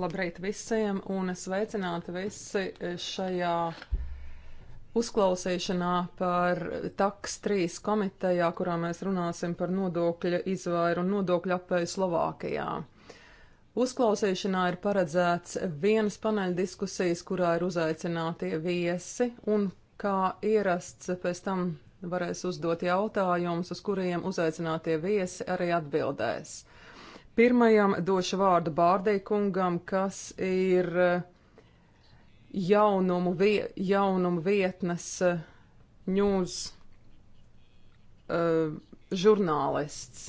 Labrīt visiem un sveicināti visi šajā uzklausīšanā par TAKS 3 komitejā, kurā mēs runāsim par nodokļa izvairu un nodokļu apēju Slovākijā. Uzklausīšanā ir paredzēts vienas paneļa diskusijas, kurā ir uzaicinātie viesi un, kā ierasts, pēc tam varēs uzdot jautājumus, uz kuriem uzaicinātie viesi arī atbildēs. Pirmajam došu vārdu Bārdīkungam, kas ir eh, jaunumu, vie, jaunumu vietnes ņūz uh, eh, eh, žurnālists.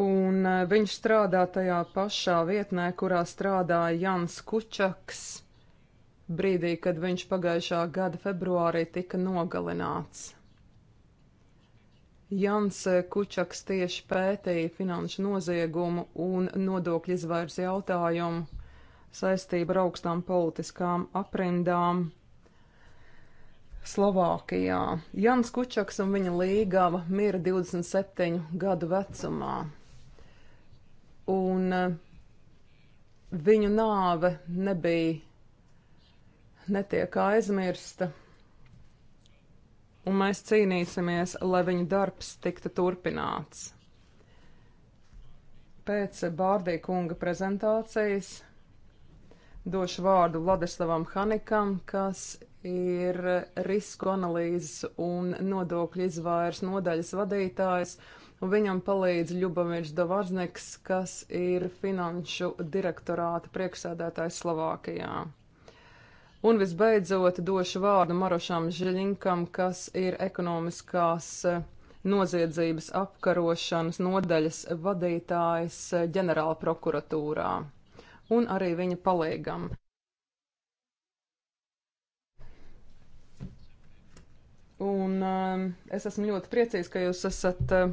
Un uh, viņš strādā tajā pašā vietnē, kurā strādāja Jans Kučaks brīdī, kad viņš pagājušā gada februārī tika nogalināts. Jans Kučaks tieši pētīja finanšu noziegumu un nodokļu izvairs jautājumu saistību ar augstām politiskām aprindām Slovākijā. Jans Kučaks un viņa līgava mira 27 gadu vecumā. Un eh, viņu nāve nebija netiek aizmirsta un mēs cīnīsimies, lai viņa darbs tiktu turpināts. Pēc Bārdīja kunga prezentācijas došu vārdu Vladislavam Hanikam, kas ir risku analīzes un nodokļu izvairs nodaļas vadītājs, un viņam palīdz Ļubaviņš Davarzniks, kas ir finanšu direktorāta priekšsēdētājs Slovākijā. Un visbeidzot došu vārdu Marošam Žiļinkam, kas ir ekonomiskās eh, noziedzības apkarošanas nodaļas vadītājs eh, ģenerāla prokuratūrā un arī viņa palīgam. Un uh, es esmu ļoti priecīgs, ka jūs esat uh,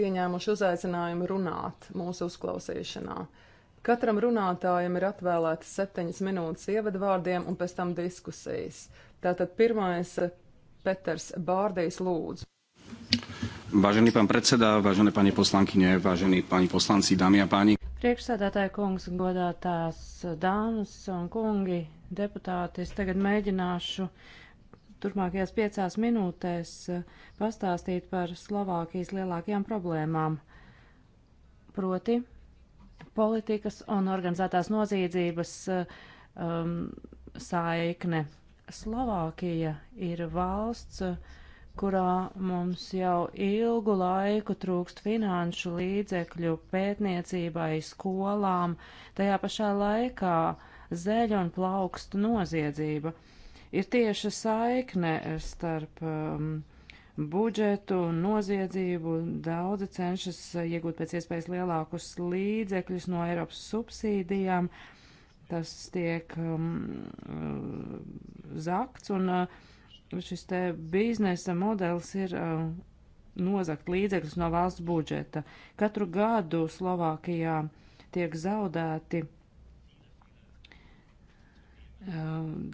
pieņēmuši uzaicinājumu runāt mūsu uzklausīšanā. Uh, Katram runātājam ir atvēlētas septiņas minūtes ievadvārdiem un pēc tam diskusijas. Tātad pirmais eh, Peters Bārdīs lūdzu. Vážený pán predseda, vážené pani poslankyne, vážení pani poslanci, dámy a páni. Priekšsēdētāja kungs, godātās dāmas un kungi, deputāti, es tagad mēģināšu turpmākajās piecās minūtēs eh, pastāstīt par Slovākijas lielākajām problēmām. Proti, politikas un organizētās noziedzības um, saikne. Slovākija ir valsts, kurā mums jau ilgu laiku trūkst finanšu līdzekļu pētniecībai, skolām, tajā pašā laikā zeļa un plaukstu noziedzība. Ir tieša saikne starp um, budžetu, noziedzību. Daudzi cenšas iegūt pēc iespējas lielākus līdzekļus no Eiropas subsīdijām. Tas tiek um, uh, zakts, un uh, šis te biznesa modelis ir uh, nozakt līdzekļus no valsts budžeta. Katru gadu Slovākijā tiek zaudēti uh,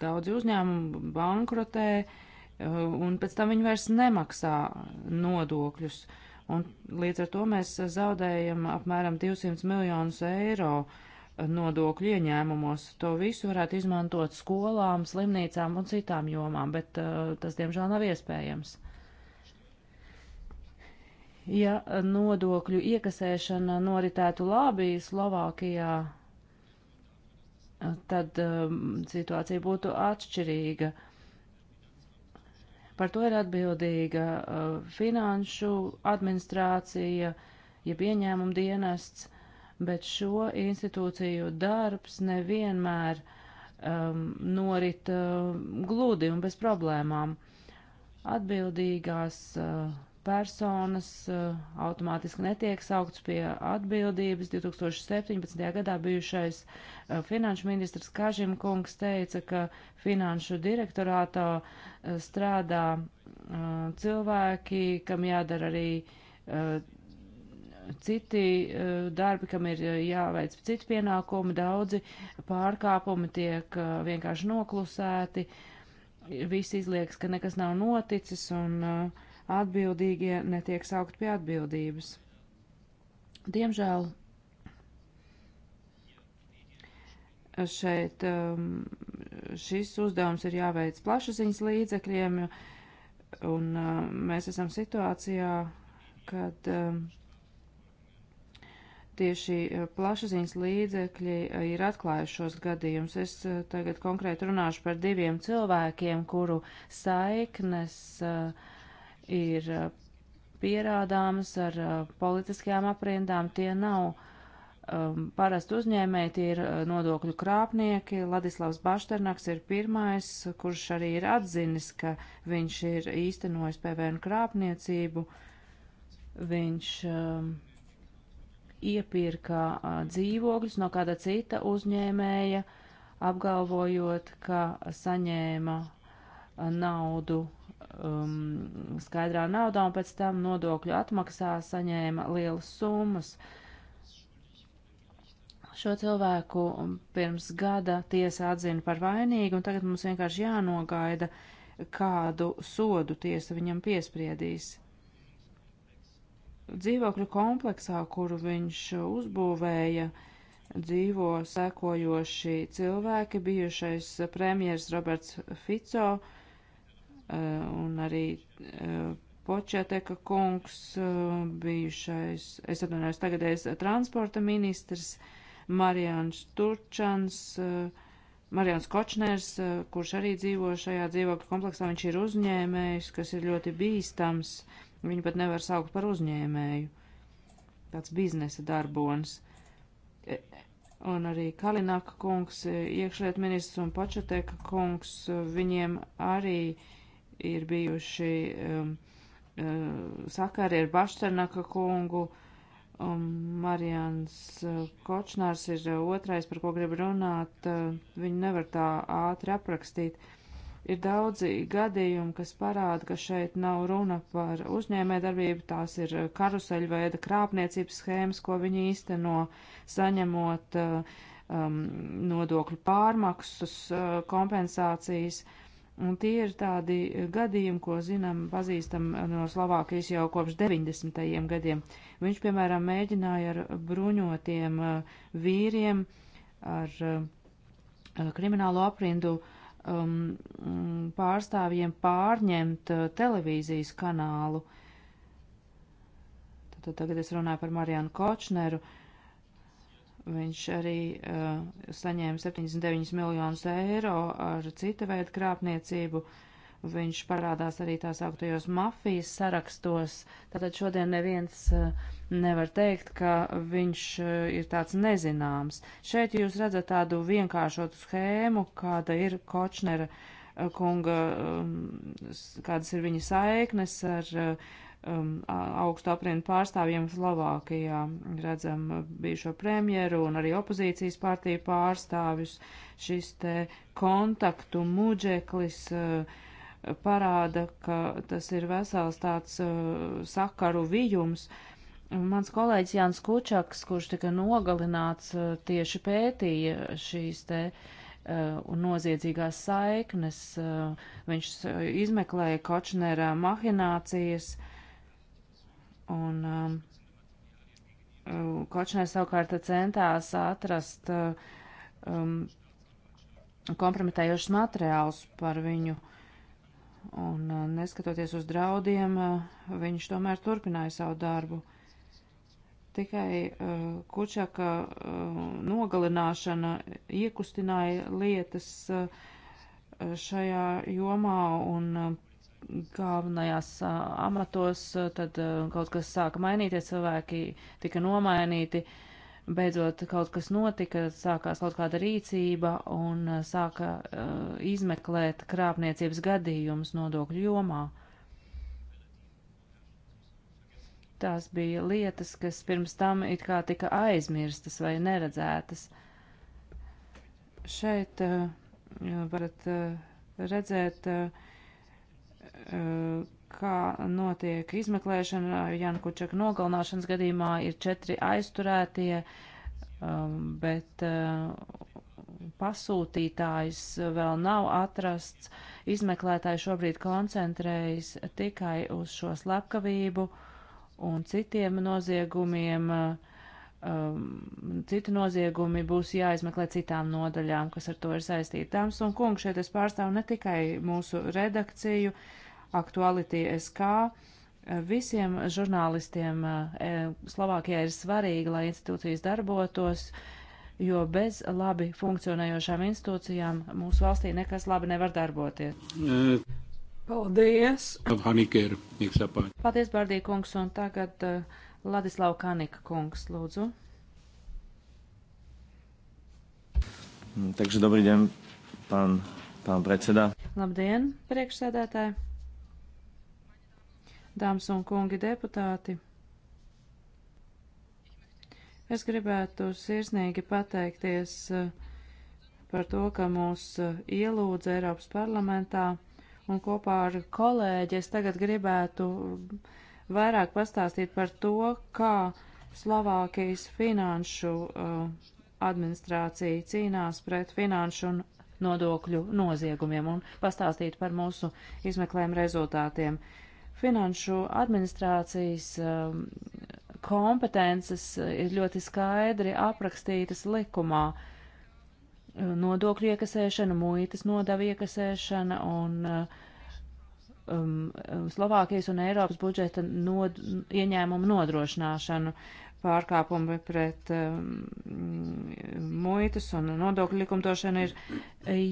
daudzi uzņēmumi bankrotē, uh, Eh, un pēc tam viņi vairs nemaksā nodokļus. Un līdz ar to mēs zaudējam apmēram 200 miljonus eiro eh, nodokļu ieņēmumos. To visu varētu izmantot skolām, slimnīcām un citām jomām, bet uh, tas, diemžēl, nav iespējams. Ja nodokļu iekasēšana noritētu labi Slovākijā, tad um, situācija būtu atšķirīga. Uh, Par to ir atbildīga uh, finanšu administrācija, jeb ieņēmuma dienests, bet šo institūciju darbs nevienmēr um, norit uh, gludi un bez problēmām. Atbildīgās uh, personas eh, automātiski netiek saukts pie atbildības. 2017. gadā bijušais eh, finanšu ministrs Kažim kungs teica, ka finanšu direktorātā eh, strādā cilvēki, kam jādara arī citi darbi, kam ir jāveic citi pienākumi, daudzi pārkāpumi tiek vienkārši noklusēti, visi izlieks, ka nekas nav noticis un uh, atbildīgie netiek saukt pie atbildības. Diemžēl šeit um, šis uzdevums ir jāveic plašsaziņas līdzekļiem, un um, mēs esam situācijā, kad um, tieši uh, plašsaziņas līdzekļi uh, ir atklājuši šos gadījumus. Es uh, tagad konkrēti runāšu par diviem cilvēkiem, kuru saiknes uh, ir uh, pierādāmas ar uh, politiskajām aprindām. Tie nav um, parasti uzņēmēji, tie ir uh, nodokļu krāpnieki. Ladislavs Bašternaks ir pirmais, kurš arī ir atzinis, ka viņš ir īstenojis PVN krāpniecību. Viņš um, iepirka uh, dzīvokļus no kāda cita uzņēmēja, apgalvojot, ka saņēma naudu um, skaidrā naudā un pēc tam nodokļu atmaksā saņēma lielas summas. Šo cilvēku pirms gada tiesa atzina par vainīgu, un tagad mums vienkārši jānogaida, kādu sodu tiesa viņam piespriedīs. Dzīvokļu kompleksā, kuru viņš uzbūvēja, dzīvo sekojoši cilvēki, bijušais premjers Roberts Fico, uh, Eh, un arī eh, Počēteka kungs, eh, bijušais, es atvainojos, tagadējais transporta ministrs, Marijāns Turčans, Marijāns Kočners, kurš arī dzīvo šajā dzīvokļu kompleksā, viņš ir uzņēmējs, kas ir ļoti bīstams, viņu pat nevar saukt par uzņēmēju, tāds biznesa darbons. E, un arī Kalinaka kungs, iekšliet ministrs un Početeka kungs, viņiem arī uh, ir bijuši um, uh, sakari ar Bašternaka kungu. Um, Marians uh, Kočnārs ir uh, otrais, par ko grib runāt. Viņu nevar tā ātri aprakstīt. Ir daudzi gadījumi, kas parāda, ka šeit nav runa par uzņēmē darbību, tās ir karuseļveida krāpniecības schēmas, ko viņi īsteno saņemot um, nodokļu pārmaksas, kompensācijas. Uh, Un tie ir tādi eh, gadījumi, ko zinām, pazīstam eh, no Slovākijas jau kopš 90. gadiem. Viņš, piemēram, mēģināja ar bruņotiem eh, vīriem, ar kriminālo aprindu um, mm, pārstāvjiem pārņemt televīzijas kanālu. Tad tagad es runāju par Marianu Kočneru. Uh, Viņš arī uh, saņēma 79 miljonus eiro ar cita veida krāpniecību. Viņš parādās arī tās augtajos mafijas sarakstos. Tātad šodien neviens uh, nevar teikt, ka viņš uh, ir tāds nezināms. Šeit jūs redzat tādu vienkāršotu schēmu, kāda ir Kočnera uh, kunga, um, kādas ir viņa saiknes ar uh, um, augstu aprindu pārstāvjiem Slovākijā. Redzam uh, bijušo premjeru un arī opozīcijas partiju pārstāvjus. Šis te kontaktu muģeklis uh, parāda, ka tas ir vesels tāds uh, sakaru vijums. Mans kolēģis Jānis Kučaks, kurš tika nogalināts, uh, tieši pētīja šīs te uh, un noziedzīgās saiknes. Uh, viņš izmeklēja Kočnerā mahinācijas, uh, Un um, Kočnē savukārt centās atrast um, kompromitējošus materiālus par viņu. Un uh, neskatoties uz draudiem, uh, viņš tomēr turpināja savu darbu. Tikai uh, Kučaka uh, nogalināšana iekustināja lietas uh, šajā jomā un uh, galvenajās amatos, tad kaut kas sāka mainīties, cilvēki tika nomainīti, beidzot kaut kas notika, sākās kaut kāda rīcība un sāka uh, izmeklēt krāpniecības gadījumus nodokļu jomā. Tās bija lietas, kas pirms tam it kā tika aizmirstas vai neredzētas. Šeit uh, varat uh, redzēt uh, kā notiek izmeklēšana. Jāna Kučaka nogalināšanas gadījumā ir četri aizturētie, um, bet uh, pasūtītājs vēl nav atrasts. Izmeklētāji šobrīd koncentrējas tikai uz šo slepkavību un citiem noziegumiem. Um, citi noziegumi būs jāizmeklē citām nodaļām, kas ar to ir saistīti. Dāmas un kungi, šeit es pārstāvu ne tikai mūsu redakciju, aktualitī SK. Visiem žurnālistiem e, Slovākijā ir svarīgi, lai institūcijas darbotos, jo bez labi funkcionējošām institūcijām mūsu valstī nekas labi nevar darboties. E. Paldies! Paldies, Bārdī kungs, un tagad e, Ladislau Kanika kungs, lūdzu. Mm, takže dobrý deň, pán, pán predseda. Labdien, priekšsēdētāji! dāmas un kungi deputāti! Es gribētu sirsnīgi pateikties eh, par to, ka mūs eh, ielūdza Eiropas parlamentā, un kopā ar kolēģi es tagad gribētu eh, vairāk pastāstīt par to, kā Slovākijas finanšu administrācija cīnās pret finanšu un nodokļu noziegumiem un pastāstīt par mūsu izmeklējumu rezultātiem. Finanšu administrācijas um, kompetences uh, ir ļoti skaidri aprakstītas likumā. Uh, nodokļu iekasēšana, muitas nodavu iekasēšana un uh, um, um, Slovākijas un Eiropas budžeta nod, ieņēmumu nodrošināšanu pārkāpumi pret um, muitas un nodokļu likumdošanu ir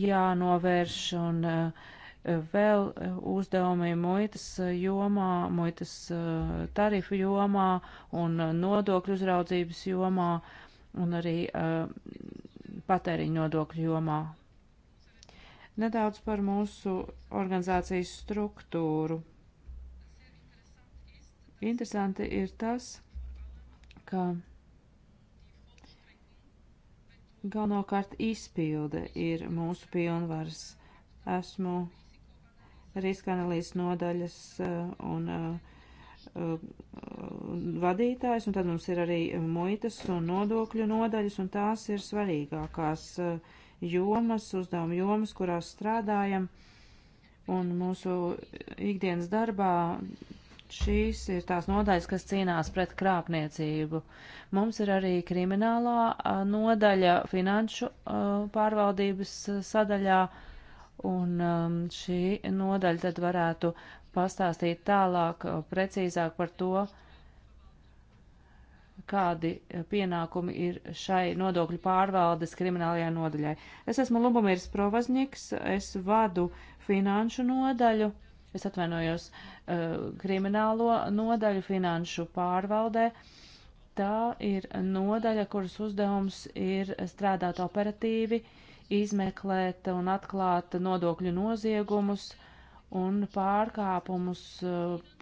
jānovērš un uh, vēl eh, uzdevumi muitas eh, jomā, muitas eh, tarifu jomā un nodokļu uzraudzības jomā un arī patēriņu nodokļu jomā. Nedaudz par mūsu organizācijas struktūru. Interesanti ir tas, ka galvenokārt izpilde ir mūsu pilnvaras. Esmu riska analīzes nodaļas eh, un eh, eh, vadītājs, un tad mums ir arī muitas un nodokļu nodaļas, un tās ir svarīgākās jomas, uzdevuma jomas, kurās strādājam, un mūsu ikdienas darbā šīs ir tās nodaļas, kas cīnās pret krāpniecību. Mums ir arī kriminālā nodaļa finanšu pārvaldības sadaļā, uh, Un um, šī nodaļa tad varētu pastāstīt tālāk, uh, precīzāk par to, kādi pienākumi ir šai nodokļu pārvaldes kriminālajai nodaļai. Es esmu Lubomīrs Provazņiks, es vadu finanšu nodaļu, es atvainojos uh, kriminālo nodaļu finanšu pārvaldē. Tā ir nodaļa, kuras uzdevums ir strādāt operatīvi, uh, izmeklēt un atklāt nodokļu noziegumus un pārkāpumus uh,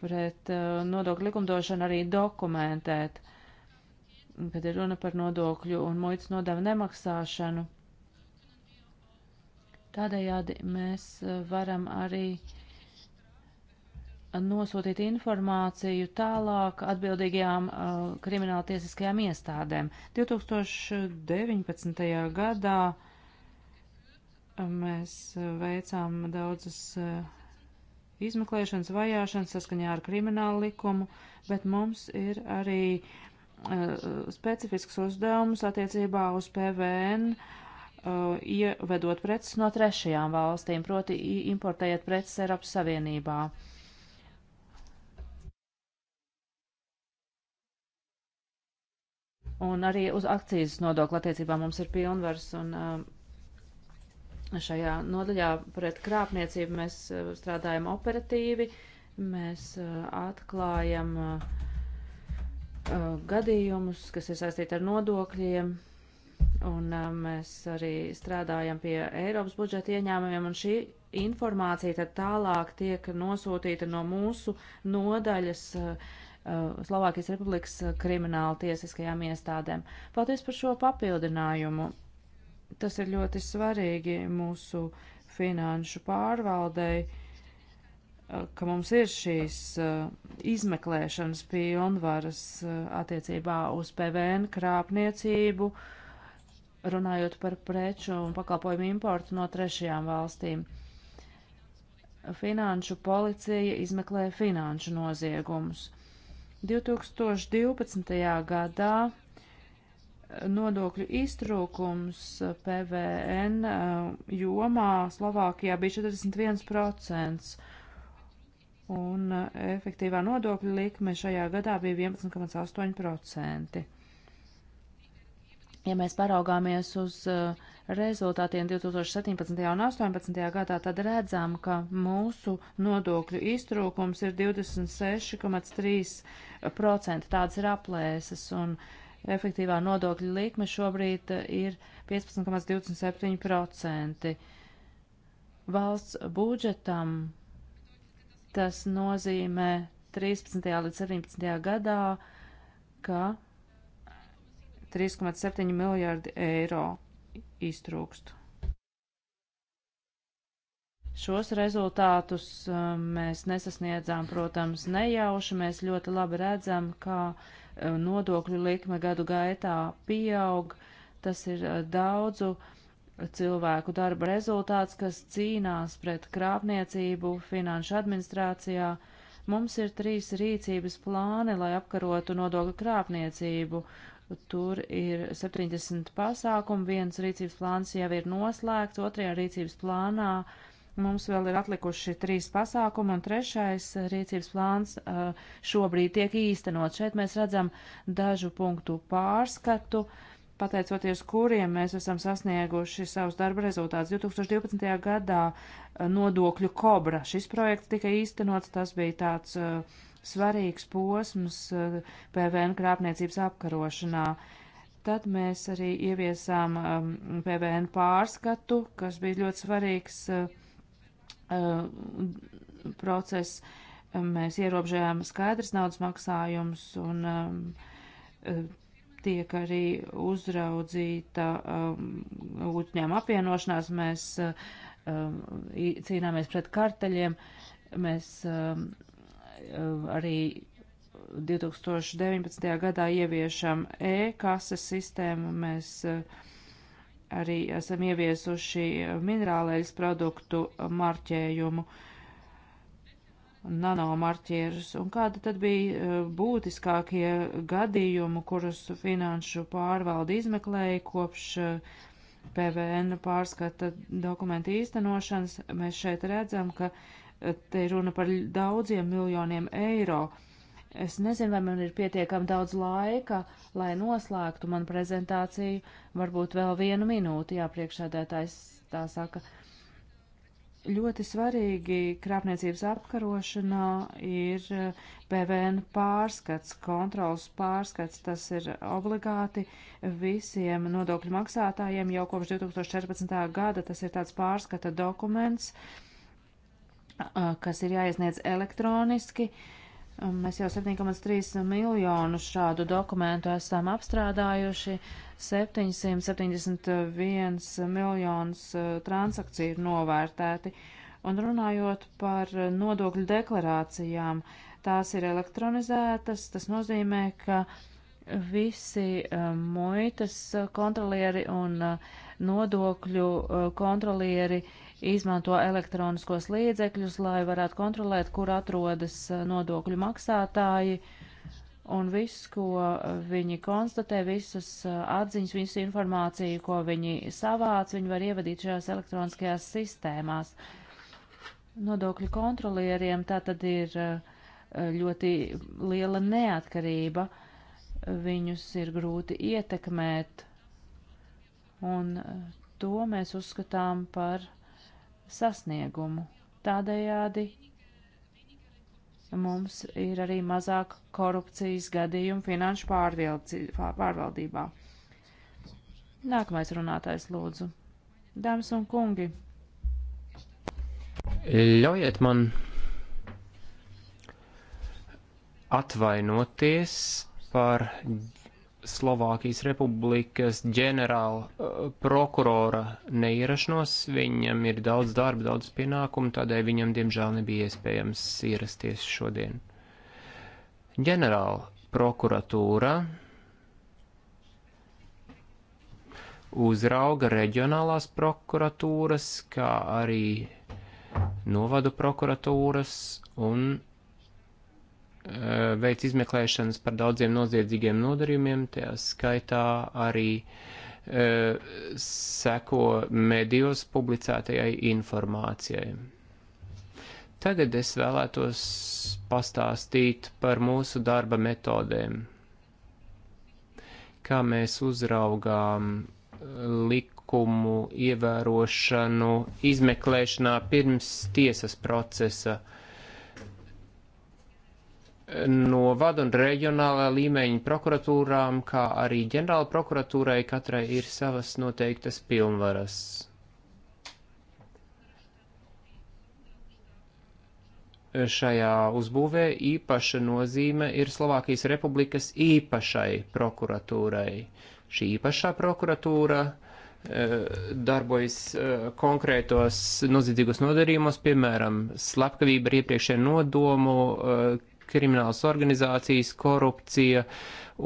pret uh, nodokļu likumdošanu arī dokumentēt, kad ir runa par nodokļu un muitas nodevu nemaksāšanu. Tādējādi mēs uh, varam arī nosūtīt informāciju tālāk atbildīgajām uh, krimināltiesiskajām iestādēm. 2019. gadā Mēs eh, veicām daudzas eh, izmeklēšanas, vajāšanas saskaņā ar kriminālu likumu, bet mums ir arī uh, specifisks uzdevums attiecībā uz PVN, uh, ievedot preces no trešajām valstīm, proti importējot preces Eiropas Savienībā. Un arī uz akcijas nodokla attiecībā mums ir pilnvars un uh, Šajā nodaļā pret krāpniecību mēs eh, strādājam operatīvi, mēs eh, atklājam eh, gadījumus, kas ir saistīti ar nodokļiem, un mēs arī strādājam pie Eiropas budžeta ieņēmumiem, un šī informācija tad tālāk tiek nosūtīta no mūsu nodaļas uh, Slovākijas Republikas krimināla tiesiskajām iestādēm. Paldies par šo papildinājumu. Tas ir ļoti svarīgi mūsu finanšu pārvaldei, eh, ka mums ir šīs eh, izmeklēšanas pilnvaras eh, attiecībā uz PVN krāpniecību, runājot par preču un pakalpojumu importu no trešajām valstīm. Finanšu policija izmeklē finanšu noziegumus. 2012. gadā nodokļu iztrūkums PVN eh, jomā Slovākijā bija 41%, un eh, efektīvā nodokļa likme šajā gadā bija 11,8%. Ja mēs paraugāmies uz eh, rezultātiem 2017. un 2018. gadā, tad redzam, ka mūsu nodokļu iztrūkums ir 26,3%. Tāds ir aplēses. Un, uh, efektīvā nodokļa likme šobrīd eh, ir 15,27%. Valsts budžetam tas nozīmē 13. līdz 17. gadā, ka 3,7 miljārdi eiro iztrūkst. Šos rezultātus eh, mēs nesasniedzām, protams, nejauši. Mēs ļoti labi redzam, ka uh, Eh, nodokļu likme gadu gaitā pieaug. Tas ir eh, daudzu cilvēku darba rezultāts, kas cīnās pret krāpniecību finanšu administrācijā. Mums ir trīs rīcības plāni, lai apkarotu nodokļu krāpniecību. Tur ir 70 pasākumu, viens rīcības plāns jau ir noslēgts, otrajā rīcības plānā uh, Mums vēl ir atlikuši trīs pasākumi, un trešais rīcības plāns uh, šobrīd tiek īstenot. Šeit mēs redzam dažu punktu pārskatu, pateicoties kuriem mēs esam sasnieguši savus darba rezultātus. 2012. gadā uh, nodokļu kobra šis projekts tika īstenots, tas bija tāds uh, svarīgs posms PVN krāpniecības apkarošanā. Tad mēs arī ieviesām um, PVN pārskatu, kas bija ļoti svarīgs uh, Um, process. Mēs ierobežojām skaidrs naudas maksājums un um, uh, tiek arī uzraudzīta ūtņām um, apvienošanās. Mēs uh, cīnāmies pret karteļiem. Mēs uh, arī 2019. gadā ieviešam e-kases sistēmu. Mēs uh, arī esam ieviesuši minerālēļas produktu marķējumu, nanomarķierus. Un kāda tad bija e, būtiskākie gadījumi, kurus finanšu pārvalde izmeklēja kopš e, PVN pārskata dokumentu īstenošanas? Mēs šeit redzam, ka e, te ir runa par daudziem miljoniem eiro Es nezinu, vai man ir pietiekami daudz laika, lai noslēgtu manu prezentāciju. Varbūt vēl vienu minūti, jā, priekšādētājs tā saka. Ļoti svarīgi krāpniecības apkarošanā ir eh, PVN pārskats, kontrols pārskats. Tas ir obligāti visiem nodokļu maksātājiem jau kopš 2014. gada. Tas ir tāds pārskata dokuments, eh, kas ir jāiesniedz elektroniski. Uh, Um, mēs jau 7,3 miljonu šādu dokumentu esam apstrādājuši, 771 miljonus uh, transakciju ir novērtēti. Un runājot par nodokļu deklarācijām, tās ir elektronizētas, tas nozīmē, ka visi uh, muitas kontrolieri un uh, nodokļu kontrolieri uh, izmanto elektroniskos līdzekļus, lai varētu kontrolēt, kur atrodas eh, nodokļu maksātāji. Un viss, ko eh, viņi konstatē, visas eh, atziņas, visu informāciju, ko viņi savāc, viņi var ievadīt šajās elektroniskajās sistēmās. Nodokļu kontrolieriem tā tad ir ļoti liela neatkarība. Viņus ir grūti ietekmēt, un to mēs uzskatām par sasniegumu. Tādējādi mums ir arī mazāk korupcijas gadījumu finanšu pārvaldībā. Nākamais runātājs lūdzu. Dāmas un kungi. Ļaujiet man atvainoties par Slovākijas republikas ģenerāla uh, prokurora neierašanos. Viņam ir daudz darba, daudz pienākumu, tādēļ viņam diemžēl nebija iespējams ierasties šodien. Ģenerāla prokuratūra uzrauga reģionālās prokuratūras, kā arī novadu prokuratūras un Eh, veic izmeklēšanas par daudziem noziedzīgiem nodarījumiem, tajā skaitā arī eh, seko medijos publicētajai informācijai. Tagad es vēlētos pastāstīt par mūsu darba metodēm, kā mēs uzraugām eh, likumu ievērošanu izmeklēšanā pirms tiesas procesa uh, no vada un reģionālā līmeņa prokuratūrām, kā arī ģenerāla prokuratūrai katrai ir savas noteiktas pilnvaras. Šajā uzbūvē īpaša nozīme ir Slovākijas republikas īpašai prokuratūrai. Šī īpašā prokuratūra eh, darbojas eh, konkrētos noziedzīgos nodarījumos, piemēram, slepkavība ar iepriekšēju nodomu, eh, kriminālas organizācijas, korupcija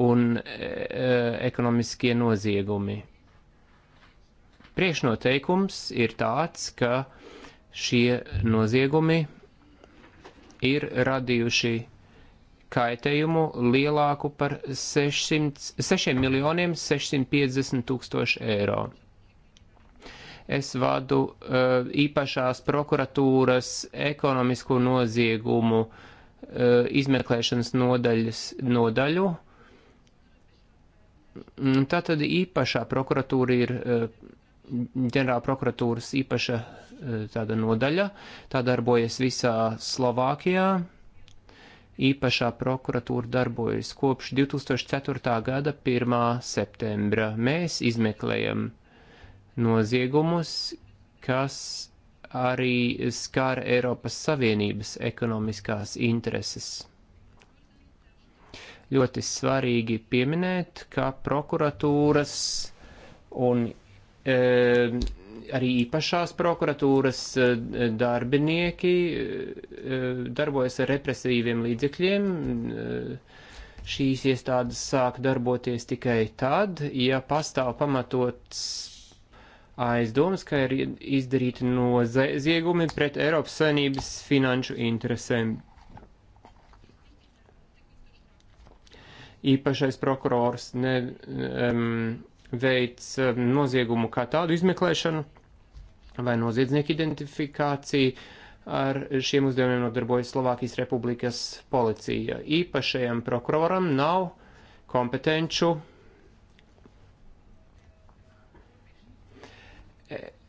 un e, e, ekonomiskie noziegumi. Priekšnoteikums ir tāds, ka šie noziegumi ir radījuši kaitējumu lielāku par 600, 6 miljoniem 650 tūkstoši eiro. Es vadu uh, īpašās prokuratūras ekonomisko noziegumu uh, Eh, izmeklēšanas nodaļas nodaļu. Mm, tā tad īpašā prokuratūra ir eh, ģenerāla prokuratūras īpaša eh, tāda nodaļa. Tā darbojas visā Slovākijā. Īpašā prokuratūra darbojas kopš 2004. gada 1. septembra. Mēs izmeklējam noziegumus, kas arī skāra Eiropas Savienības ekonomiskās intereses. Ļoti svarīgi pieminēt, ka prokuratūras un e, arī īpašās prokuratūras e, darbinieki e, darbojas ar represīviem līdzekļiem. E, šīs iestādes sāk darboties tikai tad, ja pastāv pamatots aizdomas, ka ir izdarīti noziegumi pret Eiropas Savienības finanšu interesēm. Īpašais prokurors ne, um, veic um, noziegumu kā tādu izmeklēšanu vai noziedznieku identifikāciju. Ar šiem uzdevumiem nodarbojas Slovākijas Republikas policija. Īpašajam prokuroram nav kompetenču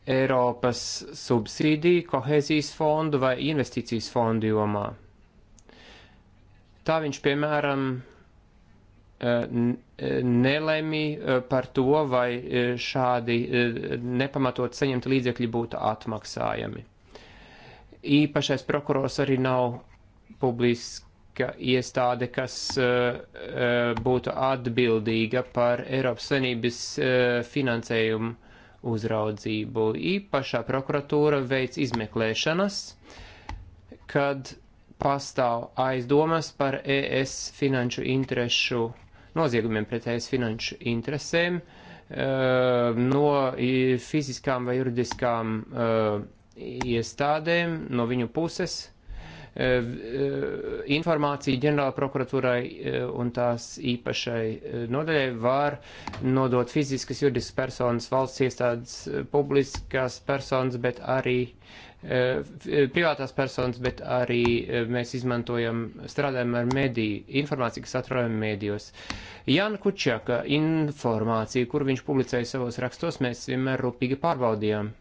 Eiropas subsīdiju, kohēzijas fondu vai investīcijas fondu jomā. Tā viņš, piemēram, eh, eh, nelēmī eh, par to, vai šādi nepamatot saņemti līdzekļi būtu atmaksājami. Īpašais prokurors arī nav publiska iestāde, kas būtu atbildīga par Eiropas Savienības finansējumu uzraudzību. Īpašā prokuratūra veic izmeklēšanas, kad pastāv aizdomas par ES finanšu interešu noziegumiem pret ES finanšu interesēm eh, no fiziskām vai juridiskām eh, iestādēm no viņu puses Eh, eh, informāciju ģenerāla prokuratūrai eh, un tās īpašai nodaļai var nodot fiziskas juridiskas personas, valsts iestādes, publiskās personas, bet arī privātās personas, bet arī mēs izmantojam, strādājam ar mediju, informāciju, kas atrodam medijos. Jāna Kučaka informāciju, kur viņš publicēja savos rakstos, mēs vienmēr rūpīgi pārbaudījām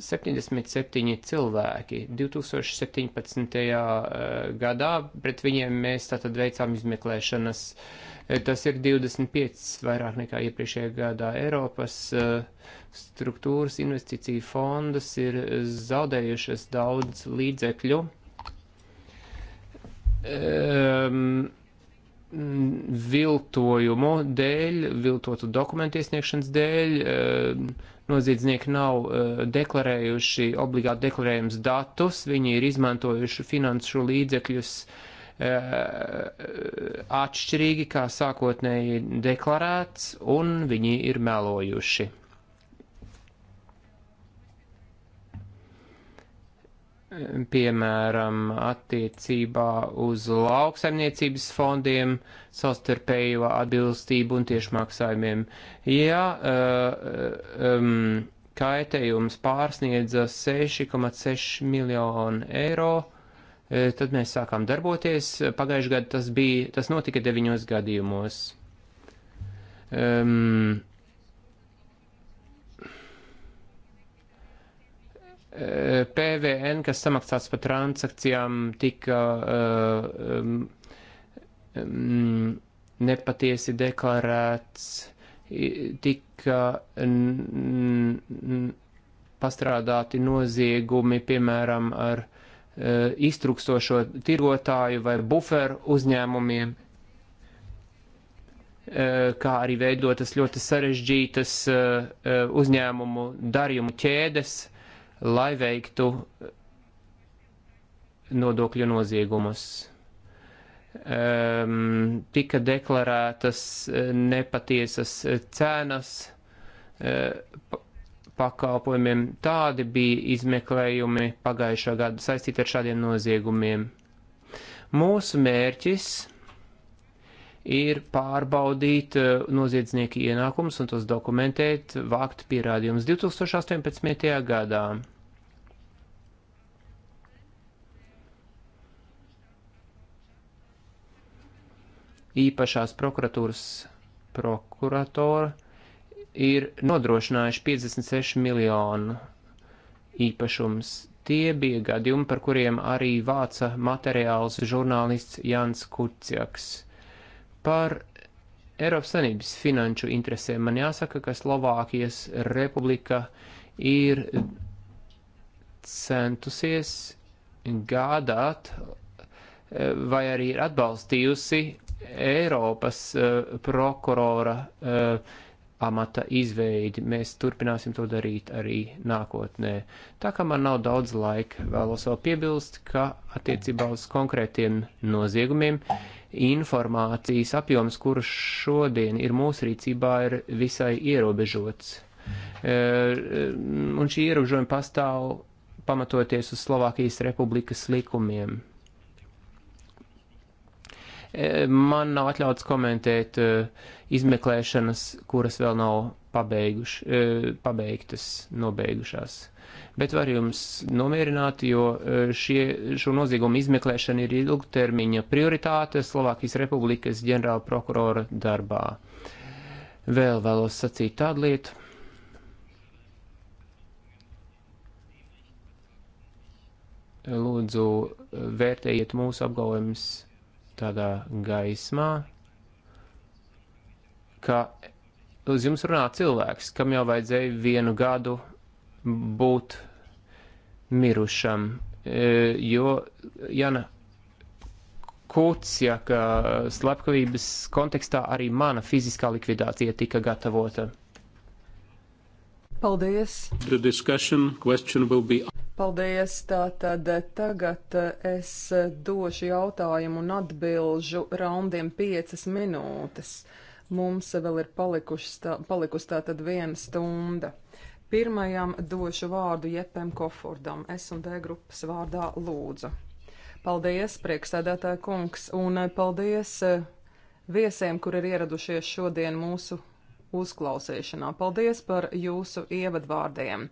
77 cilvēki 2017. Eh, gadā, pret viņiem mēs tātad veicām izmeklēšanas. Eh, tas ir 25 vairāk nekā iepriekšējā gadā. Eiropas eh, struktūras investīcija fondas ir zaudējušas daudz līdzekļu. Um, viltojumu dēļ, viltotu dokumentu iesniegšanas dēļ, eh, noziedznieki nav eh, deklarējuši obligāti deklarējums datus, viņi ir izmantojuši finanšu līdzekļus eh, atšķirīgi, kā sākotnēji deklarēts, un viņi ir melojuši. piemēram, attiecībā uz lauksaimniecības fondiem, savstarpējo atbilstību un tiešmaksājumiem. Ja uh, um, kaitējums pārsniedza 6,6 miljonu eiro, uh, tad mēs sākām darboties. Pagājušajā gadā tas, bija, tas notika deviņos gadījumos. Um, PVN, kas samaksāts par transakcijām, tika uh, um, nepatiesi deklarēts, tika pastrādāti noziegumi, piemēram, ar uh, iztrukstošo tirgotāju vai buferu uzņēmumiem, eh, kā arī veidotas ļoti sarežģītas uzņēmumu darījumu ķēdes, lai veiktu nodokļu noziegumus. Um, tika deklarētas eh, nepatiesas eh, cenas uh, pakalpojumiem. Tādi bija izmeklējumi pagājušā gada saistīti ar šādiem noziegumiem. Mūsu mērķis ir pārbaudīt noziedznieku ienākumus un tos dokumentēt, vākt pierādījumus 2018. gadā īpašās prokuratūras prokuratora ir nodrošinājuši 56 miljonu īpašums. Tie bija gadījumi, par kuriem arī vāca materiāls žurnālists Jans Kuciaks. Par Eiropas Sanības finanšu interesēm man jāsaka, ka Slovākijas republika ir centusies gādāt vai arī ir atbalstījusi Eiropas uh, prokurora uh, amata izveidi. Mēs turpināsim to darīt arī nākotnē. Tā kā man nav daudz laika, vēlos vēl piebilst, ka attiecībā uz konkrētiem noziegumiem informācijas apjoms, kurš šodien ir mūsu rīcībā, ir visai ierobežots. Eh, un šī ierobežojuma pastāv pamatoties uz Slovākijas republikas likumiem. E, man nav atļauts komentēt e, izmeklēšanas, kuras vēl nav pabeiguš, e, pabeigtas, nobeigušās. Bet var jums nomierināt, jo šie, šo noziegumu izmeklēšana ir ilgtermiņa prioritāte Slovākijas Republikas ģenerāla prokurora darbā. Vēl vēlos sacīt tādu lietu. Lūdzu, vērtējiet mūsu apgalvojumus tādā gaismā, ka uz jums runā cilvēks, kam jau vajadzēja vienu gadu būt mirušam, e, jo Jana Kūtsja, ka slepkavības kontekstā arī mana fiziskā likvidācija tika gatavota. Paldies! The discussion question will be Paldies! Tātad eh, tagad eh, es eh, došu jautājumu un atbilžu raundiem piecas minūtes. Mums vēl ir tā, palikusi tātad viena stunda. Pirmajam došu vārdu Jepem Kofordam, S un D grupas vārdā lūdzu. Paldies, priekšsēdētāja kungs, un paldies viesiem, kur ir ieradušies šodien mūsu uzklausīšanā. Paldies par jūsu ievadvārdiem.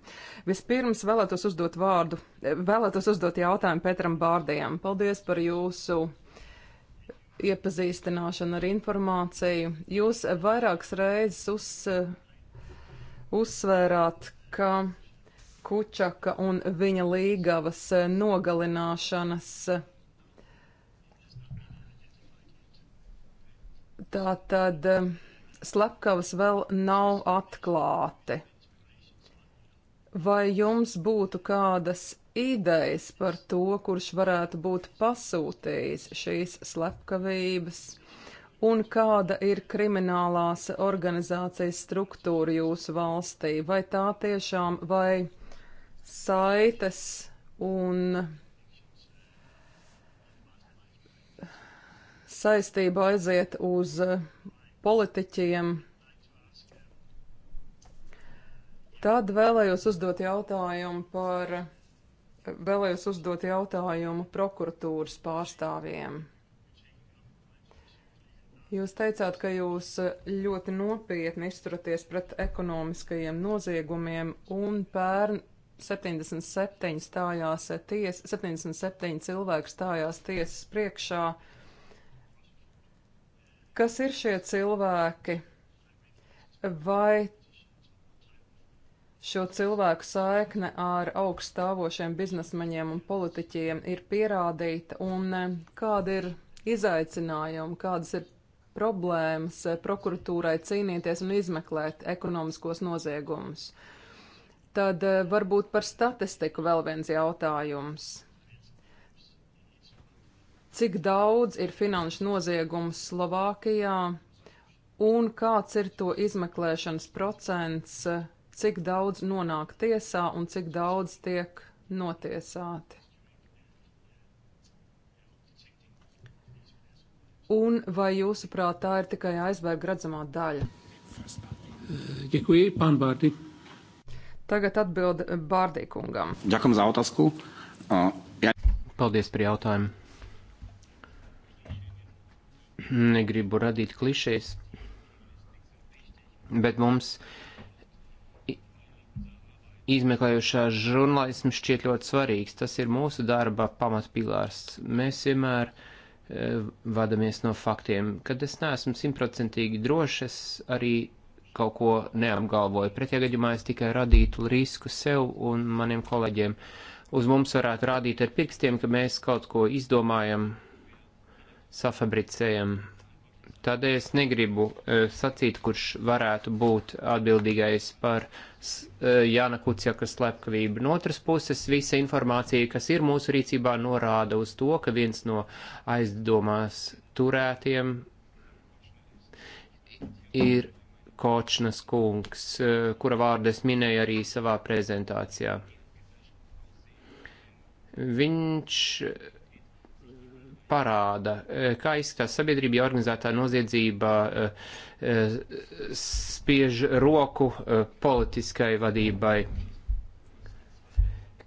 Vispirms vēlētos uzdot vārdu, vēlētos uzdot jautājumu Petram Bārdiem. Paldies par jūsu iepazīstināšanu ar informāciju. Jūs vairākas reizes uz, uzsvērāt, ka Kučaka un viņa līgavas nogalināšanas tā tad. Uh, slepkavas vēl nav atklāti. Vai jums būtu kādas idejas par to, kurš varētu būt pasūtījis šīs slepkavības? Un kāda ir kriminālās organizācijas struktūra jūsu valstī? Vai tā tiešām vai saites un saistība aiziet uz politiķiem. Tad vēlējos uzdot jautājumu par, vēlējos uzdot jautājumu prokuratūras pārstāvjiem. Jūs teicāt, ka jūs ļoti nopietni izturaties pret ekonomiskajiem noziegumiem un pērn 77 stājās ties, 77 cilvēki stājās tiesas priekšā Kas ir šie cilvēki? Vai šo cilvēku saikne ar augstāvošiem biznesmeņiem un politiķiem ir pierādīta un e, kāda ir izaicinājumi, kādas ir problēmas e, prokuratūrai cīnīties un izmeklēt ekonomiskos noziegumus. Tad e, varbūt par statistiku vēl viens jautājums cik daudz ir finanšu noziegumu Slovākijā un kāds ir to izmeklēšanas procents, cik daudz nonāk tiesā un cik daudz tiek notiesāti. Un vai jūsuprāt tā ir tikai aizbēga redzamā daļa? Děkuji, pán Bārdi. Tagad atbild Bārdī kungam. Ďakujem za otázku. Uh, ja... Paldies par jautājumu negribu radīt klišejas, bet mums izmeklējušā žurnālisms šķiet ļoti svarīgs. Tas ir mūsu darba pamatpilārs. Mēs vienmēr e, vadamies no faktiem. Kad es neesmu simtprocentīgi drošs, es arī kaut ko neapgalvoju. Pretējā gadījumā es tikai radītu risku sev un maniem kolēģiem. Uz mums varētu rādīt ar pirkstiem, ka mēs kaut ko izdomājam, safabricējam. Tādēļ es negribu uh, sacīt, kurš varētu būt atbildīgais par uh, Jāna Kuciaka slepkavību. No otras puses, visa informācija, kas ir mūsu rīcībā, norāda uz to, ka viens no aizdomās turētiem ir Kočnas kungs, e, kura vārdu es minēju arī savā prezentācijā. Viņš parāda, e, kā izskatās sabiedrība, ja organizētā noziedzība e, e, spiež roku politiskai vadībai.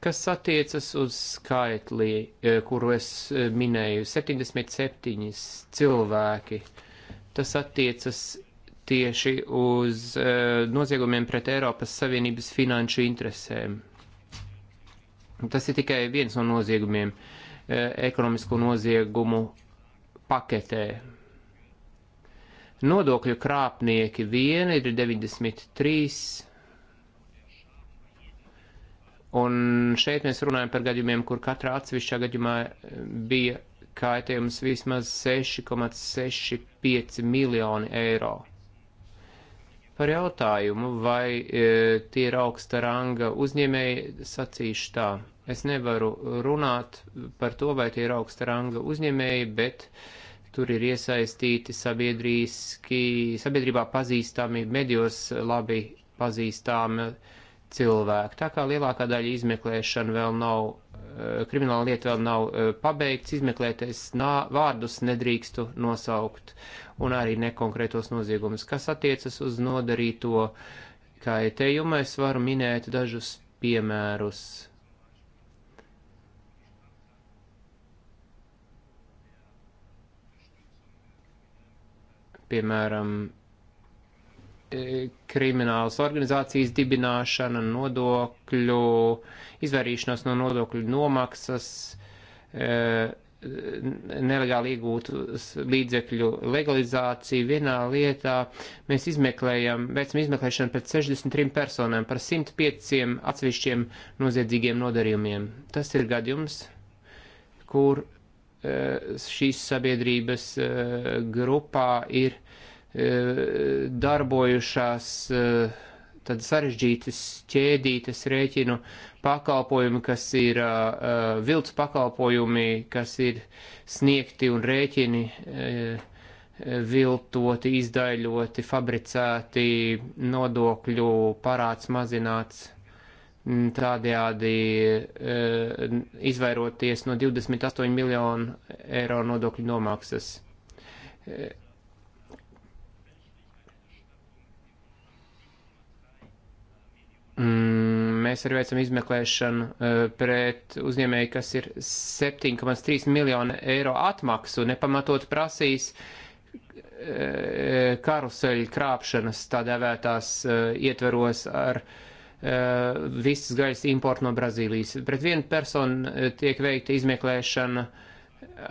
Kas attiecas uz skaitli, kuru es minēju, 77 cilvēki, tas attiecas tieši uz noziegumiem pret Eiropas Savienības finanšu interesēm. Tas ir tikai viens no noziegumiem. Uh, E, ekonomisko noziegumu paketē. Nodokļu krāpnieki viena ir 93, un šeit mēs runājam par gadījumiem, kur katrā atsevišķā gadījumā e, bija kaitējums vismaz 6,65 miljoni eiro. Par jautājumu, vai e, tie ir augsta ranga uzņēmēji, sacīšu tā. Es nevaru runāt par to, vai tie ir augsta ranga uzņēmēji, bet tur ir iesaistīti sabiedrībā pazīstami, medijos labi pazīstami cilvēki. Tā kā lielākā daļa izmeklēšana vēl nav, eh, krimināla lieta vēl nav eh, pabeigts, izmeklētais nā, vārdus nedrīkstu nosaukt un arī nekonkrētos noziegumus. Kas attiecas uz nodarīto kaitējumu, es varu minēt dažus piemērus piemēram, e, kriminālas organizācijas dibināšana, nodokļu, izvairīšanos no nodokļu nomaksas, e, nelegāli iegūtu līdzekļu legalizāciju. Vienā lietā mēs izmeklējam, veicam izmeklēšanu pret 63 personām par 105 atsevišķiem noziedzīgiem nodarījumiem. Tas ir gadījums, kur Eh, šīs sabiedrības eh, grupā ir eh, darbojušās tad sarežģītas ķēdītas rēķinu pakalpojumi, kas ir uh, vilts pakalpojumi, kas ir sniegti un rēķini uh, viltoti, izdaļoti, fabricēti, nodokļu parāds mazināts. Mm, tādējādi e, izvairoties no 28 miljonu eiro nodokļu nomaksas. E, mm, mēs arī veicam izmeklēšanu e, pret uzņēmēju, kas ir 7,3 miljonu eiro atmaksu nepamatot prasīs karuseļu krāpšanas tādā vētās ietveros ar uh, Eh, visas gaļas importu no Brazīlijas. Pret vienu personu eh, tiek veikta izmeklēšana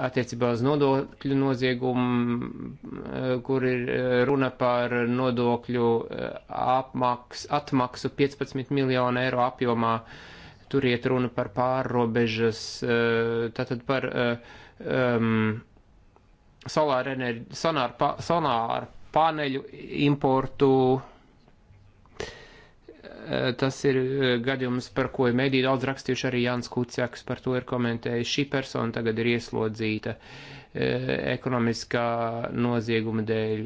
attiecībā uz nodokļu noziegumu, eh, kur ir runa par nodokļu apmaks, atmaksu 15 miljonu eiro apjomā. Tur iet runa par pārrobežas, tātad par um, solāru, enerģi, sonāru, pa, sonāru paneļu importu Eh, tas ir eh, gadījums, par ko ir mēdī daudz rakstījuši arī Jānis Kuciaks, par to ir komentējis. Šī persona tagad ir ieslodzīta eh, ekonomiskā nozieguma dēļ.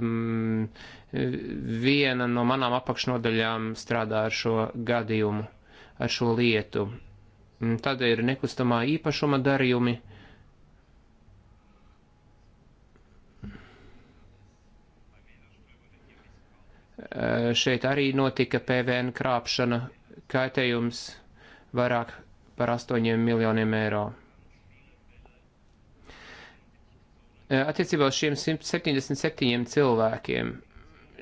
Mm, viena no manām apakšnodaļām strādā ar šo gadījumu, ar šo lietu. Mm, tad ir nekustamā īpašuma darījumi Eh, šeit arī notika PVN krāpšana, kaitējums vairāk par 8 miljoniem eiro. Eh, attiecībā uz šiem 177 cilvēkiem,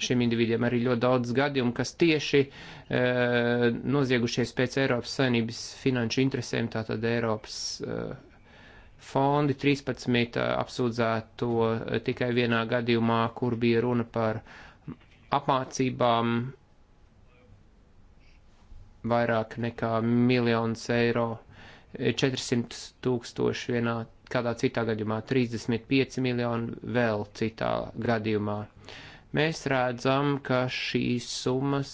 šiem individiem arī ļoti daudz gadījumu, kas tieši e, noziegušies pēc Eiropas saimnības finanšu interesēm, tātad Eiropas e, fondi 13 apsūdzēto tikai vienā gadījumā, kur bija runa par e, apmācībām vairāk nekā miljonus eiro, 400 eh, tūkstoši vienā, kādā citā gadījumā, 35 miljoni vēl citā gadījumā. Mēs redzam, ka šīs summas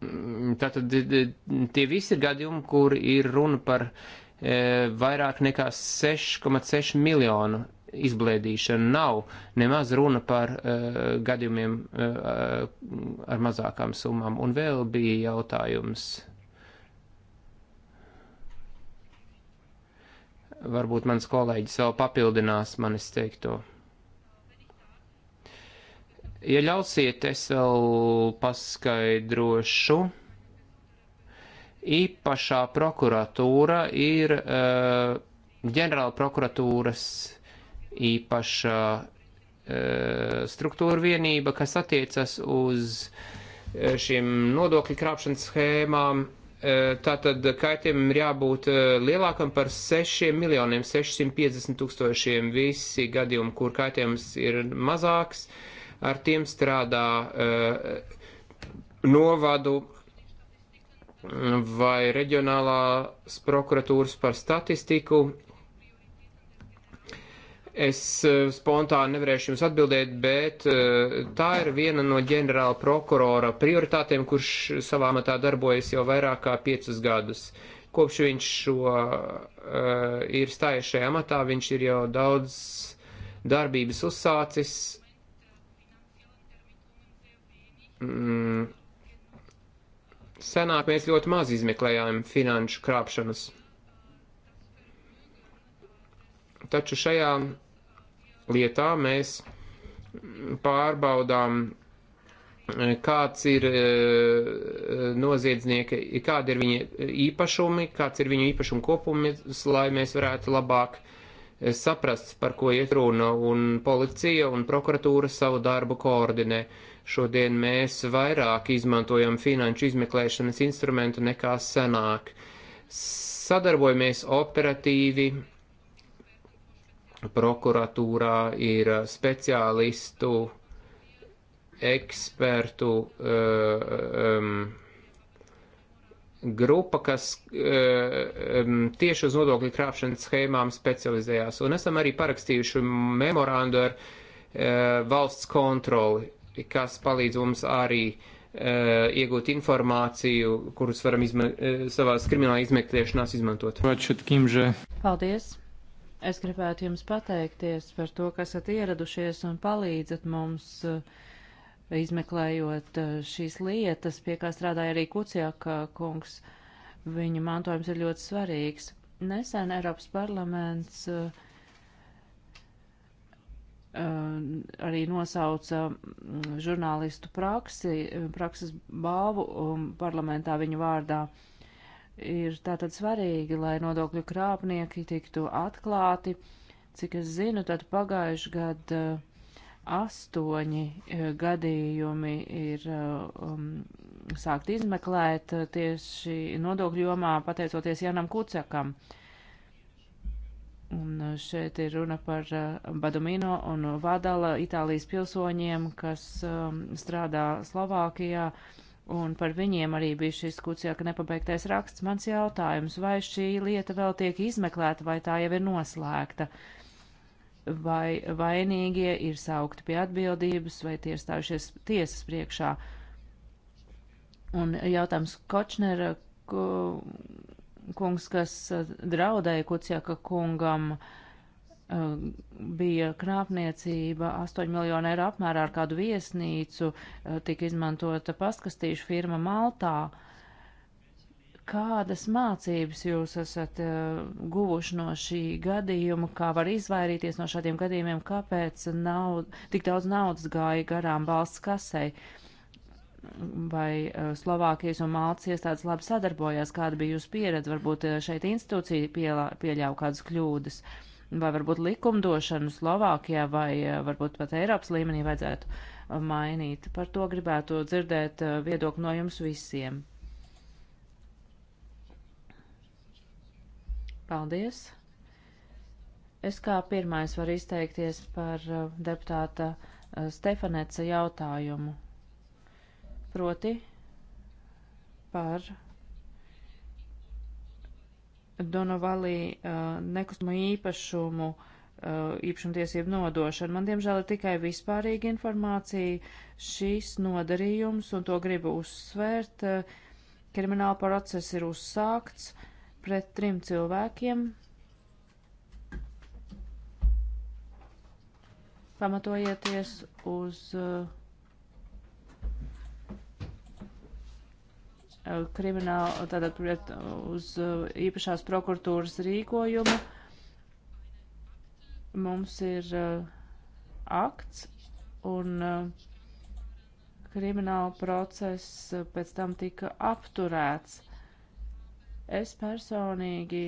mm, Tātad tie visi ir gadījumi, kur ir runa par E, vairāk nekā 6,6 miljonu izblēdīšanu. Nav nemaz runa par uh, gadījumiem uh, ar mazākām summām. Un vēl bija jautājums. Varbūt mans kolēģis vēl papildinās manis teikto. Ja ļausiet, es vēl paskaidrošu īpašā prokuratūra ir uh, ģenerāla prokuratūras īpaša uh, eh, struktūra vienība, kas attiecas uz eh, šiem nodokļu krāpšanas schēmām. Uh, tātad kaitējumam ir jābūt uh, lielākam par 6 miljoniem 650 tūkstošiem visi gadījumi, kur kaitējums ir mazāks. Ar tiem strādā uh, novadu vai reģionālās prokuratūras par statistiku. Es eh, spontāni nevarēšu jums atbildēt, bet eh, tā ir viena no ģenerāla prokurora prioritātēm, kurš savā matā darbojas jau vairāk kā piecus gadus. Kopš viņš šo, uh, ir stājies šajā matā, viņš ir jau daudz darbības uzsācis. Mm Senāk mēs ļoti maz izmeklējām finanšu krāpšanas. Taču šajā lietā mēs pārbaudām, kāds ir e, noziedznieki, kādi ir viņa īpašumi, kāds ir viņu īpašumu kopums, lai mēs varētu labāk e, saprast, par ko iet runa, un policija un prokuratūra savu darbu koordinē. Uh, Šodien mēs vairāk izmantojam finanšu izmeklēšanas instrumentu nekā senāk. Sadarbojamies operatīvi, prokuratūrā ir speciālistu, ekspertu uh, um, grupa, kas uh, um, tieši uz nodokļu krāpšanas schēmām specializējās. Un esam arī parakstījuši memorandu ar uh, valsts kontroli kas palīdz mums arī uh, iegūt informāciju, kurus varam izma eh, savās krimināla izmeklēšanās izmantot. Paldies! Es gribētu jums pateikties par to, ka esat ieradušies un palīdzat mums uh, izmeklējot šīs lietas, pie kā strādāja arī Kucijaka kungs. Viņa mantojums ir ļoti svarīgs. Nesen Eiropas parlaments uh, arī nosauca mm, žurnālistu praksi, prakses balvu um, parlamentā viņu vārdā. Ir tātad svarīgi, lai nodokļu krāpnieki tiktu atklāti. Cik es zinu, tad pagājuši gadu astoņi gadījumi ir um, sākt izmeklēt tieši nodokļu jomā, pateicoties Janam Kucakam. Uh, Un e, šeit ir runa par e, Badumino un Vadala Itālijas pilsoņiem, kas um, strādā Slovākijā, un par viņiem arī bija šis kucieka nepabeigtais raksts. Mans jautājums, vai šī lieta vēl tiek izmeklēta, vai tā jau ir noslēgta, vai vainīgie ir saukti pie atbildības, vai tie ir stājušies tiesas priekšā. Un jautājums Kočnera, ko kungs, kas eh, draudēja Kuciaka kungam, eh, bija krāpniecība 8 miljonu eiro apmērā ar kādu viesnīcu, eh, tika izmantota pastkastīšu firma Maltā. Kādas mācības jūs esat uh, guvuši no šī gadījuma, kā var izvairīties no šādiem gadījumiem, kāpēc nav, tik daudz naudas gāja garām valsts kasei? Uh, vai uh, Slovākijas un Maltas iestādes labi sadarbojās, kāda bija jūsu pieredze, varbūt uh, šeit institūcija pielā, pieļauj kādas kļūdas, vai varbūt likumdošanu Slovākijā, vai uh, varbūt pat Eiropas līmenī vajadzētu mainīt. Par to gribētu dzirdēt viedokli no jums visiem. Paldies! Es kā pirmais varu izteikties par deputāta Stefaneca jautājumu proti par Donovalī uh, nekustamo īpašumu, uh, īpašumtiesību nodošanu. Man, diemžēl, ir tikai vispārīga informācija. Šis nodarījums, un to gribu uzsvērt, uh, krimināla process ir uzsākts pret trim cilvēkiem. Pamatojoties uz. Uh, Eh, krimināla, tātad pret uz eh, īpašās prokuratūras rīkojumu. Mums ir eh, akts un krimināla process pēc tam tika apturēts. Es personīgi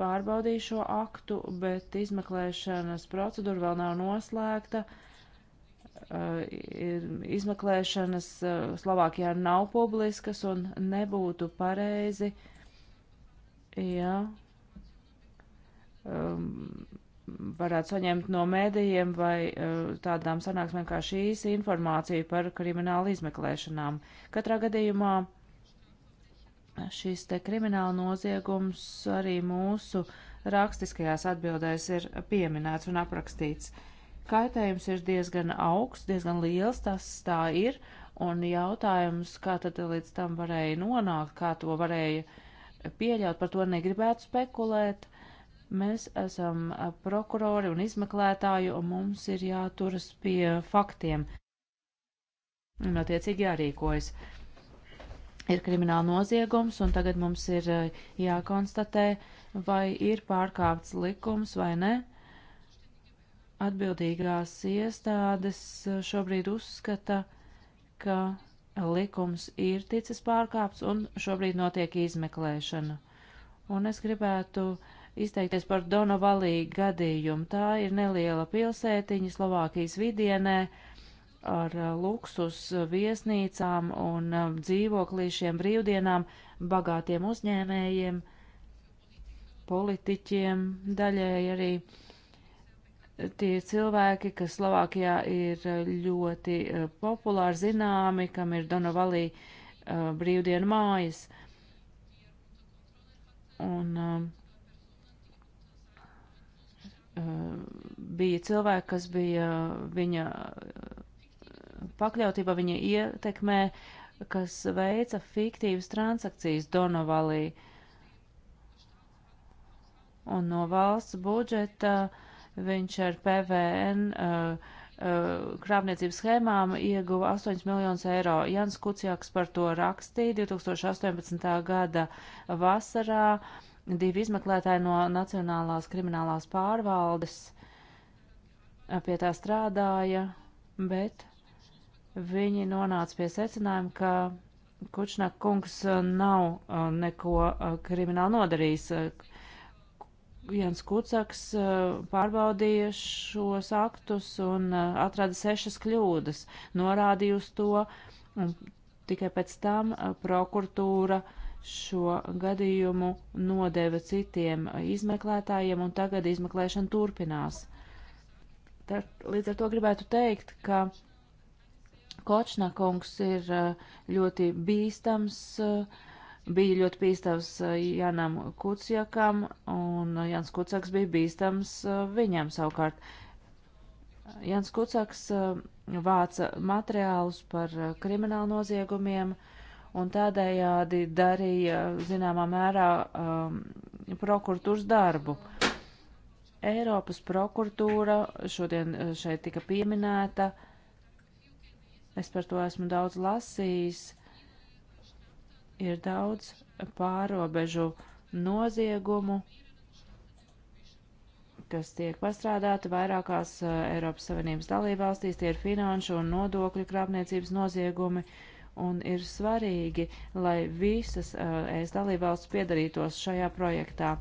pārbaudīju šo aktu, bet izmeklēšanas procedūra vēl nav noslēgta. Uh, Uh, izmeklēšanas uh, Slovākijā nav publiskas un nebūtu pareizi, ja um, varētu saņemt no mēdījiem vai uh, tādām sanāksmēm kā šīs informāciju par kriminālu izmeklēšanām. Katrā gadījumā šis te krimināla noziegums arī mūsu rakstiskajās atbildēs ir pieminēts un aprakstīts. Uh, kaitējums ir diezgan augsts, diezgan liels, tas tā ir, un jautājums, kā tad līdz tam varēja nonākt, kā to varēja pieļaut, par to negribētu spekulēt. Mēs esam prokurori un izmeklētāji, un mums ir jāturas pie faktiem. Un attiecīgi jārīkojas. Ir krimināla noziegums, un tagad mums ir eh, jākonstatē, vai ir pārkāpts likums vai ne Atbildīgās iestādes eh, šobrīd uzskata, ka likums ir ticis pārkāpts un šobrīd notiek izmeklēšana. Un es gribētu izteikties par Donovalī gadījumu. Tā ir neliela pilsētiņa Slovākijas vidienē ar eh, luksus viesnīcām un eh, dzīvoklīšiem brīvdienām, bagātiem uzņēmējiem, politiķiem daļēji arī tie cilvēki, kas Slovākijā ir eh, ļoti eh, populāri zināmi, kam ir Donovalī uh, brīvdienu mājas. Un uh, bija cilvēki, kas bija viņa pakļautībā, viņa ietekmē, kas veica fiktīvas transakcijas Donovalī. Un no valsts budžeta uh, Viņš ar PVN uh, uh, krāpniecības schēmām ieguva 8 miljonus eiro. Jans Kuciaks par to rakstīja 2018. gada vasarā. Divi izmeklētāji no Nacionālās kriminālās pārvaldes uh, pie tā strādāja, bet viņi nonāca pie secinājuma, ka Kučnak kungs uh, nav uh, neko krimināli nodarījis. Jans Kucaks eh, pārbaudīja šos aktus un eh, atrada sešas kļūdas, norādīja uz to, un tikai pēc tam eh, prokuratūra šo gadījumu nodeva citiem izmeklētājiem, un tagad izmeklēšana turpinās. Tā, līdz ar to gribētu teikt, ka Kočnakungs ir ļoti bīstams uh, bija ļoti bīstams eh, Janam Kuciakam, un eh, Jans Kucaks bija bīstams eh, viņam savukārt. Jans Kucaks vāca materiālus par kriminālu noziegumiem un tādējādi darīja, zināmā mērā, um, prokuratūras darbu. Eiropas prokuratūra šodien šeit tika pieminēta. Es par to esmu daudz lasījis. Uh, ir daudz pārobežu noziegumu, kas tiek pastrādāti vairākās eh, Eiropas Savienības dalībvalstīs, tie ir finanšu un nodokļu krāpniecības noziegumi, un ir svarīgi, lai visas eh, ES dalībvalsts piedarītos šajā projektā.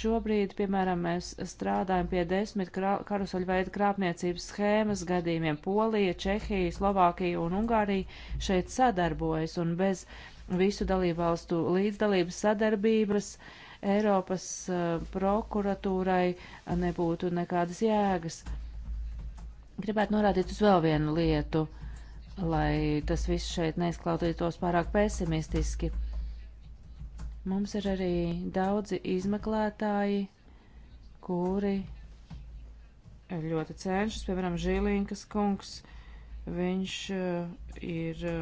Šobrīd, piemēram, mēs strādājam pie desmit karuseļveida krāpniecības schēmas gadījumiem. Polija, Čehija, Slovākija un Ungārija šeit sadarbojas, un bez uh, visu dalībvalstu līdzdalības sadarbības Eiropas uh, prokuratūrai nebūtu nekādas jēgas. Gribētu norādīt uz vēl vienu lietu, lai tas viss šeit neizklausītos pārāk pesimistiski. Mums ir arī daudzi izmeklētāji, kuri ļoti cenšas, piemēram, Žīlīnkas kungs, uh, Viņš eh, ir eh,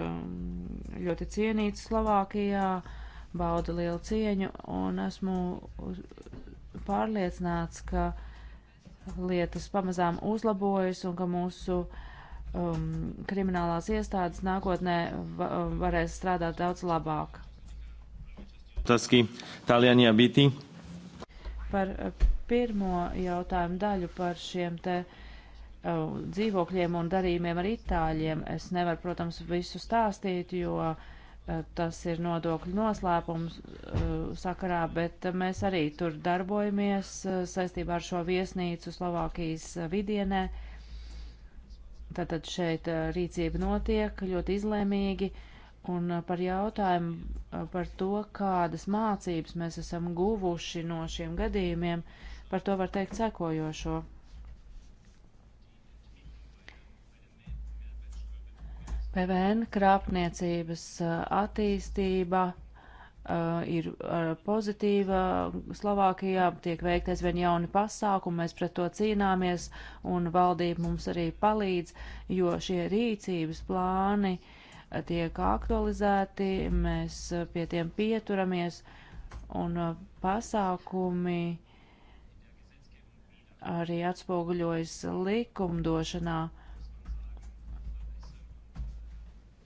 ļoti cienīts Slovākijā, bauda lielu cieņu, un esmu pārliecināts, ka lietas pamazām uzlabojas un ka mūsu um, kriminālās iestādes nākotnē va um, varēs strādāt daudz labāk. Taski, Tālijāņā bija tī. Par eh, pirmo jautājumu daļu par šiem te uh, Uh, dzīvokļiem un darījumiem ar itāļiem. Es nevaru, protams, visu stāstīt, jo uh, tas ir nodokļu noslēpums uh, sakarā, bet mēs arī tur darbojamies saistībā ar šo viesnīcu Slovākijas vidienē. Tātad šeit rīcība notiek ļoti izlēmīgi un par jautājumu par to, kādas mācības mēs esam guvuši no šiem gadījumiem, par to var teikt sekojošo. PVN krāpniecības attīstība uh, ir uh, pozitīva. Slovākijā tiek veikt aizvien jauni pasākumi, mēs pret to cīnāmies un valdība mums arī palīdz, jo šie rīcības plāni tiek aktualizēti, mēs pie tiem pieturamies un pasākumi arī atspoguļojas likumdošanā. Uh,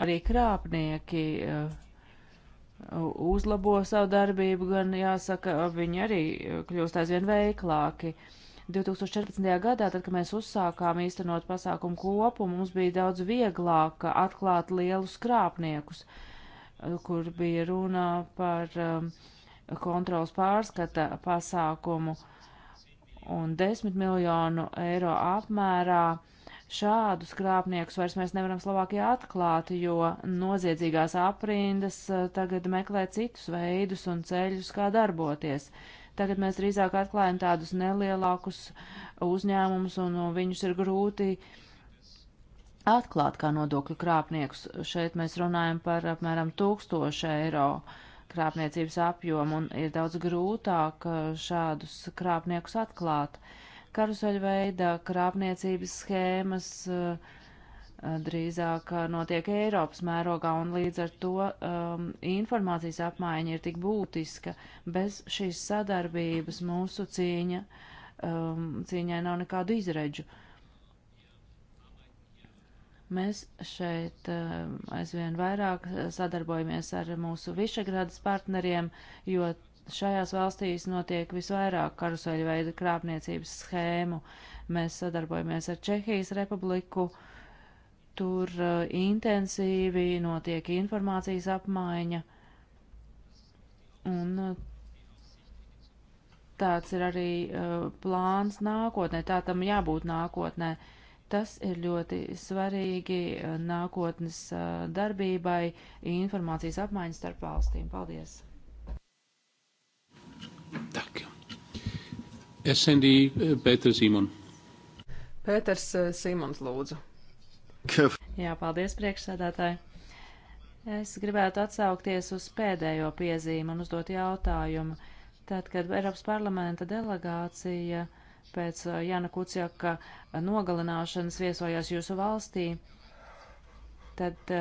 arī krāpnieki uh, uzlabo savu darbību, gan jāsaka, viņi arī uh, kļūst aizvien veiklāki. 2014. gadā, tad, kad mēs uzsākām īstenot pasākumu kopumu, mums bija daudz vieglāk atklāt lielus krāpniekus, uh, kur bija runa par um, kontrols pārskata pasākumu un 10 miljonu eiro apmērā Šādus krāpniekus vairs mēs nevaram Slovākijā atklāt, jo noziedzīgās aprindas eh, tagad meklē citus veidus un ceļus, kā darboties. Tagad mēs drīzāk atklājam tādus nelielākus uzņēmumus, un viņus ir grūti atklāt kā nodokļu krāpniekus. Šeit mēs runājam par apmēram 1000 eiro krāpniecības apjomu, un ir daudz grūtāk eh, šādus krāpniekus atklāt. Uh, Karuseļveidā krāpniecības schēmas eh, eh, drīzāk eh, notiek Eiropas mērogā, un līdz ar to um, informācijas apmaiņa ir tik būtiska. Bez šīs sadarbības mūsu cīņa, um, cīņai nav nekādu izredžu. Mēs šeit um, aizvien vairāk sadarbojamies ar mūsu Višegradas partneriem, jo Šajās valstīs notiek visvairāk karuseļu veida krāpniecības schēmu. Mēs sadarbojamies ar Čehijas republiku. Tur uh, intensīvi notiek informācijas apmaiņa. Un uh, tāds ir arī uh, plāns nākotnē. Tā tam jābūt nākotnē. Tas ir ļoti svarīgi nākotnes darbībai, informācijas apmaiņas starp valstīm. Paldies! Dank u. SND eh, Pēters Simon. Pēters eh, Simons, lūdzu. Kef. Jā, paldies, priekšsēdētāji. Es gribētu atsaukties uz pēdējo piezīmu un uzdot jautājumu. Tad, kad Eiropas parlamenta delegācija pēc eh, Jana Kuciaka nogalināšanas viesojās jūsu valstī, tad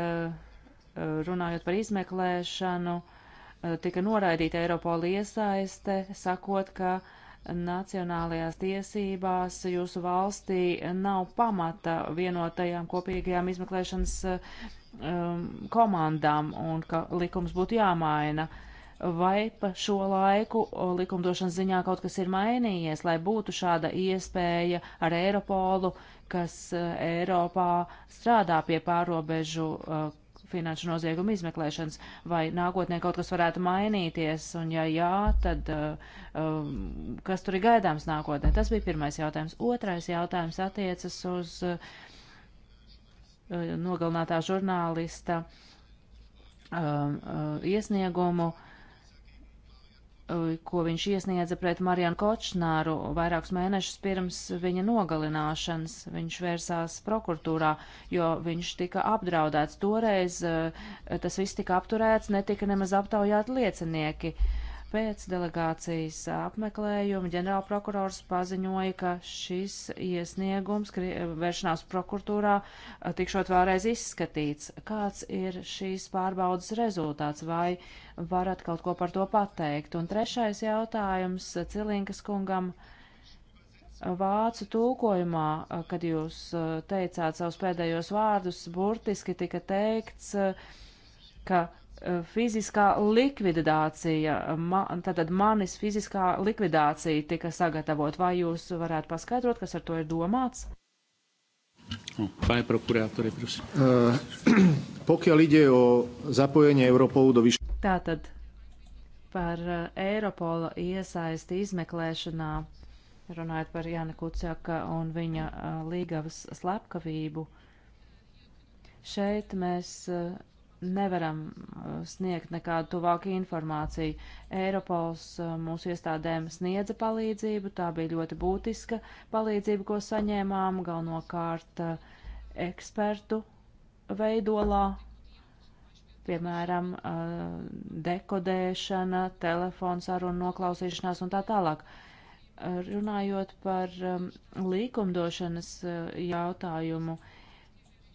runājot par izmeklēšanu, uh, Eh, tika noraidīta Eiropola iesaiste, sakot, ka nacionālajās tiesībās jūsu valstī nav pamata vienotajām kopīgajām izmeklēšanas eh, um, komandām un ka likums būtu jāmaina. Vai pa šo laiku eh, likumdošanas ziņā kaut kas ir mainījies, lai būtu šāda iespēja ar Eiropolu, kas Eiropā strādā pie pārobežu uh, finanšu noziegumu izmeklēšanas, vai nākotnē kaut kas varētu mainīties, un ja jā, tad uh, um, kas tur ir gaidāms nākotnē? Tas bija pirmais jautājums. Otrais jautājums attiecas uz uh, uh nogalinātā žurnālista uh, uh iesniegumu. Uh, ko viņš iesniedza pret Marianu Kočnāru vairākus mēnešus pirms viņa nogalināšanas. Viņš vērsās prokuratūrā, jo viņš tika apdraudēts. Toreiz tas viss tika apturēts, netika nemaz aptaujāti liecinieki. Uh, Pēc delegācijas apmeklējuma ģenerālprokurors paziņoja, ka šis iesniegums vēršanās prokuratūrā tikšot vēlreiz izskatīts. Kāds ir šīs pārbaudas rezultāts vai varat kaut ko par to pateikt? Un trešais jautājums Cilinkas kungam vācu tulkojumā, kad jūs teicāt savus pēdējos vārdus, burtiski tika teikts, ka Eh, fiziskā likvidācija, ma, tātad manis fiziskā likvidācija tika sagatavot. Vai jūs varētu paskaidrot, kas ar to ir domāts? Pane prokurátore, prosím. Uh, pokiaľ ide o zapojenie Europolu do vyš... Tātad par eh, Eiropola iesaisti izmeklēšanā, runājot par Jāna Kuciaka un viņa līgavas slepkavību, šeit mēs nevaram uh, sniegt nekādu tuvāku informāciju. Eiropols uh, mūsu iestādēm sniedza palīdzību, tā bija ļoti būtiska palīdzība, ko saņēmām galvenokārt uh, ekspertu veidolā, piemēram, dekodēšana, telefons ar un noklausīšanās un tā tālāk. Runājot par um, likumdošanas jautājumu,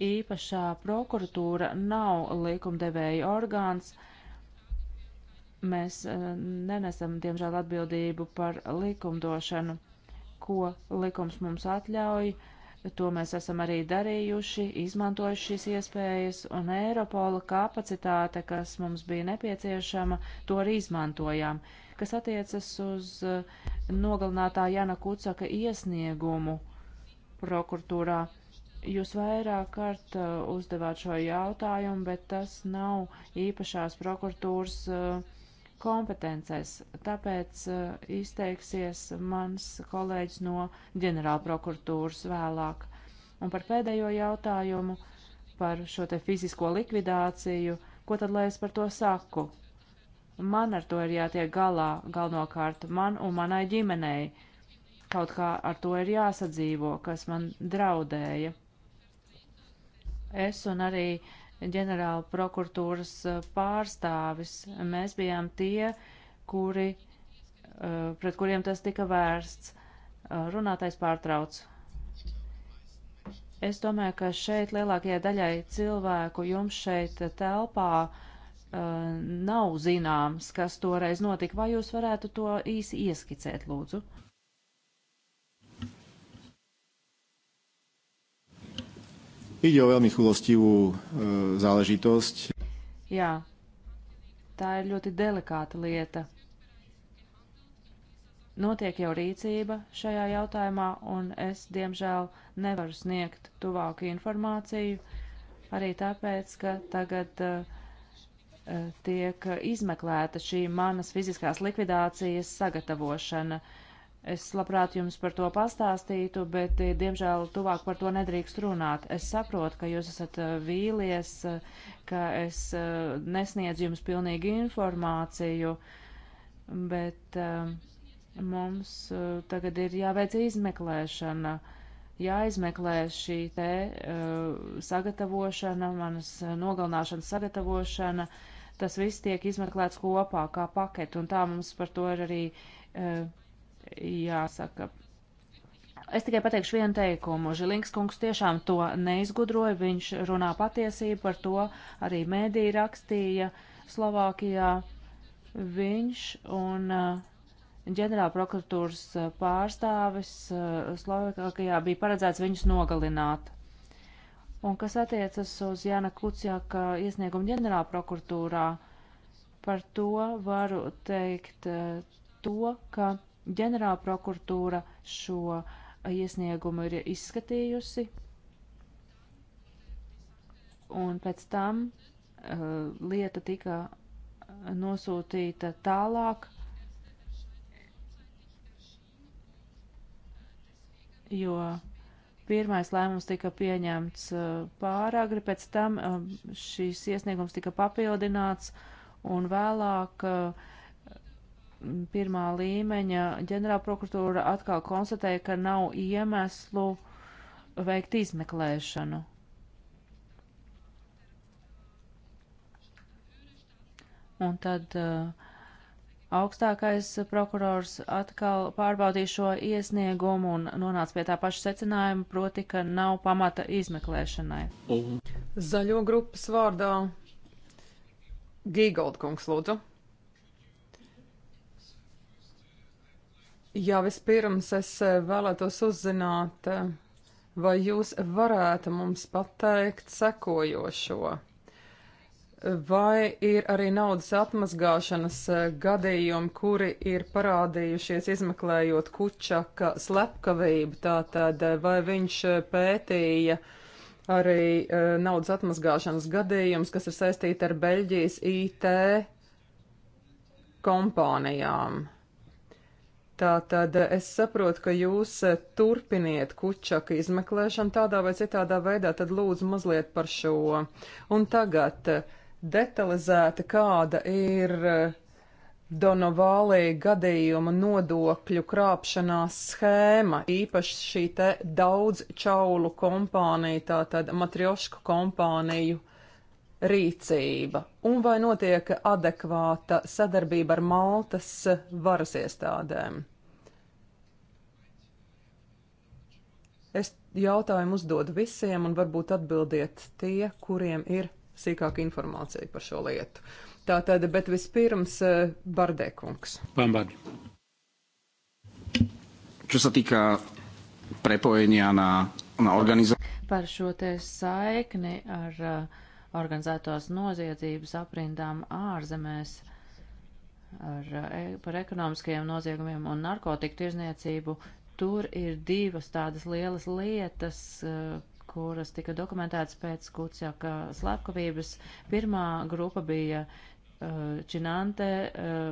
īpašā prokuratūra nav likumdevēja orgāns. Mēs e, nenesam, diemžēl, atbildību par likumdošanu, ko likums mums atļauj. To mēs esam arī darījuši, izmantojuši šīs iespējas, un Eiropola kapacitāte, kas mums bija nepieciešama, to arī izmantojām. Kas attiecas uz e, nogalinātā Jana Kucaka iesniegumu prokuratūrā, Jūs vairāk kārt uh, uzdevāt šo jautājumu, bet tas nav īpašās prokuratūras uh, kompetencēs. Tāpēc uh, izteiksies mans kolēģis no ģenerāla prokuratūras vēlāk. Un par pēdējo jautājumu, par šo te fizisko likvidāciju, ko tad lai es par to saku? Man ar to ir jātiek galā, galvenokārt man un manai ģimenei. Kaut kā ar to ir jāsadzīvo, kas man draudēja es un arī ģenerāla prokuratūras eh, pārstāvis, mēs bijām tie, kuri, eh, pret kuriem tas tika vērsts. Eh, runātais pārtrauc. Es domāju, ka šeit lielākajai daļai cilvēku jums šeit telpā nav zināms, kas toreiz notika. Vai jūs varētu to īsi ieskicēt, lūdzu? Ide o veľmi chulostivú e, záležitosť. Jā, tā ir ļoti delikāta lieta. Notiek jau rīcība šajā jautājumā, un es, diemžēl, nevaru sniegt tuvāku informāciju, arī tāpēc, ka tagad uh, tiek izmeklēta šī manas fiziskās likvidācijas sagatavošana. Uh, Es labprāt jums par to pastāstītu, bet, eh, diemžēl, tuvāk par to nedrīkst runāt. Es saprotu, ka jūs esat eh, vīlies, eh, ka es nesniedzu jums pilnīgi informāciju, bet mums tagad ir jāveic izmeklēšana, jāizmeklē šī te sagatavošana, manas nogalināšanas sagatavošana. Tas viss tiek izmeklēts kopā kā paketu, un tā mums par to ir arī jāsaka. Es tikai pateikšu vienu teikumu. Žilinks kungs tiešām to neizgudroja, viņš runā patiesību par to, arī mēdī rakstīja Slovākijā. Viņš un uh, ģenerāla prokuratūras uh, pārstāvis uh, Slovākijā bija paredzēts viņus nogalināt. Un kas attiecas uz Jāna Kuciaka iesniegumu ģenerāla prokuratūrā, par to varu teikt to, ka Ģenerāla prokuratūra šo uh, iesniegumu ir izskatījusi, un pēc tam uh, lieta tika uh, nosūtīta tālāk, jo pirmais lēmums tika pieņemts uh, pāragri, pēc tam uh, šīs iesniegums tika papildināts, un vēlāk uh, pirmā līmeņa ģenerālprokuratūra atkal konstatēja, ka nav iemeslu veikt izmeklēšanu. Un tad uh, augstākais prokurors atkal pārbaudīja šo iesniegumu un nonāca pie tā paša secinājuma, proti, ka nav pamata izmeklēšanai. Zaļo grupas vārdā Gīgoldkungs lūdzu. Jā, vispirms es eh, vēlētos uzzināt, eh, vai jūs varētu mums pateikt sekojošo. Vai ir arī naudas atmazgāšanas eh, gadījumi, kuri ir parādījušies izmeklējot kučaka slepkavību, tātad vai viņš pētīja arī naudas atmazgāšanas gadījumus, kas ir saistīti ar Beļģijas IT kompānijām? Tātad es saprotu, ka jūs eh, turpiniet kučaka izmeklēšanu tādā vai citādā veidā, tad lūdzu mazliet par šo. Un tagad eh, detalizēti, kāda ir eh, Donovālī gadījuma nodokļu krāpšanās schēma, īpaši šī te daudz čaulu kompānija, tātad matriošku kompāniju rīcība un vai notiek adekvāta sadarbība ar Maltas varas iestādēm? Es jautājumu uzdodu visiem un varbūt atbildiet tie, kuriem ir sīkāka informācija par šo lietu. Tātad, bet vispirms eh, Bardēkungs. Bambardi. Čo sa týka prepojenia na, na organizāciju? Par šo te saikni ar uh, organizētos noziedzības aprindām ārzemēs ar, e, par ekonomiskajiem noziegumiem un narkotiku tirzniecību. Tur ir divas tādas lielas lietas, e, kuras tika dokumentētas pēc Kuciaka slepkavības. Pirmā grupa bija e, Činante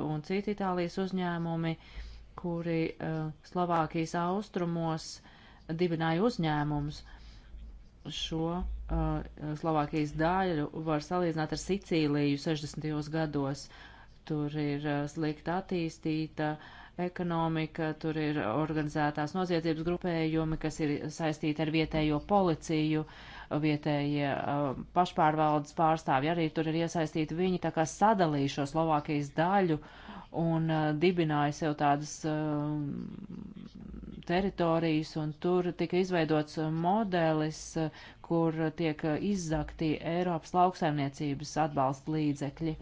un citi Itālijas uzņēmumi, kuri Slovākijas austrumos dibināja uzņēmumus. Šo Uh, Slovākijas daļu var salīdzināt ar Sicīliju 60. gados. Tur ir uh, slikti attīstīta ekonomika, tur ir organizētās noziedzības grupējumi, kas ir saistīti ar vietējo policiju, vietējie uh, pašpārvaldes pārstāvji arī tur ir iesaistīti. Viņi tā kā sadalīja šo Slovākijas daļu un dibināja sev tādas um, teritorijas, un tur tika izveidots modelis, kur tiek izzakti Eiropas lauksaimniecības atbalsta līdzekļi.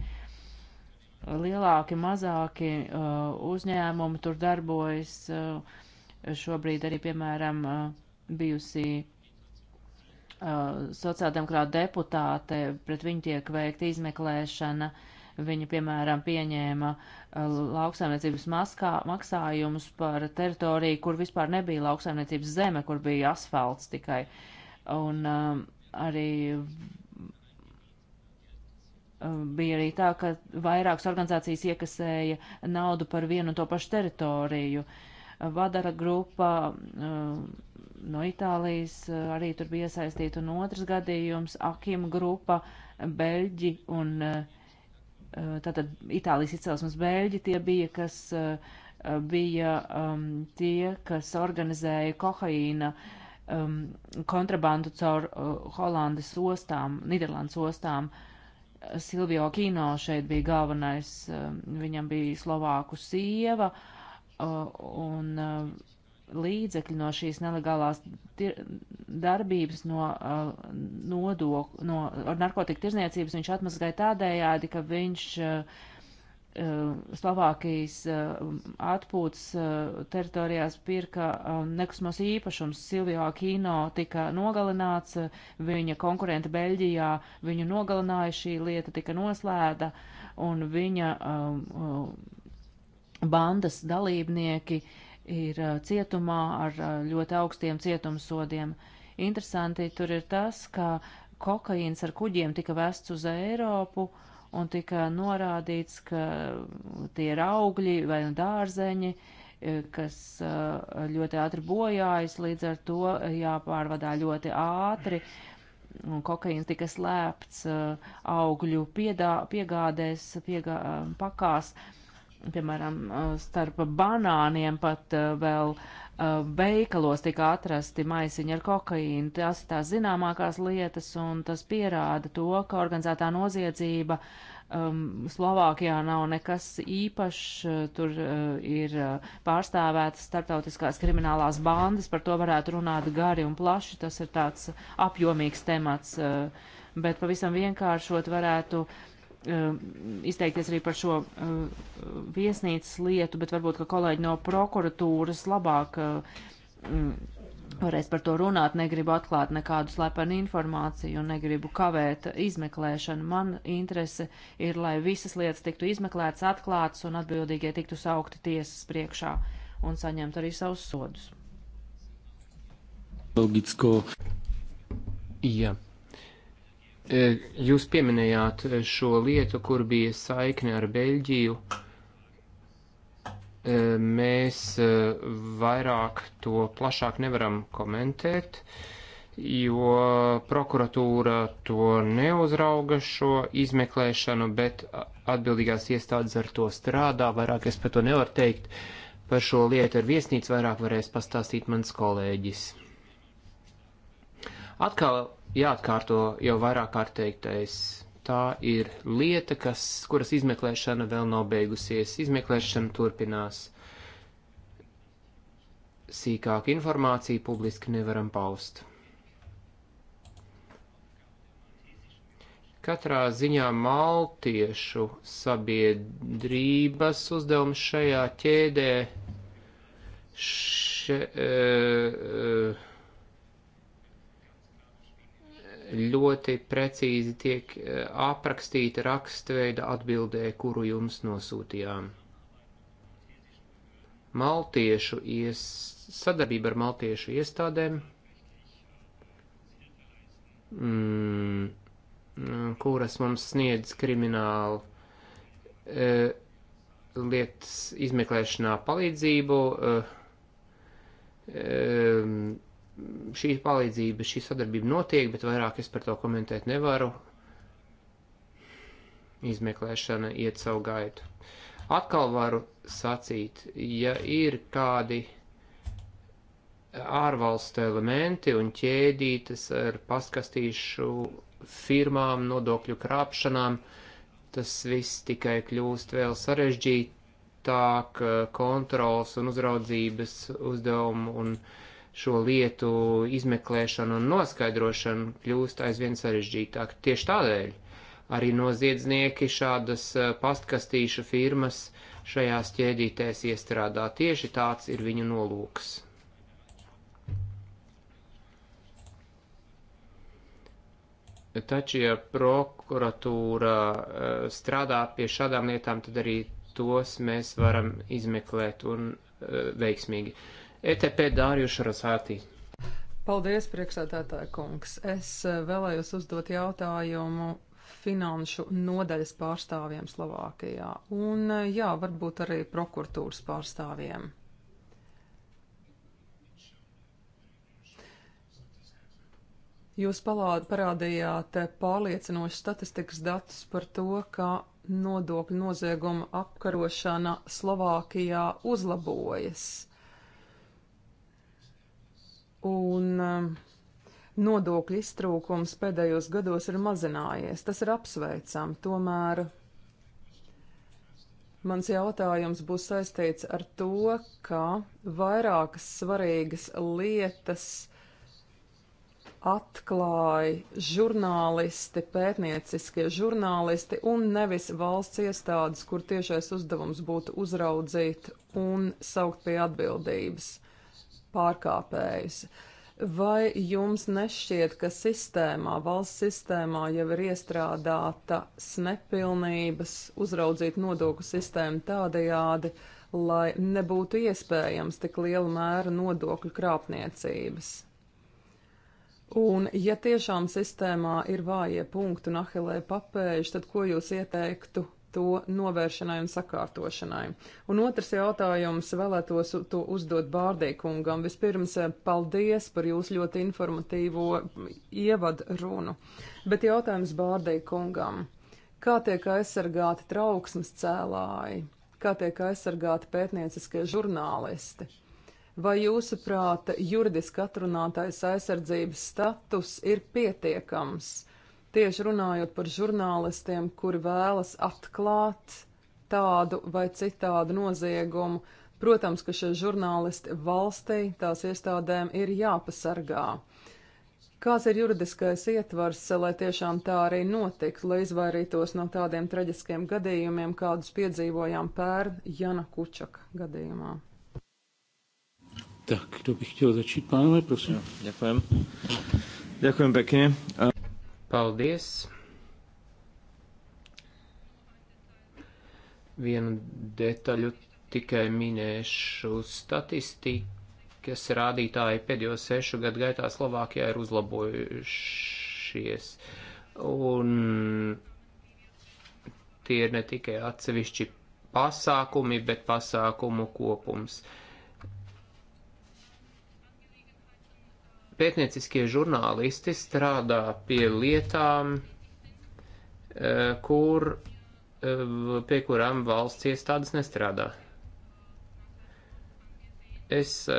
Lielāki, mazāki uh, uzņēmumi tur darbojas. Uh, šobrīd arī, piemēram, uh, bijusi sociāldemokrāta deputāte, pret viņu tiek veikta izmeklēšana. Uh, Viņa, piemēram, pieņēma uh, lauksaimniecības maskā, maksājumus par teritoriju, kur vispār nebija lauksaimniecības zeme, kur bija asfalts tikai. Un um, arī um, bija arī tā, ka vairākas organizācijas iekasēja naudu par vienu un to pašu teritoriju. Vadara grupa um, no Itālijas uh, arī tur bija iesaistīta, un otrs gadījums - Akim grupa, Beļģi un uh, Eh, tātad Itālijas izcelsmes bēļi tie bija, kas eh, bija um, tie, kas organizēja kokaīna um, kontrabandu caur uh, eh, Holandas ostām, Niderlandes ostām. Silvio Kino šeit bija galvenais, um, viņam bija Slovāku sieva, uh, un uh, līdzekļi no šīs nelegālās darbības, no, uh, nodok, no narkotika tirzniecības viņš atmazgāja tādējādi, ka viņš uh, uh Slovākijas uh, atpūtas uh, teritorijās pirka um, nekustamos īpašums. Silvio Akino tika nogalināts, viņa konkurenta Beļģijā viņu nogalināja, šī lieta tika noslēta, un viņa um, bandas dalībnieki uh, ir cietumā ar ļoti augstiem cietumsodiem. Interesanti tur ir tas, ka kokaīns ar kuģiem tika vests uz Eiropu un tika norādīts, ka tie ir augļi vai dārzeņi, kas ļoti ātri bojājas, līdz ar to jāpārvadā ļoti ātri. Un kokaīns tika slēpts augļu piedā, piegādēs, piegā, pakās. Uh, piemēram, starp banāniem pat vēl veikalos tika atrasti maisiņi ar kokaīnu. Tas ir tās zināmākās lietas, un tas pierāda to, ka organizētā noziedzība um, Slovākijā nav nekas īpašs. Tur uh, ir pārstāvētas starptautiskās kriminālās bandas, par to varētu runāt gari un plaši. Tas ir tāds apjomīgs temats, uh, bet pavisam vienkāršot varētu. Uh, Um, izteikties arī par šo uh, viesnīcas lietu, bet varbūt, ka kolēģi no prokuratūras labāk uh, mm, varēs par to runāt, negribu atklāt nekādu slepenu informāciju un negribu kavēt izmeklēšanu. Man interese ir, lai visas lietas tiktu izmeklētas, atklātas un atbildīgie tiktu saukti tiesas priekšā un saņemt arī savus sodus. Logisko. Jā, E, jūs pieminējāt e, šo lietu, kur bija saikne ar Beļģiju. E, mēs vairāk to plašāk nevaram komentēt, jo prokuratūra to neuzrauga šo izmeklēšanu, bet atbildīgās iestādes ar to strādā. Vairāk es par to nevaru teikt. Par šo lietu ar viesnīcu vairāk varēs pastāstīt mans kolēģis. Atkal jāatkārto jau vairāk kārt teiktais. Tā ir lieta, kas, kuras izmeklēšana vēl nav beigusies. Izmeklēšana turpinās. Sīkāku informāciju publiski nevaram paust. Katrā ziņā maltiešu sabiedrības uzdevums šajā ķēdē še, e, e, ļoti precīzi tiek eh, aprakstīta rakstveida atbildē, kuru jums nosūtījām. Maltiešu ies, sadarbība ar maltiešu iestādēm, mm, kuras mums sniedz kriminālu e, lietas izmeklēšanā palīdzību, e, e, šī palīdzība, šī sadarbība notiek, bet vairāk es par to komentēt nevaru. Izmeklēšana iet savu gaitu. Atkal varu sacīt, ja ir kādi ārvalstu elementi un ķēdītas ar paskastīšu firmām, nodokļu krāpšanām, tas viss tikai kļūst vēl sarežģītāk eh, kontrols un uzraudzības uzdevumu un uh, šo lietu izmeklēšana un noskaidrošana kļūst aizvien sarežģītāk. Tieši tādēļ arī noziedznieki šādas eh, pastkastīšu firmas šajās ķēdītēs iestrādā. Tieši tāds ir viņu nolūks. Taču, ja prokuratūra eh, strādā pie šādām lietām, tad arī tos mēs varam izmeklēt un eh, veiksmīgi. Uh, ETP Dārjuša Rasātī. Paldies, priekšsēdētāja kungs. Es e, vēlējos uzdot jautājumu finanšu nodaļas pārstāvjiem Slovākijā un, e, jā, varbūt arī prokuratūras pārstāvjiem. Jūs palād, parādījāt e, pārliecinoši statistikas datus par to, ka nodokļu nozieguma apkarošana Slovākijā uzlabojas un um, nodokļu iztrūkums pēdējos gados ir mazinājies. Tas ir apsveicam, tomēr Mans jautājums būs saistīts ar to, ka vairākas svarīgas lietas atklāja žurnālisti, pētnieciskie žurnālisti un nevis valsts iestādes, kur tiešais uzdevums būtu uzraudzīt un saukt pie atbildības pārkāpējus. Vai jums nešķiet, ka sistēmā, valsts sistēmā jau ir iestrādātas nepilnības, uzraudzīt nodokļu sistēmu tādajādi, lai nebūtu iespējams tik liela mēra nodokļu krāpniecības? Un, ja tiešām sistēmā ir vājie punkti un ahilē papēži, tad ko jūs ieteiktu to novēršanai un sakārtošanai. Un otrs jautājums vēlētos to uzdot Bārdīkungam. Vispirms, paldies par jūsu ļoti informatīvo ievadu runu. Bet jautājums Bārdīkungam. Kā tiek aizsargāti trauksmes cēlāji? Kā tiek aizsargāti pētnieciskie žurnālisti? Vai jūsuprāt, juridiski atrunātais aizsardzības status ir pietiekams? Tieši runājot par žurnālistiem, kuri vēlas atklāt tādu vai citādu noziegumu, protams, ka šie žurnālisti valstī tās iestādēm ir jāpasargā. Kāds ir juridiskais ietvars, lai tiešām tā arī notiktu, lai izvairītos no tādiem traģiskiem gadījumiem, kādus piedzīvojām pērn Jana Kučaka gadījumā? Tak, kto by chtěl začít, pánové, prosím. Ďakujem. Ďakujem pekne. Paldies! Vienu detaļu tikai minēšu statistikas rādītāji pēdējo sešu gadu gaitā Slovākijā ir uzlabojušies. Un tie ir ne tikai atsevišķi pasākumi, bet pasākumu kopums. Uh, pētnieciskie žurnālisti strādā pie lietām, e, kur, e, pie kurām valsts iestādes nestrādā. Es e,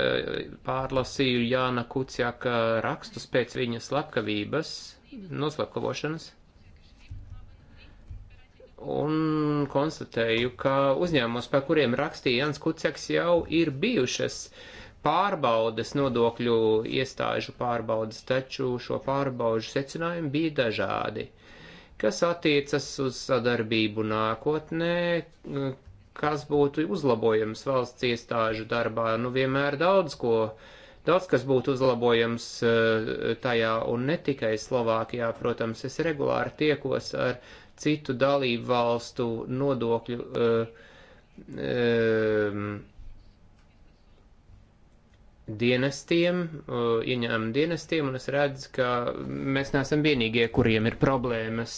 pārlasīju Jāna Kuciaka rakstus pēc viņa slepkavības, noslapkavošanas, un konstatēju, ka uzņēmums, par kuriem rakstīja Jānis Kuciaks, jau ir bijušas uh, pārbaudes, nodokļu iestāžu pārbaudes, taču šo pārbaudžu secinājumi bija dažādi. Kas attiecas uz sadarbību nākotnē, kas būtu uzlabojams valsts iestāžu darbā, nu vienmēr daudz ko, daudz kas būtu uzlabojams eh, tajā un ne tikai Slovākijā, protams, es regulāri tiekos ar citu dalību valstu nodokļu. Uh, um, dienestiem, ieņēmumu dienestiem, un es redzu, ka mēs neesam vienīgie, kuriem ir problēmas.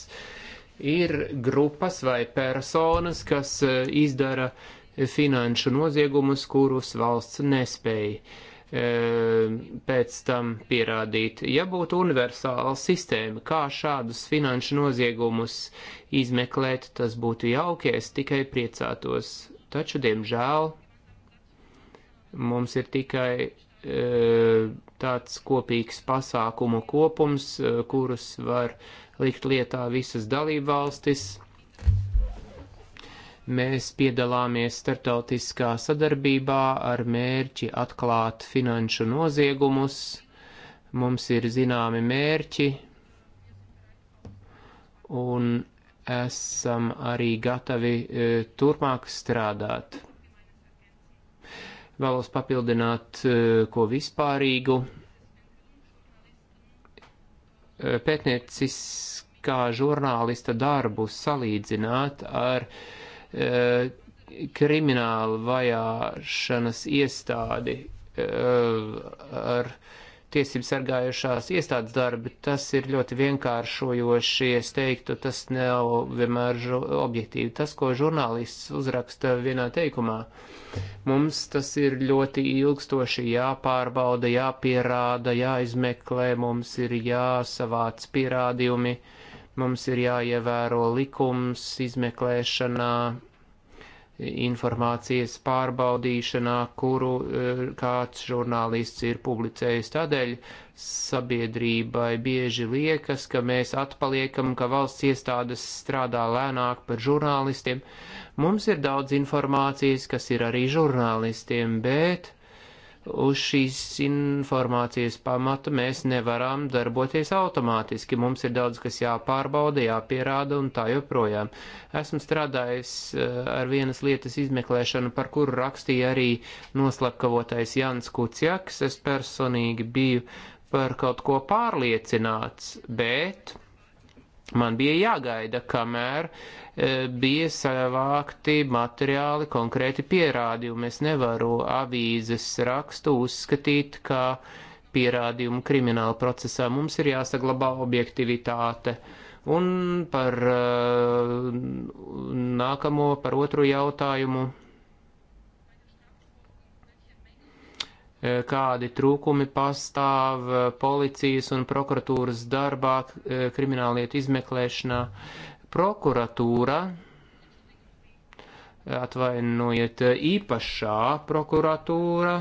Ir grupas vai personas, kas e, izdara finanšu noziegumus, kurus valsts nespēja e, pēc tam pierādīt. Ja būtu universāla sistēma, kā šādus finanšu noziegumus izmeklēt, tas būtu jauki, es tikai priecātos. Taču, diemžēl, Mums ir tikai e, tāds kopīgs pasākumu kopums, e, kurus var likt lietā visas dalībvalstis. Mēs piedalāmies starptautiskā sadarbībā ar mērķi atklāt finanšu noziegumus. Mums ir zināmi mērķi un esam arī gatavi e, turpmāk strādāt vēlos papildināt e, ko vispārīgu. E, pētnieciskā žurnālista darbu salīdzināt ar e, kriminālu vajāšanas iestādi, ar tiesību sargājušās iestādes darbi, tas ir ļoti vienkāršojoši, es teiktu, tas nav vienmēr objektīvi. Tas, ko žurnālists uzraksta vienā teikumā, mums tas ir ļoti ilgstoši jāpārbauda, jāpierāda, jāizmeklē, mums ir jāsavāc pierādījumi, mums ir jāievēro likums izmeklēšanā, informācijas pārbaudīšanā, kuru eh, kāds žurnālists ir publicējis. Tādēļ sabiedrībai bieži liekas, ka mēs atpaliekam, ka valsts iestādes strādā lēnāk par žurnālistiem. Mums ir daudz informācijas, kas ir arī žurnālistiem, bet uz šīs informācijas pamata mēs nevaram darboties automātiski. Mums ir daudz, kas jāpārbauda, jāpierāda un tā joprojām. Esmu strādājis eh, ar vienas lietas izmeklēšanu, par kuru rakstīja arī noslapkavotais Jans Kuciaks. Es personīgi biju par kaut ko pārliecināts, bet Man bija jāgaida, kamēr e, bija savākti materiāli, konkrēti pierādījumi. Es nevaru avīzes rakstu uzskatīt, kā pierādījumu krimināla procesā. Mums ir jāsaglabā objektivitāte. Un par e, nākamo, par otru jautājumu Eh, kādi trūkumi pastāv eh, policijas un prokuratūras darbā, eh, krimināllietu izmeklēšanā. Prokuratūra, atvainojiet, īpašā prokuratūra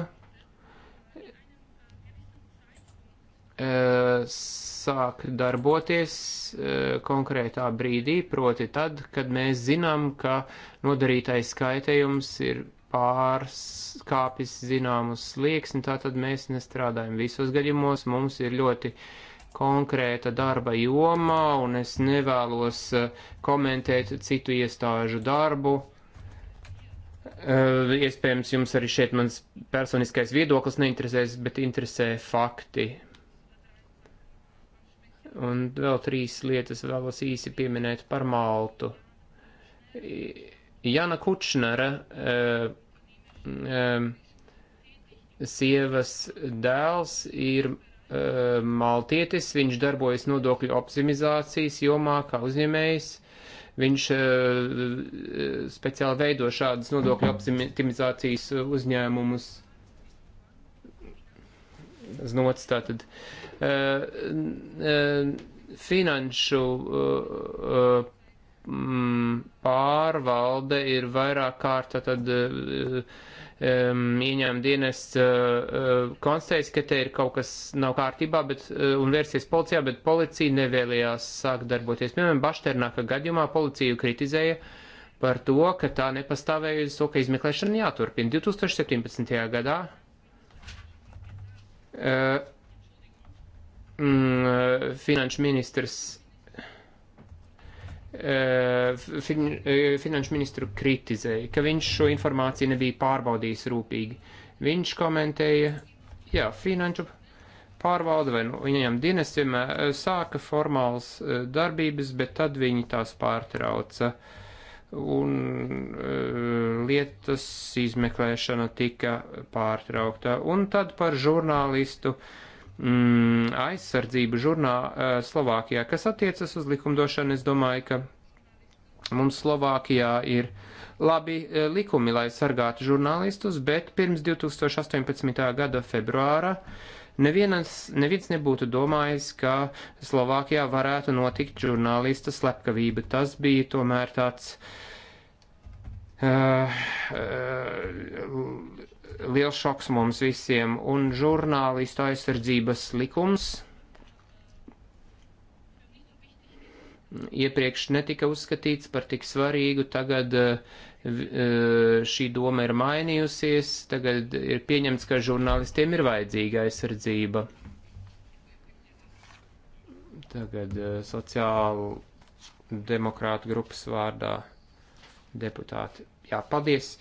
sāk darboties konkrētā brīdī, proti tad, kad mēs zinām, ka nodarītais skaitējums ir pārskāpis zināmus slieksni, tātad mēs nestrādājam visos gadījumos, mums ir ļoti konkrēta darba jomā, un es nevēlos eh, komentēt citu iestāžu darbu. Eh, iespējams, jums arī šeit mans personiskais viedoklis neinteresēs, bet interesē fakti. Un vēl trīs lietas vēlos īsi pieminēt par Maltu. Jana Kučnera, eh, eh, sievas dēls, ir eh, maltietis, viņš darbojas nodokļu optimizācijas jomā kā uzņēmējs. Viņš speciāli veido šādas nodokļu optimizācijas uzņēmumus znots tātad. Uh, uh, finanšu uh, mm, pārvalde ir vairāk kārta tad um, eh, ieņēma dienests uh, eh, eh, konstatējis, ka te ir kaut kas nav kārtībā bet, uh, un vērsties policijā, bet policija nevēlējās sākt darboties. Piemēram, Bašternāka gadījumā policiju kritizēja par to, ka tā nepastāvēja uz to, ka izmeklēšana jāturpina 2017. gadā. Uh, mm, finanšu ministrs Eh, fin, eh, finanšu ministru kritizēja, ka viņš šo informāciju nebija pārbaudījis rūpīgi. Viņš komentēja, jā, finanšu pārvalde vai nu, viņiem dienestiem eh, sāka formāls darbības, bet tad viņi tās pārtrauca. Un lietas izmeklēšana tika pārtraukta. Un tad par žurnālistu uh, mm, aizsardzību žurnā uh, Slovākijā. Kas attiecas uz likumdošanu, es domāju, ka mums Slovākijā ir labi uh, likumi, lai sargātu žurnālistus, bet pirms 2018. gada februāra nevienas, neviens nebūtu domājis, ka Slovākijā varētu notikt žurnālista slepkavība. Tas bija tomēr tāds. Uh, uh, liels šoks mums visiem, un žurnālistu aizsardzības likums iepriekš netika uzskatīts par tik svarīgu, tagad eh, eh, šī doma ir mainījusies, tagad ir pieņemts, ka žurnālistiem ir vajadzīga aizsardzība. Tagad eh, sociālu demokrātu grupas vārdā deputāti. Jā, paldies.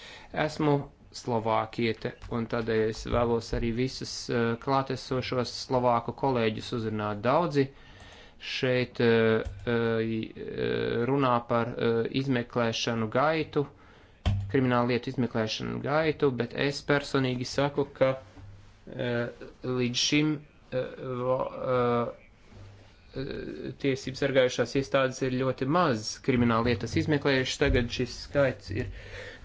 Esmu slovākiete, un tādēļ es vēlos arī visus eh, klātesošos slovāku kolēģus uzrunāt daudzi. Šeit eh, eh, runā par izmeklēšanu gaitu, kriminālu lietu izmeklēšanu gaitu, bet es personīgi saku, ka līdz šim tiesību sargājušās iestādes ir ļoti maz kriminālu lietas izmeklējušas, tagad šis skaits ir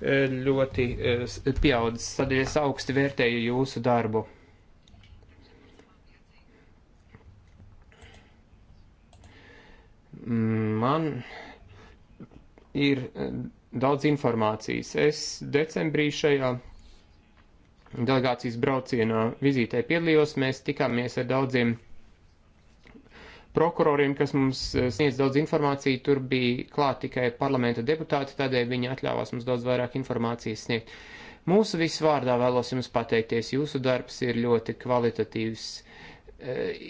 ļoti eh, pieaudzis, tādēļ es augsti vērtēju jūsu darbu. Man ir eh, daudz informācijas. Es decembrī šajā delegācijas braucienā vizītē piedalījos, mēs tikāmies ar daudziem prokuroriem, kas mums eh, sniedz daudz informāciju, tur bija klāt tikai parlamenta deputāti, tādēļ viņi atļāvās mums daudz vairāk informācijas sniegt. Mūsu visu vārdā vēlos jums pateikties, jūsu darbs ir ļoti kvalitatīvs. Eh,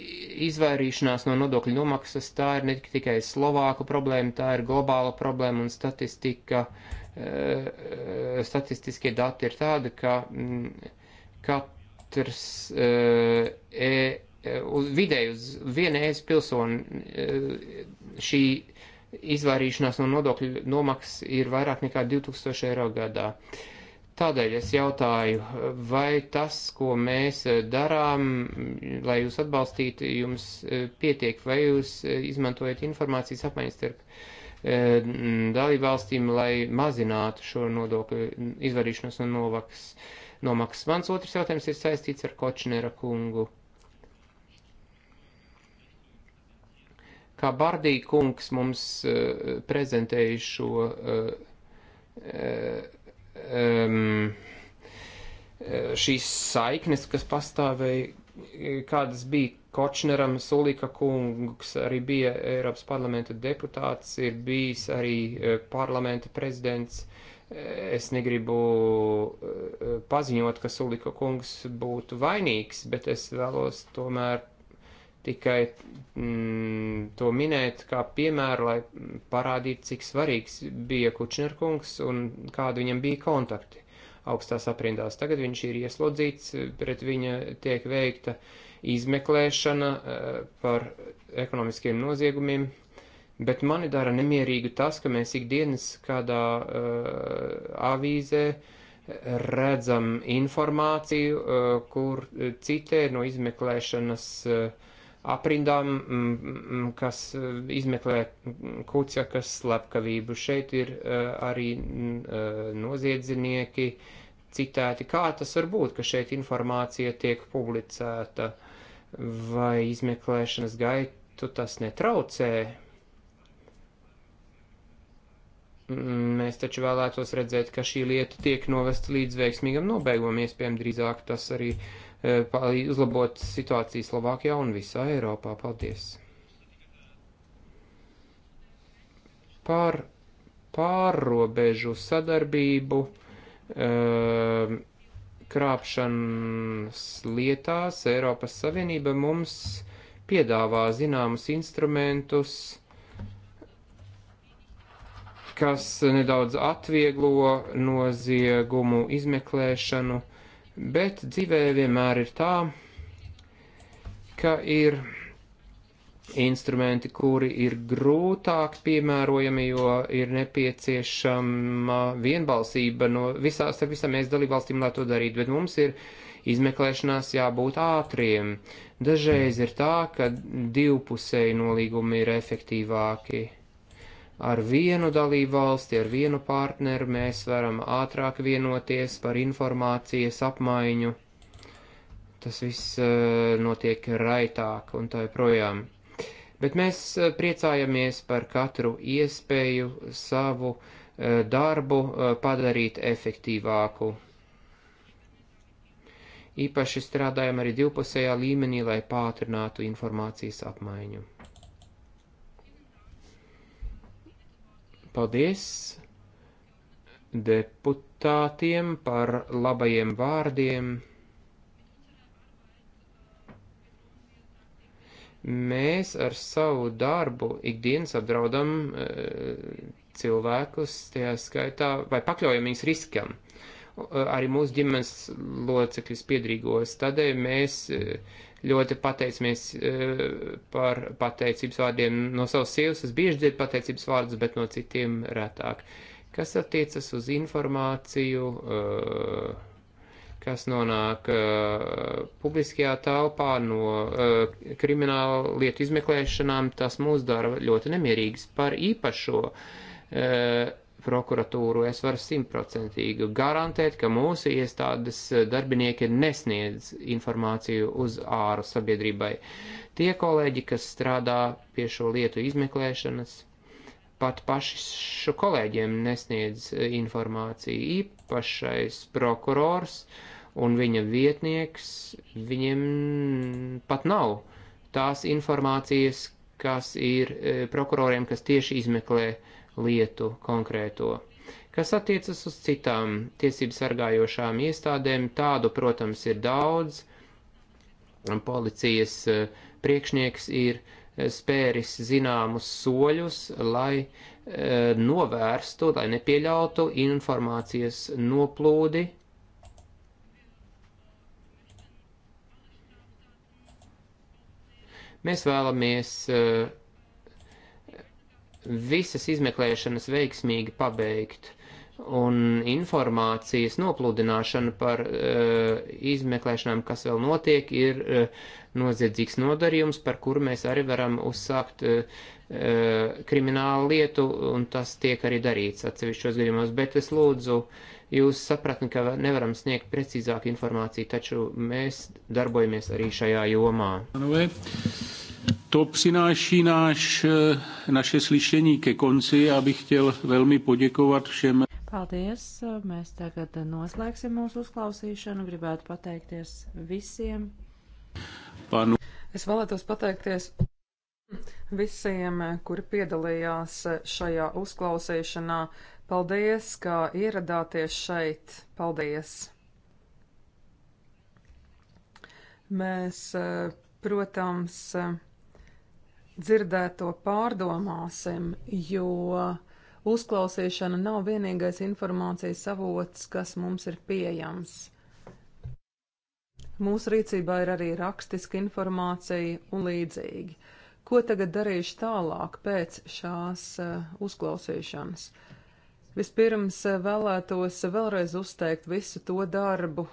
izvairīšanās no nodokļu nomaksas tā ir ne tikai Slovāku problēma, tā ir globāla problēma un statistika, eh, statistiskie dati ir tādi, ka mm, katrs e, Eh, uz vidēju uz vienēs pilsoni eh, šī izvairīšanās no nodokļu nomaksas ir vairāk nekā 2000 eiro gadā. Tādēļ es jautāju, vai tas, ko mēs eh, darām, lai jūs atbalstītu, jums pietiek, vai jūs izmantojat informācijas apmaiņas starp dalībvalstīm, lai mazinātu šo nodokļu izvarīšanos no novaks, nomaksas. Mans otrs jautājums ir saistīts ar Kočnera kungu. kā Bardī kungs mums uh, prezentēja šo uh, um, šīs saiknes, kas pastāvēja, kādas bija Kočneram, Sulika kungs, arī bija Eiropas parlamenta deputāts, ir bijis arī parlamenta prezidents. Es negribu paziņot, ka Sulika kungs būtu vainīgs, bet es vēlos tomēr tikai mm, to minēt kā piemēru, lai parādītu, cik svarīgs bija Kučnerkungs un kādu viņam bija kontakti augstās aprindās. Tagad viņš ir ieslodzīts, pret viņa tiek veikta izmeklēšana eh, par ekonomiskiem noziegumiem, bet mani dara nemierīgu tas, ka mēs ikdienas kādā uh, avīzē eh, redzam informāciju, uh, kur citē no izmeklēšanas uh, aprindām, mm, mm, kas eh, izmeklē kucakas slepkavību. Šeit ir eh, arī mm, eh, noziedznieki citēti. Kā tas var būt, ka šeit informācija tiek publicēta vai izmeklēšanas gaitu tas netraucē? Mēs taču vēlētos redzēt, ka šī lieta tiek novesta līdz veiksmīgam nobeigumam, iespējams, drīzāk tas arī uh, Eh, uzlabot situāciju Slovākijā un visā Eiropā. Paldies! Par pārrobežu sadarbību eh, krāpšanas lietās Eiropas Savienība mums piedāvā zināmus instrumentus, kas nedaudz atvieglo noziegumu izmeklēšanu bet dzīvē vienmēr ir tā, ka ir instrumenti, kuri ir grūtāk piemērojami, jo ir nepieciešama vienbalsība no visās ar visām mēs dalībvalstīm, lai to darītu, bet mums ir izmeklēšanās jābūt ātriem. Dažreiz ir tā, ka divpusēji nolīgumi ir efektīvāki ar vienu dalību valsti, ar vienu partneru mēs varam ātrāk vienoties par informācijas apmaiņu. Tas viss eh, notiek raitāk un tā joprojām. Bet mēs eh, priecājamies par katru iespēju savu eh, darbu padarīt efektīvāku. Īpaši strādājam arī divpusējā līmenī, lai pātrinātu informācijas apmaiņu. Paldies deputātiem par labajiem vārdiem. Mēs ar savu darbu ikdienas apdraudam e, cilvēkus, tajā skaitā, vai pakļaujam viņus riskam. E, arī mūsu ģimenes locekļus piedrīgos. Tādēļ mēs e, Ļoti pateicamies eh, par pateicības vārdiem no savas sievas. Es bieži dzirdu pateicības vārdus, bet no citiem retāk. Kas attiecas uz informāciju, eh, kas nonāk eh, publiskajā telpā no krimināla lietu izmeklēšanām, tas mūs dara ļoti nemierīgs par īpašo prokuratūru, es varu simtprocentīgi garantēt, ka mūsu iestādes eh, darbinieki nesniedz informāciju uz āru sabiedrībai. Tie kolēģi, kas strādā pie šo lietu izmeklēšanas, pat paši šo kolēģiem nesniedz eh, informāciju. Īpašais prokurors un viņa vietnieks viņiem pat nav tās informācijas, kas ir eh, prokuroriem, kas tieši izmeklē uh, lietu konkrēto. Kas attiecas uz citām tiesību sargājošām iestādēm, tādu, protams, ir daudz. Policijas eh, priekšnieks ir eh, spēris zināmus soļus, lai eh, novērstu, lai nepieļautu informācijas noplūdi. Mēs vēlamies uh, visas izmeklēšanas veiksmīgi pabeigt un informācijas nopludināšana par uh, izmeklēšanām, kas vēl notiek, ir uh, noziedzīgs nodarījums, par kuru mēs arī varam uzsākt uh, kriminālu lietu, un tas tiek arī darīts atsevišķos gadījumos. Bet es lūdzu jūs sapratni, ka nevaram sniegt precīzāku informāciju, taču mēs darbojamies arī šajā jomā. Anyway. To přináší náš, eh, naše slyšení ke konci. Já bych chtěl velmi poděkovat všem. Paldies! Mēs tagad noslēgsim mūsu uzklausīšanu. Gribētu pateikties visiem. Panu. Es vēlētos pateikties visiem, kuri piedalījās šajā uzklausīšanā. Paldies, ka ieradāties šeit. Paldies! Mēs, eh, protams, dzirdēto pārdomāsim, jo uzklausīšana nav vienīgais informācijas avots, kas mums ir pieejams. Mūsu rīcībā ir arī rakstiska informācija un līdzīgi. Ko tagad darīšu tālāk pēc šās uh, uzklausīšanas? Vispirms eh, vēlētos vēlreiz uzteikt visu to darbu,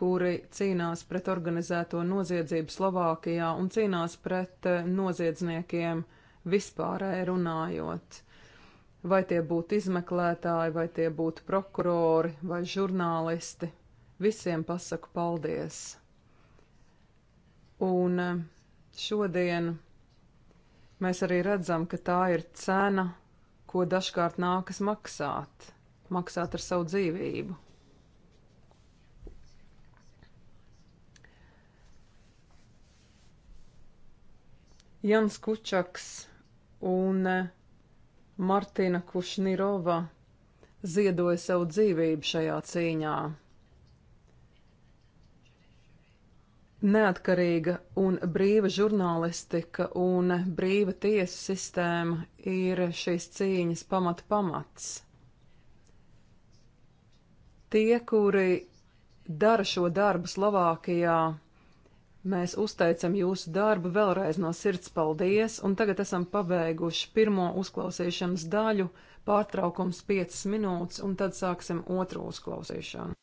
kuri cīnās pret organizēto noziedzību Slovākijā un cīnās pret eh, noziedzniekiem vispārēji runājot. Vai tie būtu izmeklētāji, vai tie būtu prokurori vai žurnālisti, visiem pasaku paldies. Un eh, šodien mēs arī redzam, ka tā ir cena, ko dažkārt nākas maksāt, maksāt ar savu dzīvību. Jans Kučaks un e, Martina Kušnirova ziedoja savu dzīvību šajā cīņā. Neatkarīga un brīva žurnālistika un brīva tiesu sistēma ir šīs cīņas pamata pamats. Tie, kuri dara šo darbu Slovākijā, Mēs uzteicam jūsu darbu vēlreiz no sirds paldies, un tagad esam pabeiguši pirmo uzklausīšanas daļu, pārtraukums 5 minūtes, un tad sāksim otru uzklausīšanu.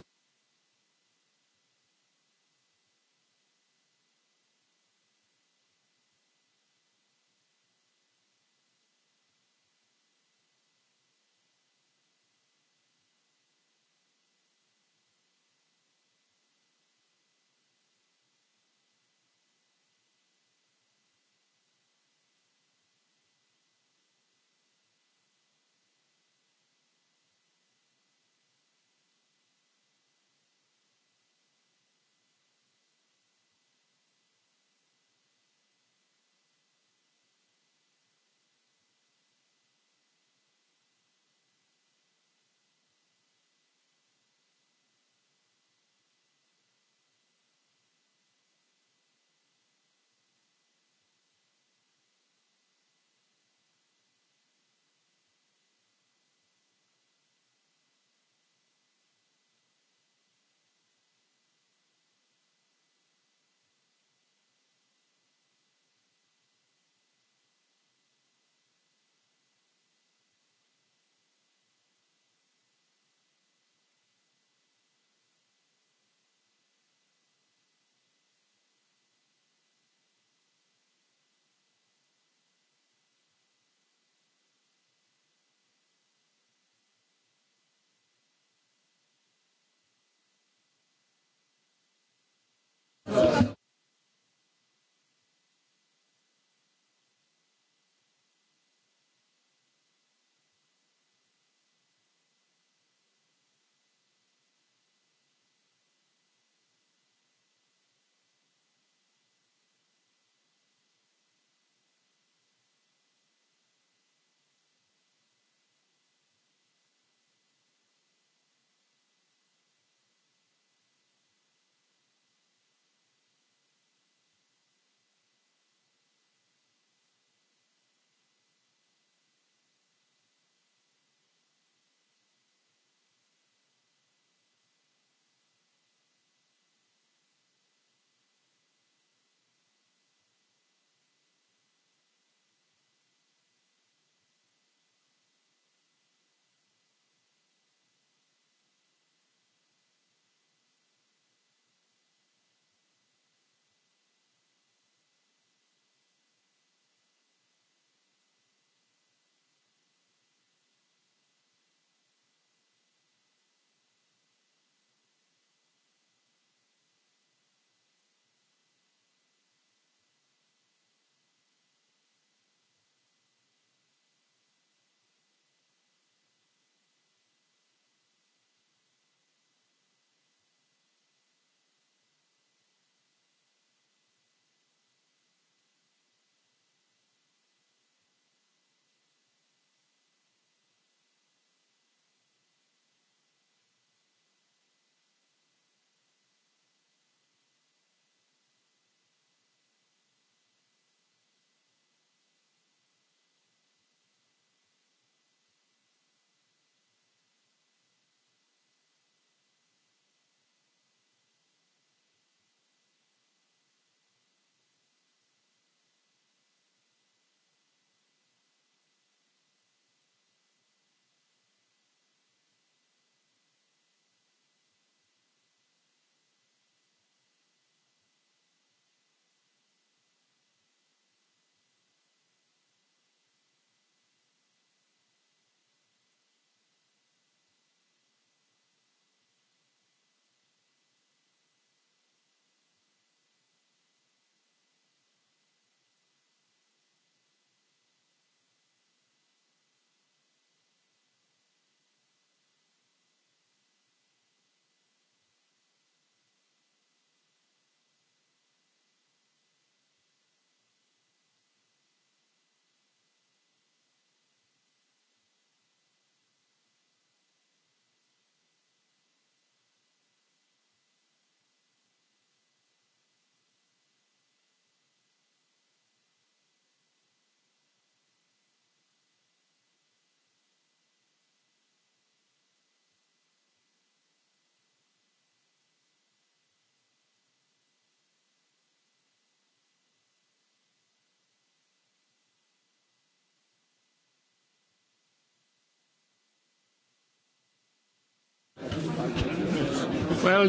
Well,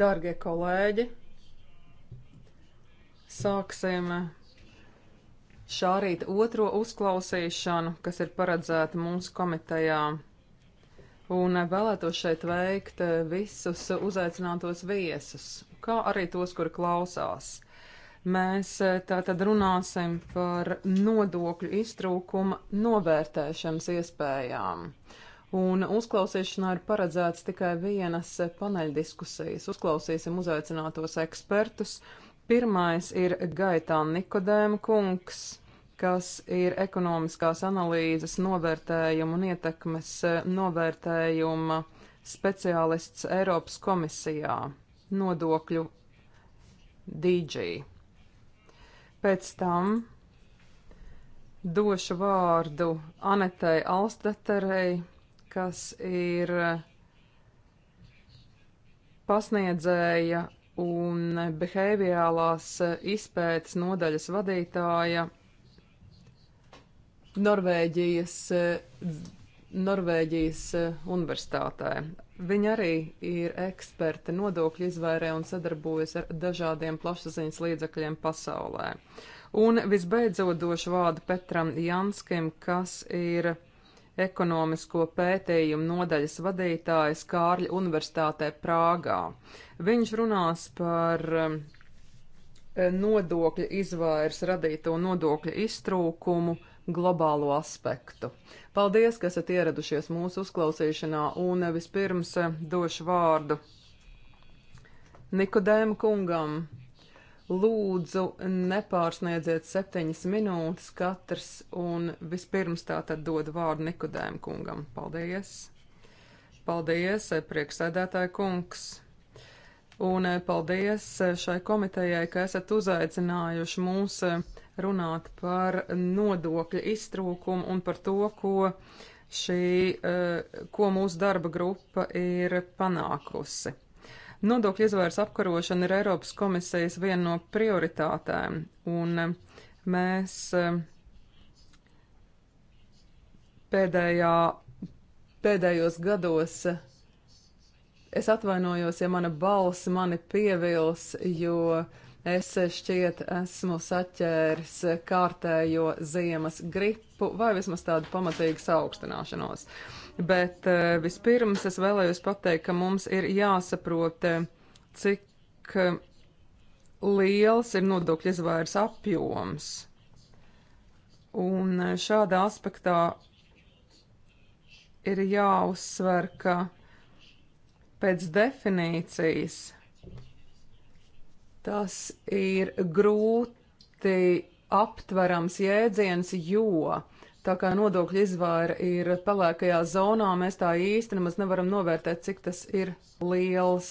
Dargie kolēģi, sāksim šā rīta otro uzklausīšanu, kas ir paredzēta mūsu komitejā. Un vēlētos šeit veikt visus uzaicinātos viesus, kā arī tos, kuri klausās. Mēs tātad runāsim par nodokļu iztrūkuma novērtēšanas iespējām. Uh, Un uzklausīšanā ir paredzēts tikai vienas paneļdiskusijas. Uzklausīsim uzaicinātos ekspertus. Pirmais ir Gaitā Nikodēma kungs, kas ir ekonomiskās analīzes novērtējuma un ietekmes eh, novērtējuma speciālists Eiropas komisijā nodokļu DG. Pēc tam došu vārdu Anetei Alstaterei kas ir pasniedzēja un behaviorālās izpētes nodaļas vadītāja Norvēģijas, Norvēģijas universitātē. Viņa arī ir eksperte nodokļu izvairē un sadarbojas ar dažādiem plašsaziņas līdzakļiem pasaulē. Un visbeidzot došu vārdu Petram Janskim, kas ir ekonomisko pētījumu nodaļas vadītājs Kārļa Universitātē Prāgā. Viņš runās par um, eh, nodokļu izvairs radīto nodokļu iztrūkumu globālo aspektu. Paldies, ka esat ieradušies mūsu uzklausīšanā un eh, vispirms eh, došu vārdu Nikodēma kungam Lūdzu, nepārsniedziet septiņas minūtes katrs, un vispirms tā tad dodu vārdu Nikodēm kungam. Paldies! Paldies, eh, prieksēdētāja kungs! Un eh, paldies eh, šai komitejai, ka esat uzaicinājuši mūs runāt par nodokļu iztrūkumu un par to, ko šī, ko mūsu darba grupa ir panākusi. Nodokļu izvairs apkarošana ir Eiropas komisijas viena no prioritātēm, un eh, mēs eh, pēdējā, pēdējos gados eh, es atvainojos, ja mana balss mani pievils, jo es šķiet esmu saķēris kārtējo ziemas gripu vai vismaz tādu pamatīgu saaugstināšanos. Uh, bet eh, vispirms es vēlējos pateikt, ka mums ir jāsaprot, eh, cik eh, liels ir nodokļu izvairs apjoms. Un šādā aspektā ir jāuzsver, ka pēc definīcijas tas ir grūti aptverams jēdziens, jo Tā kā nodokļu izvēra ir pelēkajā zonā, mēs tā īsti nemaz nevaram novērtēt, cik tas ir liels.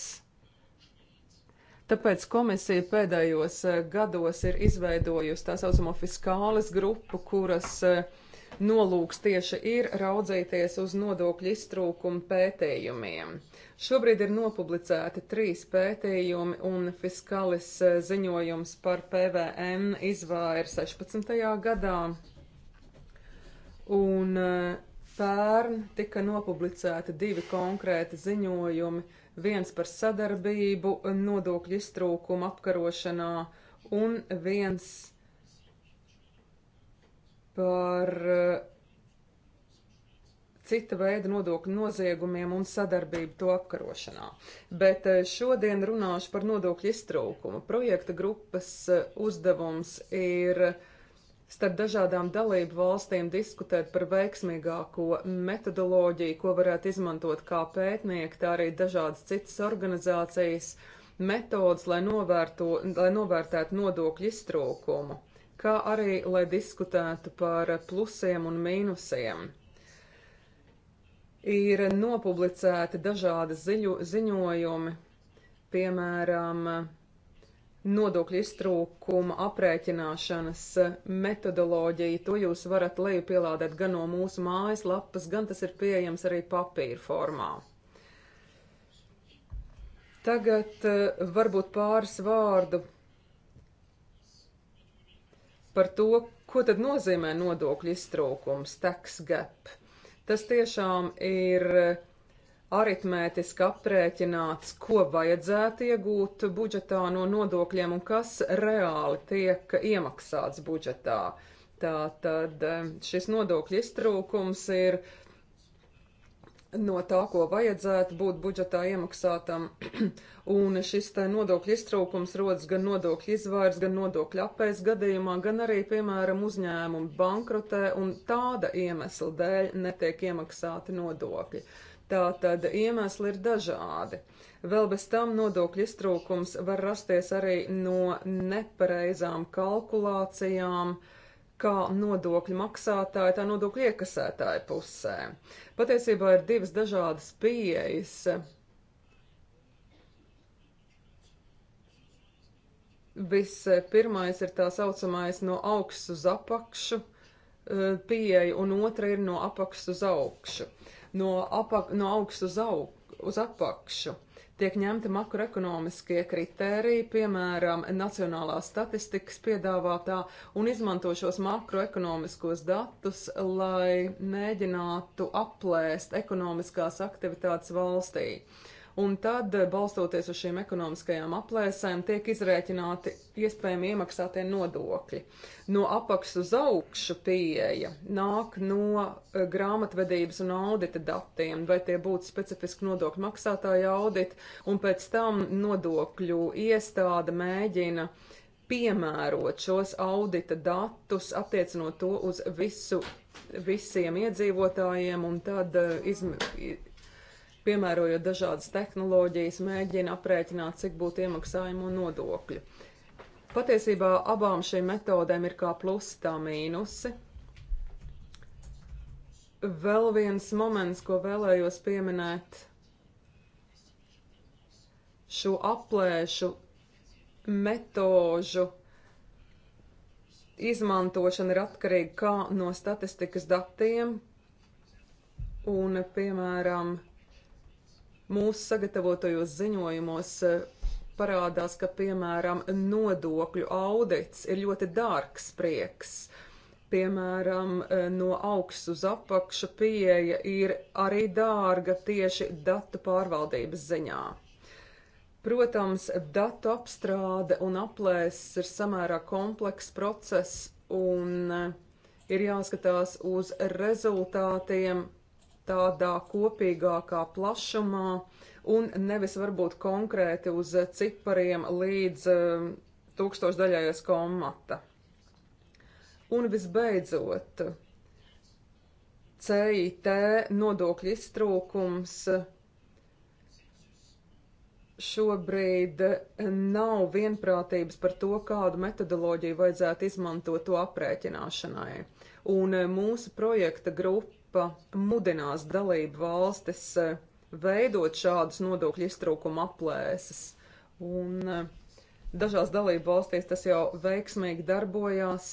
Tāpēc komisija pēdējos eh, gados ir izveidojusi tā saucamo fiskālis grupu, kuras eh, nolūks tieši ir raudzīties uz nodokļu iztrūkumu pētījumiem. Šobrīd ir nopublicēti trīs pētījumi un fiskālis eh, ziņojums par PVN izvēru 16. gadā un eh, pērn tika nopublicēti divi konkrēti ziņojumi, viens par sadarbību eh, nodokļu iztrūkumu apkarošanā un viens par eh, cita veida nodokļu noziegumiem un sadarbību to apkarošanā. Bet šodien runāšu par nodokļu iztrūkumu. Projekta grupas uzdevums ir uh, starp dažādām dalību valstīm diskutēt par veiksmīgāko metodoloģiju, ko varētu izmantot kā pētnieki, tā arī dažādas citas organizācijas metodas, lai, novērto, lai novērtētu nodokļu iztrūkumu, kā arī lai diskutētu par plusiem un mīnusiem. Ir nopublicēti dažādi ziļu, ziņojumi, piemēram, nodokļu iztrūkuma aprēķināšanas metodoloģiju. To jūs varat lejupielādēt gan no mūsu mājaslapas, gan tas ir pieejams arī papīra formā. Tagad eh, varbūt pāris vārdu par to, ko tad nozīmē nodokļu iztrūkums, tax gap. Tas tiešām ir uh, aritmētiski aprēķināts, ko vajadzētu iegūt budžetā no nodokļiem un kas reāli tiek iemaksāts budžetā. Tātad šis nodokļu iztrūkums ir no tā, ko vajadzētu būt budžetā iemaksātam, un šis te nodokļu iztrūkums rodas gan nodokļu izvairs, gan nodokļu apēs gadījumā, gan arī, piemēram, uzņēmumi bankrotē, un tāda iemesla dēļ netiek iemaksāti nodokļi. Uh, Tātad iemesli ir dažādi. Vēl bez tam nodokļu iztrūkums var rasties arī no nepareizām kalkulācijām, kā nodokļu maksātāja, tā nodokļu iekasētāja pusē. Patiesībā ir divas dažādas pieejas. Vispirmais ir tā saucamais no augšas uz apakšu eh, pieeja, un otra ir no apakšas uz augšu no, apak, no augstu uz, aug, uz apakšu. Tiek ņemti makroekonomiskie kritēriji, piemēram, Nacionālā statistikas piedāvātā, un izmanto šos makroekonomiskos datus, lai mēģinātu aplēst ekonomiskās aktivitātes valstī. Uh, un tad, balstoties uz šīm ekonomiskajām aplēsēm, tiek izrēķināti iespējami iemaksātie nodokļi. No apakšas uz augšu pieeja nāk no eh, grāmatvedības un audita datiem, vai tie būtu specifiski nodokļu maksātāja auditi, un pēc tam nodokļu iestāde mēģina piemērot šos audita datus, attiecinot to uz visu, visiem iedzīvotājiem, un tad eh, izm piemērojot dažādas tehnoloģijas, mēģina aprēķināt, cik būtu iemaksājumu nodokļu. Patiesībā abām šīm metodēm ir kā plusi, tā mīnusi. Vēl viens moments, ko vēlējos pieminēt, šo aplēšu metožu izmantošana ir atkarīga kā no statistikas datiem, un, piemēram, Mūsu sagatavotajos ziņojumos eh, parādās, ka, piemēram, nodokļu audits ir ļoti dārgs prieks. Piemēram, eh, no augšas uz apakšu pieeja ir arī dārga tieši datu pārvaldības ziņā. Protams, datu apstrāde un aplēses ir samērā komplekss process un eh, ir jāskatās uz rezultātiem, tādā kopīgākā plašumā un nevis varbūt konkrēti uz cipariem līdz um, tūkstošdaļājas komata. Un visbeidzot, CIT nodokļu iztrūkums šobrīd nav vienprātības par to, kādu metodoloģiju vajadzētu izmantot to aprēķināšanai. Un uh, mūsu projekta grupa grupa mudinās dalību valstis e, veidot šādus nodokļu iztrūkuma aplēses. Un e, dažās dalību valstīs tas jau veiksmīgi darbojās.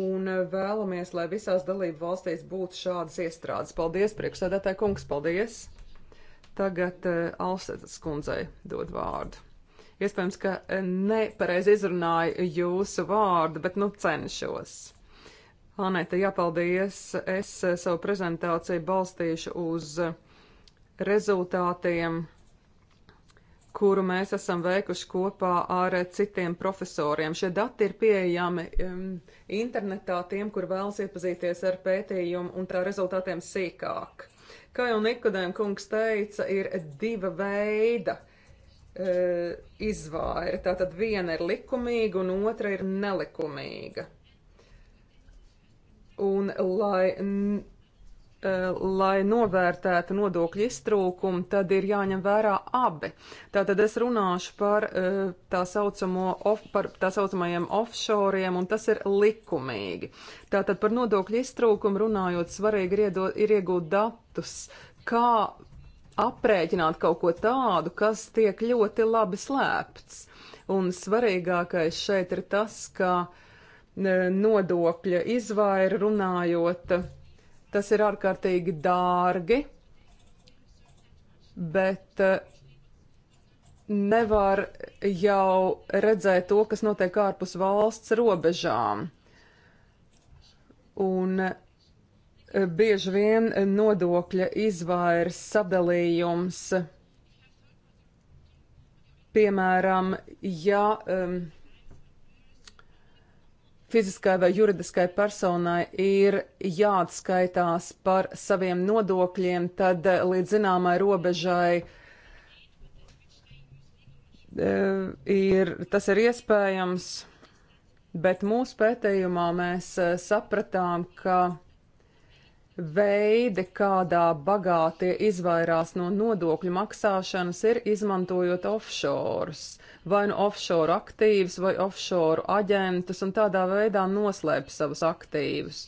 Un e, vēlamies, lai visās dalību valstīs būtu šādas iestrādes. Paldies, priekšsēdētāji kungs, paldies! Tagad uh, Alsētas kundzei dod vārdu. Iespējams, ka nepareizi izrunāju jūsu vārdu, bet nu cenšos. Anete, jāpaldies. Es eh, savu prezentāciju balstīšu uz eh, rezultātiem, kuru mēs esam veikuši kopā ar eh, citiem profesoriem. Šie dati ir pieejami um, internetā tiem, kur vēlas iepazīties ar pētījumu un tā rezultātiem sīkāk. Kā jau Nikodēm kungs teica, ir diva veida uh, izvēle. Tātad viena ir likumīga un otra ir nelikumīga. Un lai, n, eh, lai novērtētu nodokļu iztrūkumu, tad ir jāņem vērā abi. Tātad es runāšu par eh, tā, saucamo, of, par tā saucamajiem offshoriem, un tas ir likumīgi. Tātad par nodokļu iztrūkumu runājot, svarīgi ir, iedot, ir iegūt datus, kā aprēķināt kaut ko tādu, kas tiek ļoti labi slēpts. Un svarīgākais šeit ir tas, ka uh, nodokļa izvaira runājot, tas ir ārkārtīgi dārgi, bet eh, nevar jau redzēt to, kas notiek ārpus valsts robežām. Un eh, bieži vien nodokļa izvairs sadalījums, piemēram, ja um, fiziskai vai juridiskai personai ir jāatskaitās par saviem nodokļiem, tad eh, līdz zināmai robežai eh, ir, tas ir iespējams, bet mūsu pētījumā mēs eh, sapratām, ka veidi, kādā bagātie izvairās no nodokļu maksāšanas, ir izmantojot offshore, vai nu no offshore aktīvus, vai offshore aģentus, un tādā veidā noslēp savus aktīvus.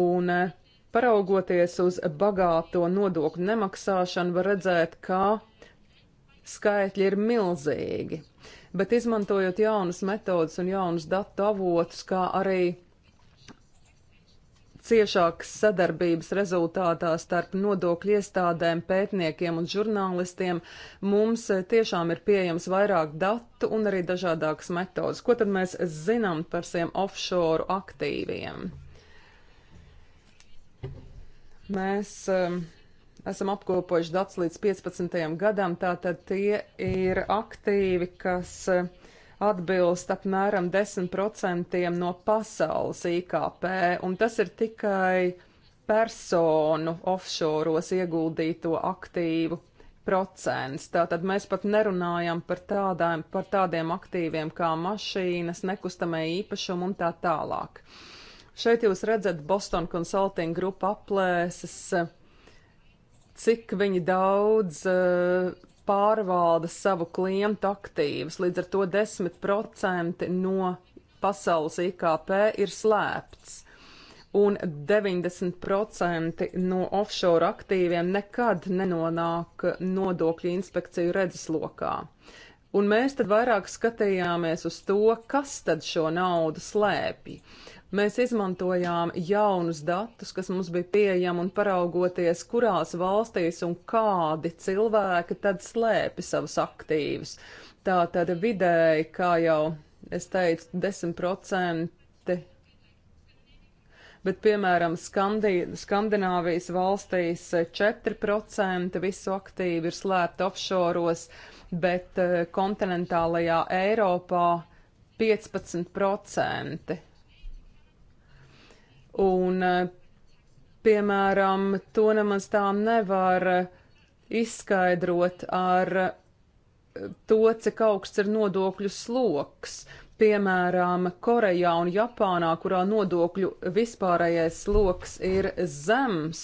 Un eh, paraugoties uz bagāto nodokļu nemaksāšanu, var redzēt, ka skaitļi ir milzīgi. Bet izmantojot jaunas metodas un jaunus datu avotus, kā arī ciešākas sadarbības rezultātā starp nodokļu iestādēm, pētniekiem un žurnālistiem mums eh, tiešām ir pieejams vairāk datu un arī dažādākas metodas. Ko tad mēs zinām par šiem offshore aktīviem? Mēs um, esam apkopojuši datus līdz 15. gadam, tātad tie ir aktīvi, kas uh, atbilst apmēram 10% no pasaules IKP, un tas ir tikai personu offshoros ieguldīto aktīvu procents. Tātad mēs pat nerunājam par, tādām, par tādiem aktīviem kā mašīnas, nekustamie īpašumi un tā tālāk. Šeit jūs redzat Boston Consulting Group aplēses, cik viņi daudz uh, pārvalda savu klientu aktīvus, līdz ar to 10% no pasaules IKP ir slēpts. Un 90% no offshore aktīviem nekad nenonāk nodokļu inspekciju redzeslokā. Un mēs tad vairāk skatījāmies uz to, kas tad šo naudu slēpj. Mēs izmantojām jaunus datus, kas mums bija pieejami un paraugoties, kurās valstīs un kādi cilvēki tad slēpi savus aktīvus. Tā tad vidēji, kā jau es teicu, 10%, bet piemēram Skandī, Skandināvijas valstīs 4% eh, visu aktīvu ir slēpti offšoros, bet eh, kontinentālajā Eiropā 15%. Un, eh, piemēram, to nemaz tā nevar eh, izskaidrot ar eh, to, cik augsts ir nodokļu sloks. Piemēram, Korejā un Japānā, kurā nodokļu vispārējais sloks ir zems,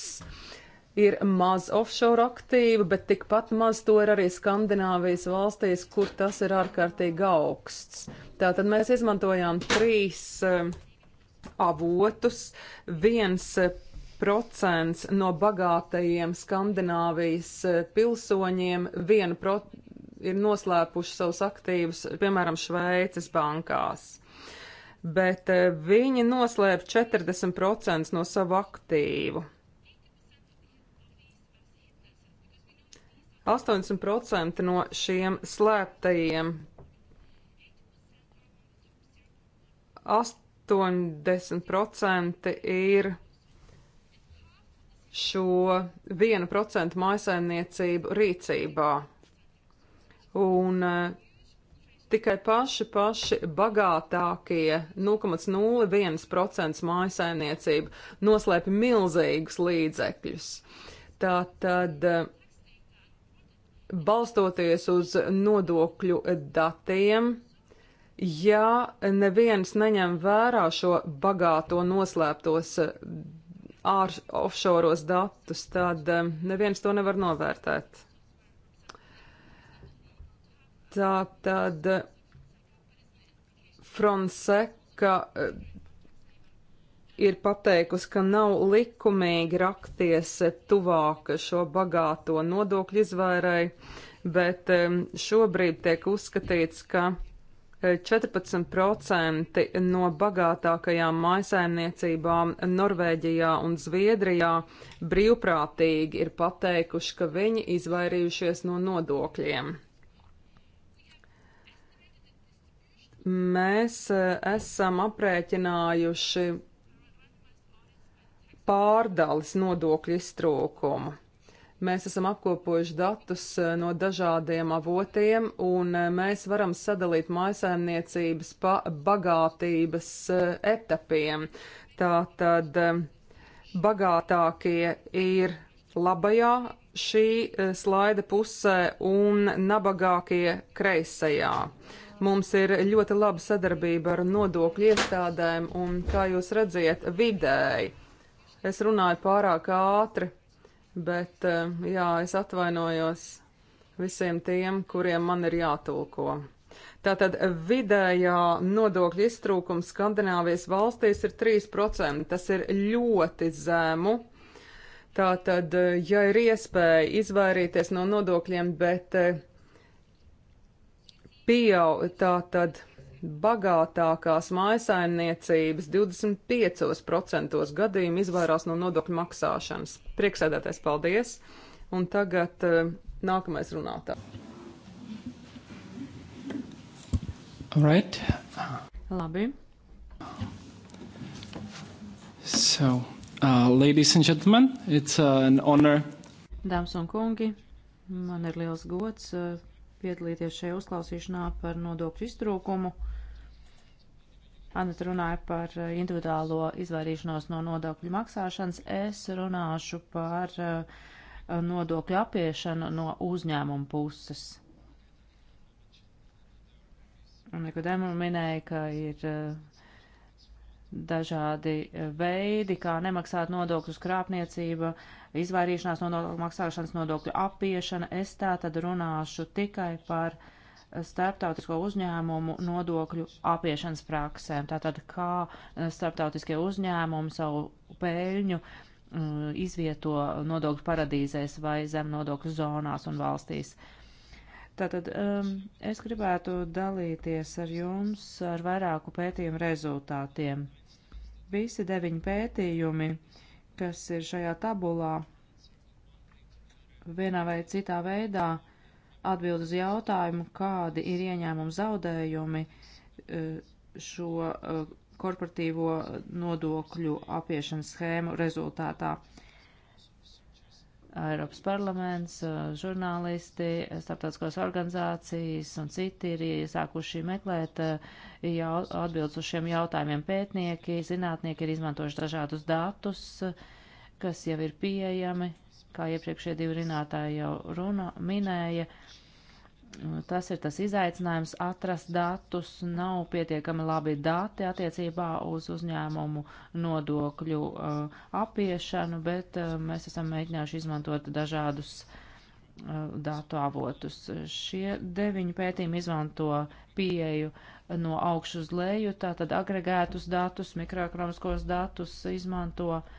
ir maz offshore aktīva, bet tikpat maz to ir arī Skandināvijas valstīs, kur tas ir ārkārtīgi augsts. Tātad mēs izmantojām trīs uh, avotus. Viens eh, procents no bagātajiem Skandināvijas eh, pilsoņiem vienu pro, ir noslēpuši savus aktīvus, piemēram, Šveices bankās. Bet eh, viņi noslēp 40% no savu aktīvu. 80% no šiem slēptajiem 8, 80% ir šo 1% mājsaimniecību rīcībā. Un eh, tikai paši, paši bagātākie 0,01% mājsaimniecību noslēpj milzīgus līdzekļus. Tā tad eh, balstoties uz nodokļu datiem, ja neviens neņem vērā šo bagāto noslēptos eh, ār offšoros datus, tad eh, neviens to nevar novērtēt. Tā tad eh, Fronseka ir pateikusi, ka nav likumīgi rakties tuvāk šo bagāto nodokļu izvairai, bet šobrīd tiek uzskatīts, ka 14% no bagātākajām maisaimniecībām Norvēģijā un Zviedrijā brīvprātīgi ir pateikuši, ka viņi izvairījušies no nodokļiem. Mēs e, esam aprēķinājuši pārdales nodokļu iztrūkumu. Mēs esam apkopojuši datus eh, no dažādiem avotiem, un eh, mēs varam sadalīt maisaimniecības pa bagātības eh, etapiem. Tātad bagātākie ir labajā šī slaida pusē un nabagākie kreisajā. Mums ir ļoti laba sadarbība ar nodokļu iestādēm, un kā jūs redziet, vidēji. Es runāju pārāk ātri, bet eh, jā, es atvainojos visiem tiem, kuriem man ir jātulko. Tātad vidējā nodokļa iztrūkums Skandināvijas valstīs ir 3%. Tas ir ļoti zemu. Tātad, eh, ja ir iespēja izvairīties no nodokļiem, bet eh, pieaug, tātad bagātākās mājasaimniecības 25% gadījumu izvairās no nodokļu maksāšanas. Prieksēdētais paldies! Un tagad eh, nākamais runātājs. Right. Labi. So, uh, ladies and gentlemen, it's uh, an honor. Dāmas un kungi, man ir liels gods uh, piedalīties šajā uzklausīšanā par nodokļu iztrūkumu. Anat runāja par eh, individuālo izvairīšanos no nodokļu maksāšanas. Es runāšu par eh, nodokļu apiešanu no uzņēmuma puses. Un Nikodēma minēja, ka ir eh, dažādi veidi, kā nemaksāt nodokļus krāpniecība, izvairīšanās no nodokļu maksāšanas, nodokļu apiešana. Es tā tad runāšu tikai par uh, starptautisko uzņēmumu nodokļu apiešanas praksēm. Tātad, kā eh, starptautiskie uzņēmumi savu pēļņu m, eh, izvieto nodokļu paradīzēs vai zem nodokļu zonās un valstīs. Tātad um, es gribētu dalīties ar jums ar vairāku pētījumu rezultātiem. Visi deviņi pētījumi, kas ir šajā tabulā, vienā vai citā veidā uh, atbild uz jautājumu, kādi ir ieņēmumu zaudējumi eh, šo eh, korporatīvo nodokļu apiešanas schēmu rezultātā. Eiropas parlaments, eh, žurnālisti, starptautiskās organizācijas un citi ir iesākuši meklēt atbildes uz šiem jautājumiem. Pētnieki, zinātnieki ir izmantojuši dažādus datus, kas jau ir pieejami, kā iepriekšējie divi runātāji jau runa, minēja, tas ir tas izaicinājums atrast datus, nav pietiekami labi dati attiecībā uz uzņēmumu nodokļu uh, apiešanu, bet uh, mēs esam mēģinājuši izmantot dažādus uh, datu avotus. Šie deviņi pētījumi izmanto pieeju no augšu uz leju, tātad agregētus datus, mikroekonomiskos datus izmanto uh,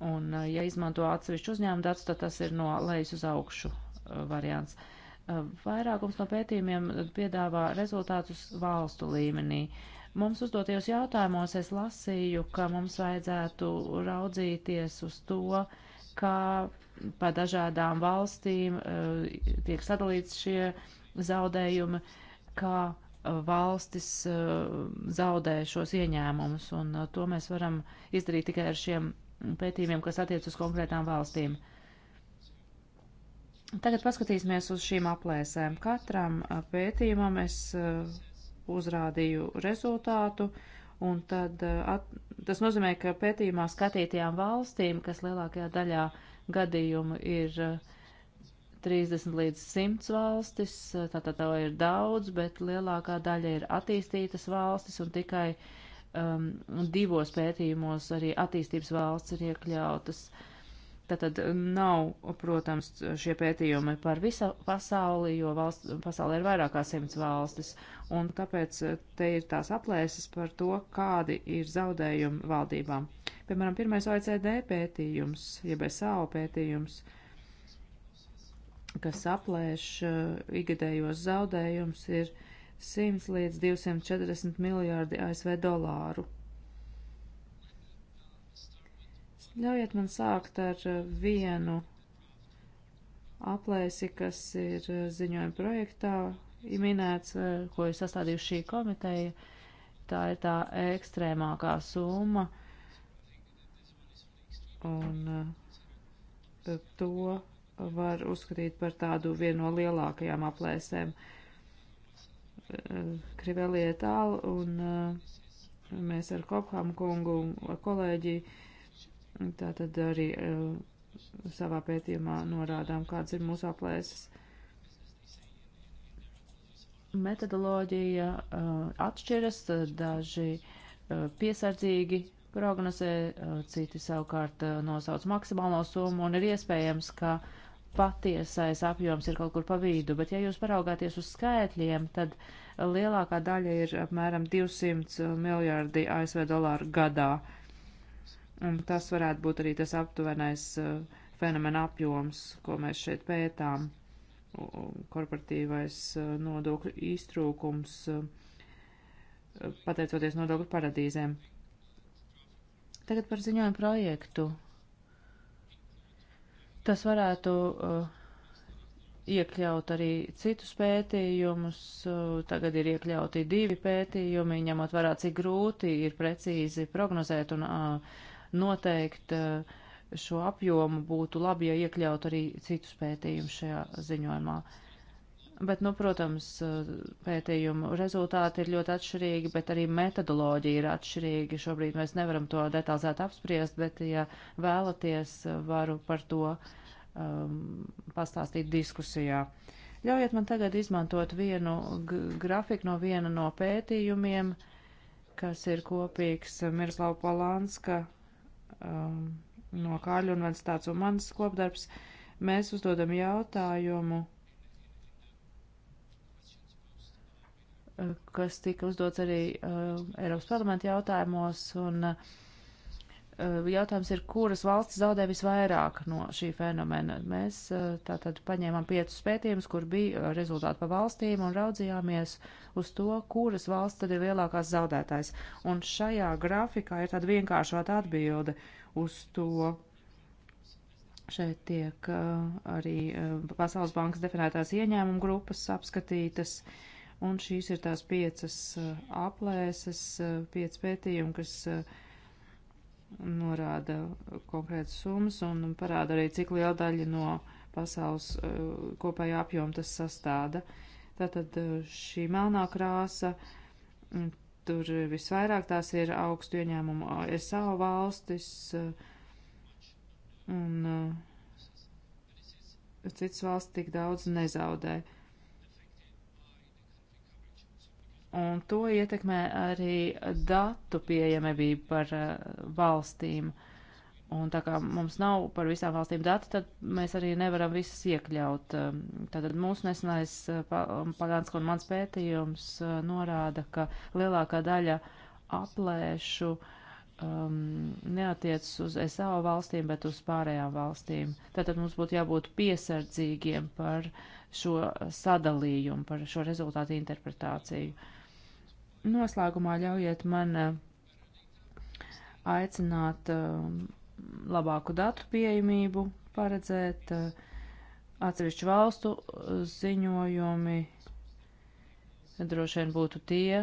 Un, eh, ja izmanto atsevišķu uzņēmumu datus, tad tas ir no lejas uz augšu eh, variants. Eh, vairākums no pētījumiem piedāvā rezultātus valstu līmenī. Mums uzdotajos jautājumos es lasīju, ka mums vajadzētu raudzīties uz to, kā pa dažādām valstīm tiek sadalīts šie zaudējumi, kā valstis zaudē šos ieņēmumus, un to mēs varam izdarīt tikai ar šiem pētījumiem, kas attiec uz konkrētām valstīm. Tagad paskatīsimies uz šīm aplēsēm. Katram pētījumam es uzrādīju rezultātu, un tad, at, tas nozīmē, ka pētījumā skatītajām valstīm, kas lielākajā daļā gadījumu ir 30 līdz 100 valstis, tātad tā, tā ir daudz, bet lielākā daļa ir attīstītas valstis un tikai uh, um, divos pētījumos arī attīstības valsts ir iekļautas. Tātad um, nav, protams, šie pētījumi par visu pasauli, jo valsts, pasaulē ir vairāk kā simts valstis, un tāpēc uh, te ir tās aplēses par to, kādi ir zaudējumi valdībām. Piemēram, pirmais OECD pētījums, jeb SAO pētījums, kas aplēš uh, igadējos zaudējumus, ir uh, 100 līdz 240 miljārdi ASV dolāru. Ļaujiet man sākt ar uh, vienu aplēsi, kas ir uh, ziņojuma projektā minēts, uh, ko ir sastādījusi šī komiteja. Tā ir tā ekstrēmākā summa. Un to var uzskatīt par tādu vienu no lielākajām aplēsēm. Uh, Krivelie eh, tālu, un eh, mēs ar Kopham kungu, ar kolēģi, tātad arī eh, savā pētījumā norādām, kāds ir mūsu aplēses. Metodoloģija atšķiras, daži piesardzīgi prognozē, citi savukārt nosauc maksimālo summu, un ir iespējams, ka uh, patiesais apjoms ir kaut kur pa vidu, bet ja jūs paraugāties uz skaitļiem, tad lielākā daļa ir apmēram 200 miljārdi ASV dolāru gadā. Un tas varētu būt arī tas aptuvenais uh, fenomena apjoms, ko mēs šeit pētām. Korporatīvais uh, nodokļu iztrūkums, uh, pateicoties nodokļu paradīzēm. Tagad par ziņojumu projektu. Tas varētu uh, iekļaut arī citus pētījumus. Uh, tagad ir iekļauti divi pētījumi, ņemot vērā, cik grūti ir precīzi prognozēt un uh, noteikt šo apjomu. Būtu labi, ja iekļaut arī citus pētījumus šajā ziņojumā. Uh, Bet, nu, protams, eh, pētījumu rezultāti ir ļoti atšķirīgi, bet arī metodoloģija ir atšķirīga. Šobrīd mēs nevaram to detalizēt apspriest, bet, ja vēlaties, eh, varu par to um, pastāstīt diskusijā. Ļaujiet man tagad izmantot vienu grafiku no viena no pētījumiem, kas ir kopīgs Miroslava Polanska um, no Kāļu universitātes un mans kopdarbs. Mēs uzdodam jautājumu kas tika uzdots arī uh, Eiropas parlamenta jautājumos, un uh, jautājums ir, kuras valsts zaudē visvairāk no šī fenomena. Mēs uh, tātad paņēmām piecus pētījumus, kur bija uh, rezultāti pa valstīm, un raudzījāmies uz to, kuras valsts tad ir lielākās zaudētājs. Un šajā grafikā ir tāda vienkāršota atbilde uz to. Šeit tiek uh, arī uh, Pasaules bankas definētās ieņēmumu grupas apskatītas. Uh, Un šīs ir tās piecas uh, aplēses, uh, piec pētījumi, kas uh, norāda konkrētas summas un parāda arī, cik liela daļa no pasaules kopējā apjoma tas sastāda. Tātad šī melnā krāsa, tur visvairāk tās ir augstu ieņēmumu SAO valstis un citas valsts tik daudz nezaudē. Uh, un to ietekmē arī datu pieejamība par eh, valstīm. Un tā kā mums nav par visām valstīm dati, tad mēs arī nevaram visas iekļaut. Ehm, tātad mūsu nesenais eh, Pagānska un mans pētījums eh, norāda, ka lielākā daļa aplēšu um, ehm, neatiecas uz SAO valstīm, bet uz pārējām valstīm. Tātad mums būtu jābūt piesardzīgiem par šo sadalījumu, par šo rezultātu interpretāciju. Uh, Noslēgumā ļaujiet man eh, aicināt eh, labāku datu pieejamību, paredzēt eh, atsevišķu valstu ziņojumi. Droši vien būtu tie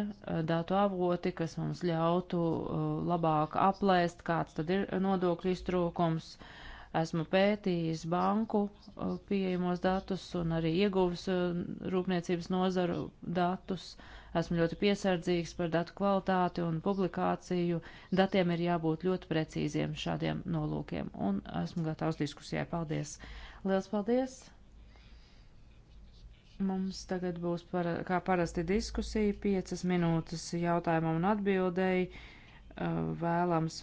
datu avoti, kas mums ļautu labāk aplēst, kāds tad ir nodokļu iztrūkums. Esmu pētījis banku pieejamos datus un arī ieguvis rūpniecības nozaru datus. Uh, Esmu ļoti piesardzīgs par datu kvalitāti un publikāciju. Datiem ir jābūt ļoti precīziem šādiem nolūkiem, un esmu gatavs diskusijai. Paldies! Liels paldies! Mums tagad būs, para, kā parasti, diskusija, piecas minūtes jautājumam un atbildēji vēlams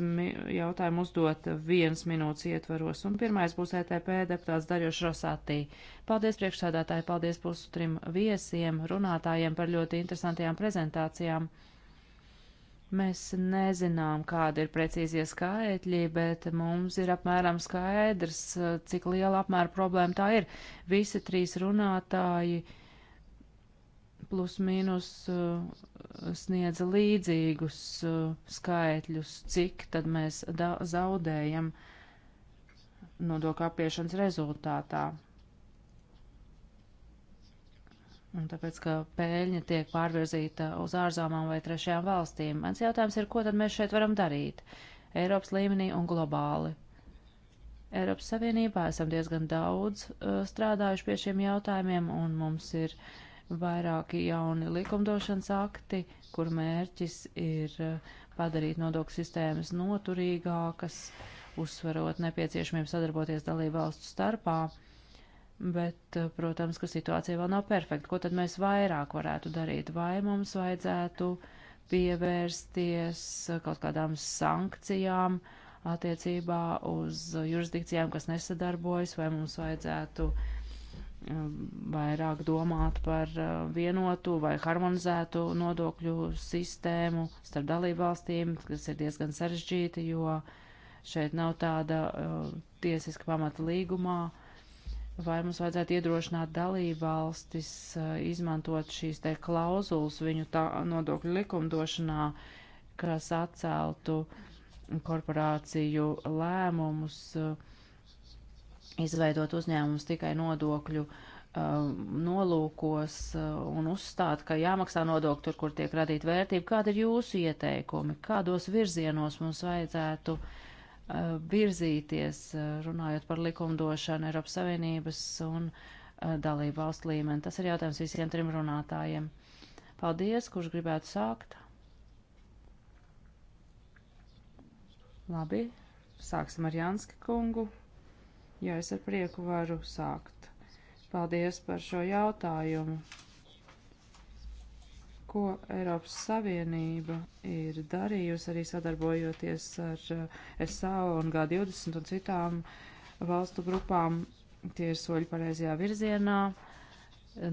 jautājumu uzdot vienas minūtes ietvaros. Un pirmais būs ETP deputāts Darjošs Rosātī. Paldies priekšsādātāji, paldies pusu trim viesiem, runātājiem par ļoti interesantajām prezentācijām. Mēs nezinām, kāda ir precīzie skaitļi, bet mums ir apmēram skaidrs, cik liela apmēra problēma tā ir. Visi trīs runātāji plus mīnus uh, sniedza līdzīgus uh, skaitļus, cik tad mēs zaudējam nodokļu apiešanas rezultātā. Un tāpēc, ka pēļņa tiek pārvirzīta uz ārzemām vai trešajām valstīm, mans jautājums ir, ko tad mēs šeit varam darīt Eiropas līmenī un globāli? Eiropas Savienībā esam diezgan daudz uh, strādājuši pie šiem jautājumiem, un mums ir uh, vairāki jauni likumdošanas akti, kur mērķis ir eh, padarīt nodokļu sistēmas noturīgākas, uzsverot nepieciešamību sadarboties dalību valstu starpā. Bet, eh, protams, ka situācija vēl nav perfekta. Ko tad mēs vairāk varētu darīt? Vai mums vajadzētu pievērsties eh, kaut kādām sankcijām attiecībā uz jurisdikcijām, kas nesadarbojas, vai mums vajadzētu uh, Um, vairāk domāt par uh, vienotu vai harmonizētu nodokļu sistēmu starp dalību valstīm, kas ir diezgan sarežģīta, jo šeit nav tāda uh, tiesiska pamata līgumā. Vai mums vajadzētu iedrošināt dalību valstis uh, izmantot šīs te klauzulas viņu tā, nodokļu likumdošanā, kas atceltu korporāciju lēmumus? Uh, izveidot uzņēmumus tikai nodokļu uh, nolūkos uh, un uzstāt, ka jāmaksā nodokļi tur, kur tiek radīta vērtība. Kādi ir jūsu ieteikumi? Kādos virzienos mums vajadzētu uh, virzīties, runājot par likumdošanu Eiropas Savienības un dalību valstu līmeni? Tas ir jautājums visiem trim runātājiem. Paldies, kurš gribētu sākt? Labi, sāksim ar Janska kungu. Jā, es ar prieku varu sākt. Paldies par šo jautājumu. Ko Eiropas Savienība ir darījusi arī sadarbojoties ar eh, SAO un G20 un citām valstu grupām, tie ir soļi pareizajā virzienā,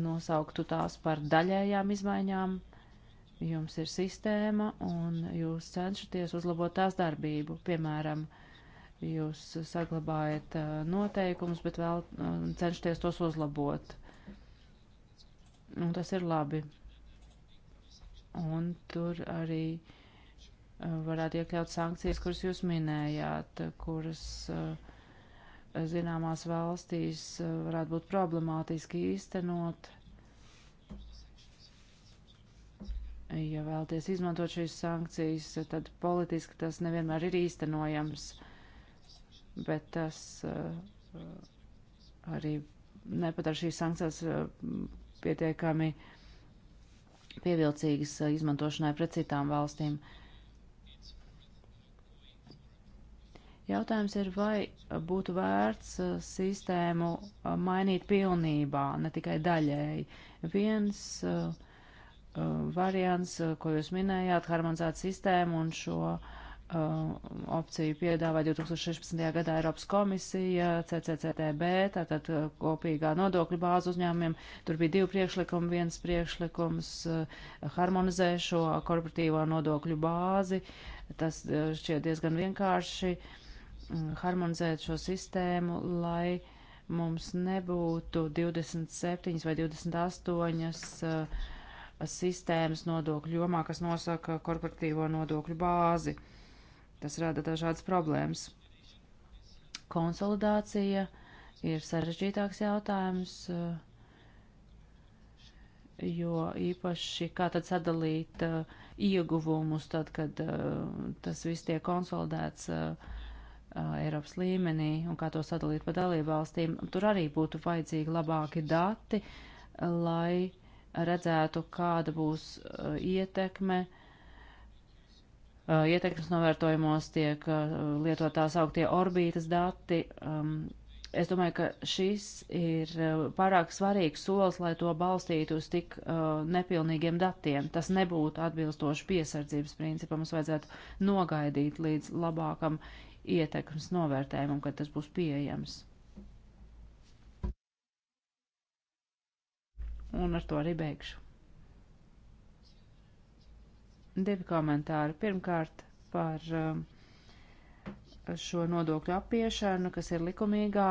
nosauktu tās par daļējām izmaiņām. Jums ir sistēma un jūs cenšaties uzlabot tās darbību, piemēram, uh, Jūs saglabājat uh, noteikumus, bet vēl um, cenšaties tos uzlabot. Un tas ir labi. Un tur arī uh, varētu iekļaut sankcijas, kuras jūs minējāt, kuras uh, zināmās valstīs varētu būt problemātiski īstenot. Ja vēlties izmantot šīs sankcijas, tad politiski tas nevienmēr ir īstenojams. Uh, bet tas eh, arī nepadara šīs sankcijas eh, pietiekami pievilcīgas eh, izmantošanai pret citām valstīm. Jautājums ir, vai būtu vērts sistēmu mainīt pilnībā, ne tikai daļēji. Viens uh, variants, ko jūs minējāt, harmonizēt sistēmu un šo uh, Uh, opciju piedāvāja 2016. gadā Eiropas komisija, CCCTB, tātad uh, kopīgā nodokļu bāzu uzņēmumiem. Tur bija divi priekšlikumi, viens priekšlikums uh, harmonizē šo korporatīvo nodokļu bāzi. Tas šķiet diezgan vienkārši mm, harmonizēt šo sistēmu, lai mums nebūtu 27 vai 28 sistēmas nodokļu jomā, kas nosaka korporatīvo nodokļu bāzi. Tas rada dažādas problēmas. Konsolidācija ir sarežģītāks jautājums, eh, jo īpaši kā tad sadalīt eh, ieguvumus, tad, kad eh, tas viss tiek konsolidēts Eiropas līmenī un kā to sadalīt pa dalībvalstīm. Tur arī būtu vajadzīgi labāki dati, lai redzētu, kāda būs ietekme uh, Uh, ietekmes novērtojumos tiek uh, lietot tās augtie orbītas dati. Um, es domāju, ka šis ir uh, pārāk svarīgs solis, lai to balstītu uz tik nepilnīgiem datiem. Tas nebūtu atbilstoši piesardzības principam. Mums vajadzētu nogaidīt līdz labākam ietekmes novērtējumam, kad tas būs pieejams. Un ar to arī beigšu. Divi komentāri. Pirmkārt, par um, šo nodokļu apiešanu, kas ir likumīgā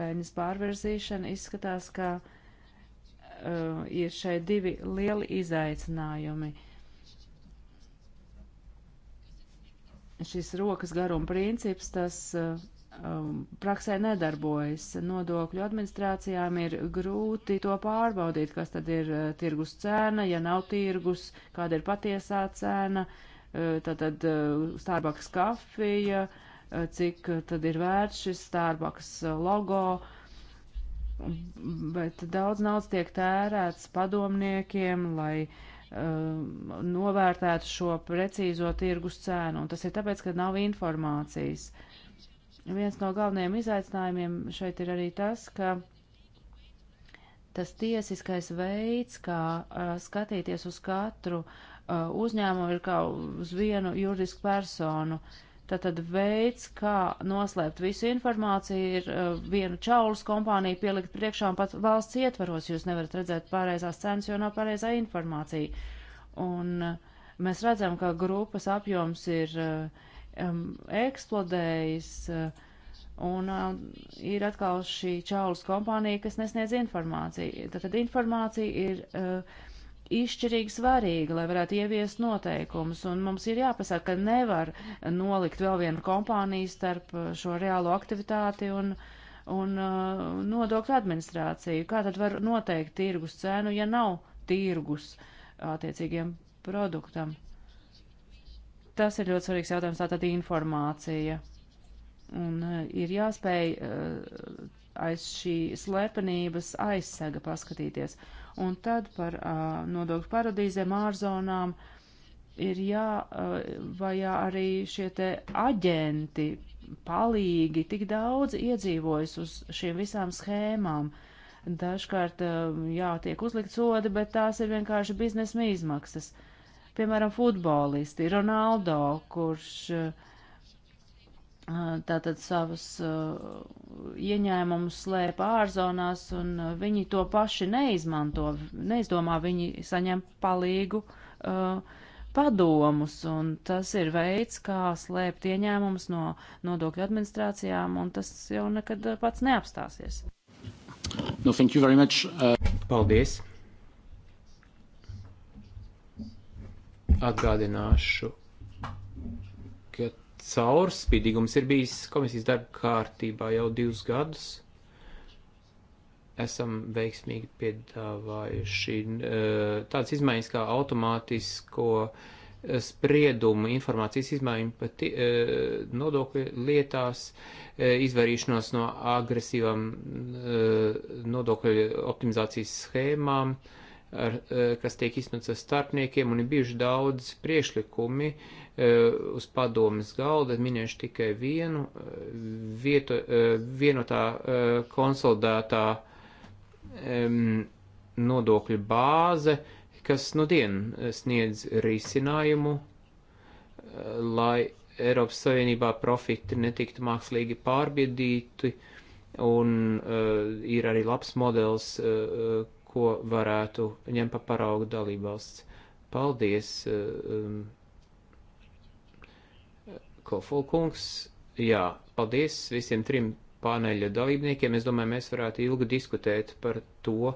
peļņas pārvirzīšana, izskatās, ka uh, ir šeit divi lieli izaicinājumi. Šis rokas garuma princips, tas uh, um, praksē nedarbojas. Nodokļu administrācijām ir grūti to pārbaudīt, kas tad ir uh, tirgus cena, ja nav tirgus, kāda ir patiesā cena, uh, tad, tad uh, Starbucks kafija, uh, cik uh, tad ir vērts šis Starbucks uh, logo. Uh, bet daudz naudas tiek tērēts padomniekiem, lai uh, novērtētu šo precīzo tirgus cēnu, un tas ir tāpēc, ka nav informācijas. Viens no galvenajiem izaicinājumiem šeit ir arī tas, ka tas tiesiskais veids, kā uh, skatīties uz katru uh, uzņēmumu, ir kā uz vienu juridisku personu. Tātad veids, kā noslēpt visu informāciju, ir uh, vienu čaulus kompāniju pielikt priekšā un pat valsts ietvaros jūs nevarat redzēt pareizās cenas, jo nav pareizā informācija. Un uh, mēs redzam, ka grupas apjoms ir uh, um, eksplodējis. Uh, Un uh, ir atkal šī čaulas kompānija, kas nesniedz informāciju. Tātad informācija ir uh, izšķirīgi svarīga, lai varētu ieviest noteikumus, un mums ir jāpasaka, ka nevar nolikt vēl vienu kompāniju starp uh, šo reālo aktivitāti un, un uh, nodokļu administrāciju. Kā tad var noteikt tirgus cenu, ja nav tirgus attiecīgiem produktam? Tas ir ļoti svarīgs jautājums, tātad informācija. Un e, ir jāspēj e, aiz šī slepenības aizsega paskatīties. Un tad par nodokļu paradīzēm, ārzonām ir jāvajā e, arī šie te aģenti, palīgi, tik daudz iedzīvojas uz šīm visām schēmām. Dažkārt, jā, tiek uzlikt sodi, bet tās ir vienkārši biznesa izmaksas. Uh, piemēram, futbolisti, Ronaldo, kurš eh, tātad savus eh, ieņēmumus slēpa ārzonās, un eh, viņi to paši neizmanto, neizdomā, viņi saņem palīgu uh, padomus, un tas ir veids, kā slēpt ieņēmumus no nodokļu administrācijām, un tas jau nekad pats neapstāsies. No, thank you very much. Uh... Paldies. Atgādināšu, ka caurspīdīgums ir bijis komisijas darba kārtībā jau divus gadus. Esam veiksmīgi piedāvājuši eh, tādas izmaiņas kā automātisko eh, spriedumu, informācijas izmaiņu pat eh, nodokļu lietās, izvairīšanos no agresīvām nodokļu optimizācijas schēmām, uh, ar, eh, kas tiek iznots ar starpniekiem, un ir bijuši daudz priešlikumi eh, uz padomas galda, minēšu tikai vienu eh, vietu, vienotā konsolidētā nodokļu bāze, kas nu dien sniedz risinājumu, lai Eiropas Savienībā profiti netiktu mākslīgi pārbiedīti, un uh, ir arī labs modelis, uh, ko varētu ņemt pa paraugu dalībvalsts. Paldies, eh, um, Kofolkungs. Jā, paldies visiem trim paneļa dalībniekiem. Es domāju, mēs varētu ilgi diskutēt par to,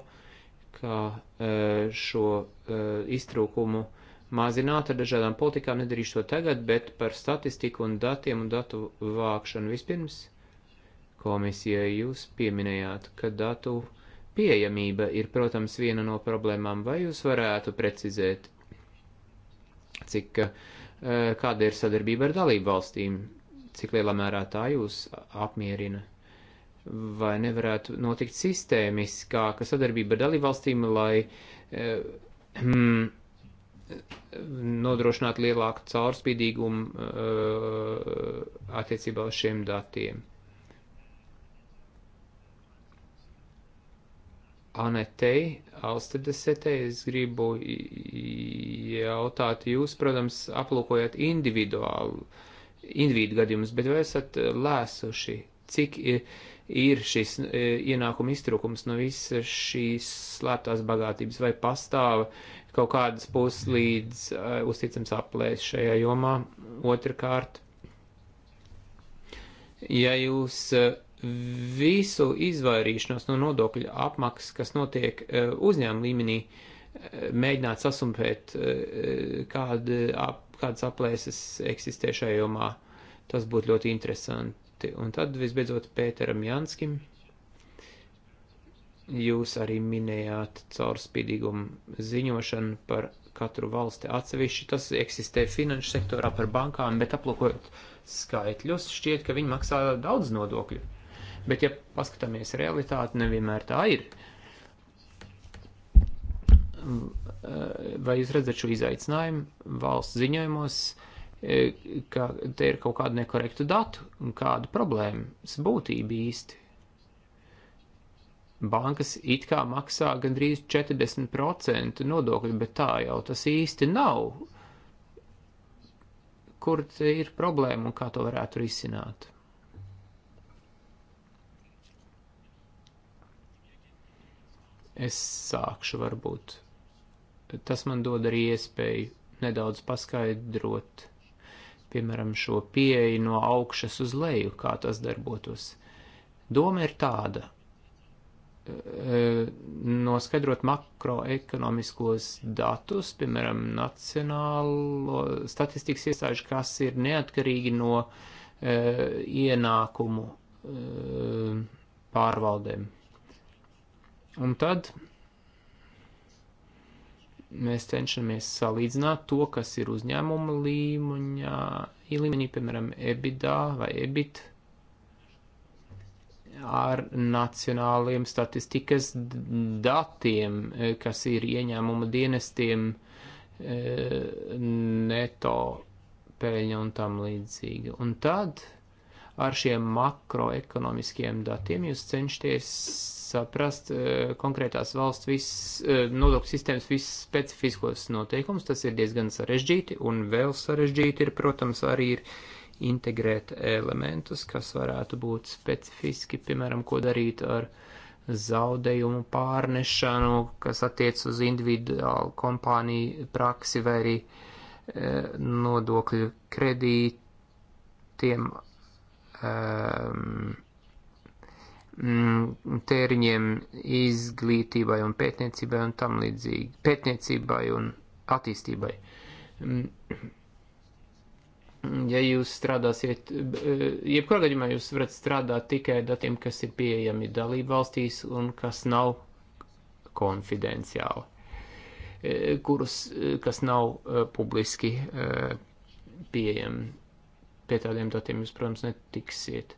kā eh, šo eh, iztrūkumu mazināt ar dažādām politikām. Nedarīšu to tagad, bet par statistiku un datiem un datu vākšanu vispirms. Komisija, jūs pieminējāt, ka datu uh, Pieejamība ir, protams, viena no problēmām. Vai jūs varētu precizēt, cik, eh, kāda ir sadarbība ar dalību valstīm, cik lielā mērā tā jūs apmierina? Vai nevarētu notikt sistēmiskāka sadarbība ar dalību valstīm, lai eh, hmm, nodrošināt lielāku caurspīdīgumu uh, attiecībā uz šiem datiem. Anetei, Alstridesetei, es gribu jautāt, jūs, protams, aplūkojat individuālu, individu gadījumus, bet vai esat eh, lēsuši, cik ir, ir šis eh, ienākuma iztrūkums no visas šīs slēptās bagātības, vai pastāv kaut kādas puslīdz uh, eh, uzticams aplēs šajā jomā? Otrakārt, ja jūs uh, visu izvairīšanos no nodokļu apmaksas, kas notiek e, uzņēmuma līmenī, e, mēģināt sasumpēt, e, kāda, ap, kādas aplēses eksistē šajā jomā. Tas būtu ļoti interesanti. Un tad visbeidzot Pēteram Janskim. Jūs arī minējāt caurspīdīgumu ziņošanu par katru valsti atsevišķi. Tas eksistē finanšu sektorā par bankām, bet aplūkojot skaitļus, šķiet, ka viņi maksā daudz nodokļu. Bet, ja paskatāmies realitāti, nevienmēr tā ir. Vai jūs redzat šo izaicinājumu valsts ziņojumos, e, ka te ir kaut kāda nekorekta datu un kāda problēmas būtība īsti? Bankas it kā maksā gandrīz 40% nodokļu, bet tā jau tas īsti nav kur ir problēma un kā to varētu risināt. Es sākšu varbūt. Tas man dod arī iespēju nedaudz paskaidrot, piemēram, šo pieeju no augšas uz leju, kā tas darbotos. Doma ir tāda e, noskaidrot makroekonomiskos datus, piemēram, nacionālo statistikas iestāžu, kas ir neatkarīgi no uh, ienākumu uh, pārvaldēm. Un tad mēs cenšamies salīdzināt to, kas ir uzņēmuma līmeņā, līmenī, piemēram, EBITDA vai EBIT, ar nacionāliem statistikas datiem, eh, kas ir ieņēmuma dienestiem eh, neto peļņa un tam līdzīgi. Un tad ar šiem makroekonomiskiem datiem jūs cenšaties saprast eh, konkrētās valsts visas eh, nodokļu sistēmas visas specifiskos noteikumus. Tas ir diezgan sarežģīti, un vēl sarežģīti ir, protams, arī ir integrēt elementus, kas varētu būt specifiski, piemēram, ko darīt ar zaudējumu pārnešanu, kas attiec uz individuālu kompāniju praksi vai arī e, nodokļu kredītiem. Um, e, Mm, tēriņiem izglītībai un pētniecībai un tam līdzīgi, pētniecībai un attīstībai. Mm. Ja jūs strādāsiet, jebkurā gadījumā jūs varat strādāt tikai datiem, kas ir pieejami dalību valstīs un kas nav konfidenciāli, e, kurus, e, kas nav e, publiski pieejami. Pie tādiem datiem jūs, protams, netiksiet.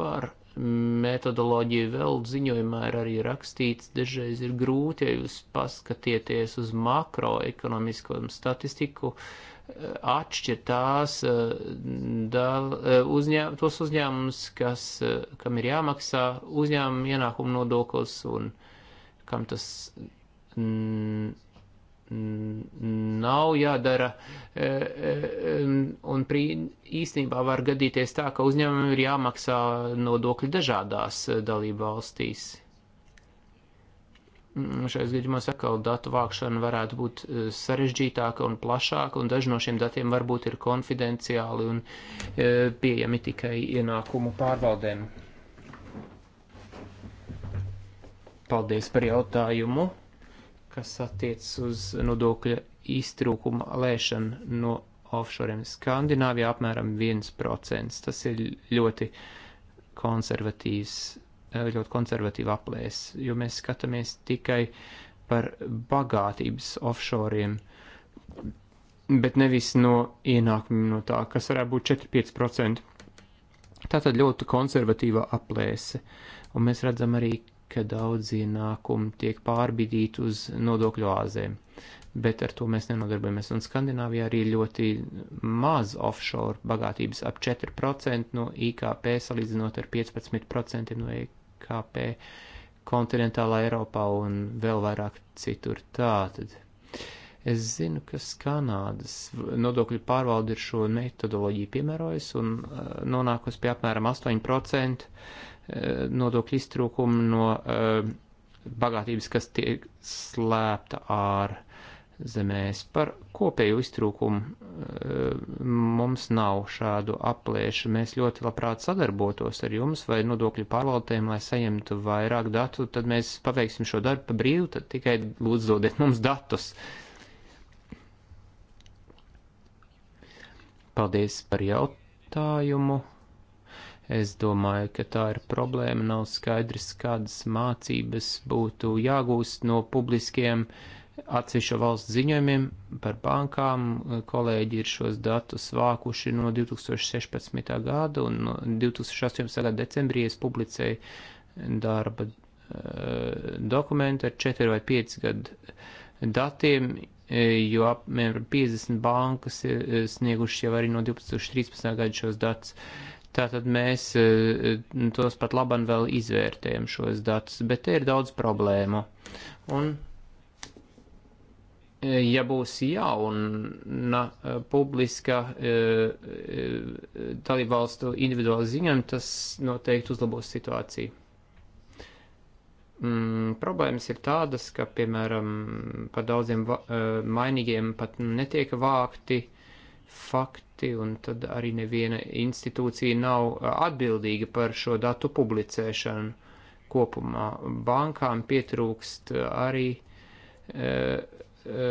Par metodoloģija vēl ziņojumā ir arī rakstīts, dažreiz ir grūti, ja jūs paskatieties uz makroekonomisko statistiku, eh, atšķirt tās eh, dal, eh, uzņēm, tos uzņēmumus, kas, kam ir jāmaksā uzņēmuma ienākuma nodoklis un kam tas. Mm, nav jādara, e, e, un prī, īstenībā var gadīties tā, ka uzņēmumiem ir jāmaksā nodokļi dažādās e, dalību valstīs. Šais gadījumos atkal datu vākšana varētu būt sarežģītāka un plašāka, un daži no šiem datiem varbūt ir konfidenciāli un pieejami tikai ienākumu pārvaldēm. Paldies par jautājumu! kas attiecas uz nodokļa iztrūkuma lēšanu no offshoriem. Skandināvijā apmēram 1%. Tas ir ļoti konservatīvs, eh, ļoti konservatīva aplēs, jo mēs skatāmies tikai par bagātības offshoriem, bet nevis no ienākumiem no tā, kas varētu būt 4-5%. Tātad ļoti konservatīva aplēse, un mēs redzam arī, ka daudz ienākumu tiek pārbīdīti uz nodokļu oāzēm. Bet ar to mēs nenodarbojamies. Un Skandināvijā arī ļoti maz offshore bagātības, ap 4% no IKP, salīdzinot ar 15% no IKP kontinentālā Eiropā un vēl vairāk citur. Tātad. Es zinu, ka Kanādas nodokļu pārvalde ir šo metodoloģiju piemērojusi un uh, nonākusi pie apmēram 8% Eh, nodokļu iztrūkumu no eh, bagātības, kas tiek slēpta ār zemēs. Par kopēju iztrūkumu eh, mums nav šādu apliešu. Mēs ļoti labprāt sadarbotos ar jums vai nodokļu pārvaldēm, lai saņemtu vairāk datu, tad mēs paveiksim šo darbu pa brīvu, tad tikai lūdzu dodiet mums datus. Paldies par jautājumu. Es domāju, ka tā ir problēma. Nav skaidrs, kādas mācības būtu jāgūst no publiskiem atsevišķo valsts ziņojumiem par bankām. Kolēģi ir šos datus vākuši no 2016. gada un no 2018. gada decembrī es publicēju darba eh, dokumentu ar 4 vai 5 gadu datiem, eh, jo apmēram 50 bankas ir eh, snieguši jau arī no 2013. gada šos datus. Uh, Tātad mēs eh, tos pat laban vēl izvērtējam šos datus, bet te ir daudz problēmu. Un, eh, ja būs jauna eh, publiska dalībvalstu individuāla ziņojuma, tas noteikti uzlabos situāciju. Mm, problēmas ir tādas, ka, piemēram, par daudziem mainīgiem pat netiek vākti uh, fakti, un tad arī neviena institūcija nav atbildīga par šo datu publicēšanu kopumā. Bankām pietrūkst arī e, e,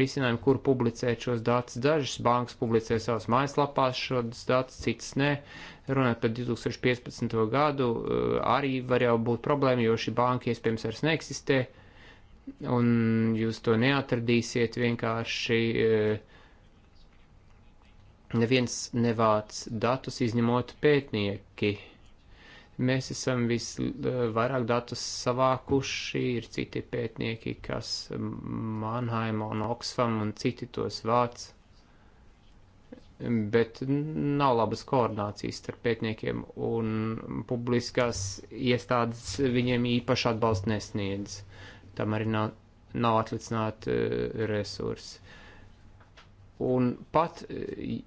risinājumu, kur publicēt šos datus. Dažas bankas publicē savās mājaslapās šos datus, citas nē. Runājot par 2015. gadu, e, arī var jau būt problēma, jo šī banka iespējams vairs neeksistē, un jūs to neatradīsiet vienkārši. E, neviens nevāc datus izņemot pētnieki. Mēs esam visvairāk eh, datus savākuši, ir citi pētnieki, kas Mannheima un Oxfam un citi tos vāc, bet nav labas koordinācijas starp pētniekiem un publiskās iestādes viņiem īpaši atbalstu nesniedz. Tam arī nav, nav atlicināti eh, resursi. Un pat eh,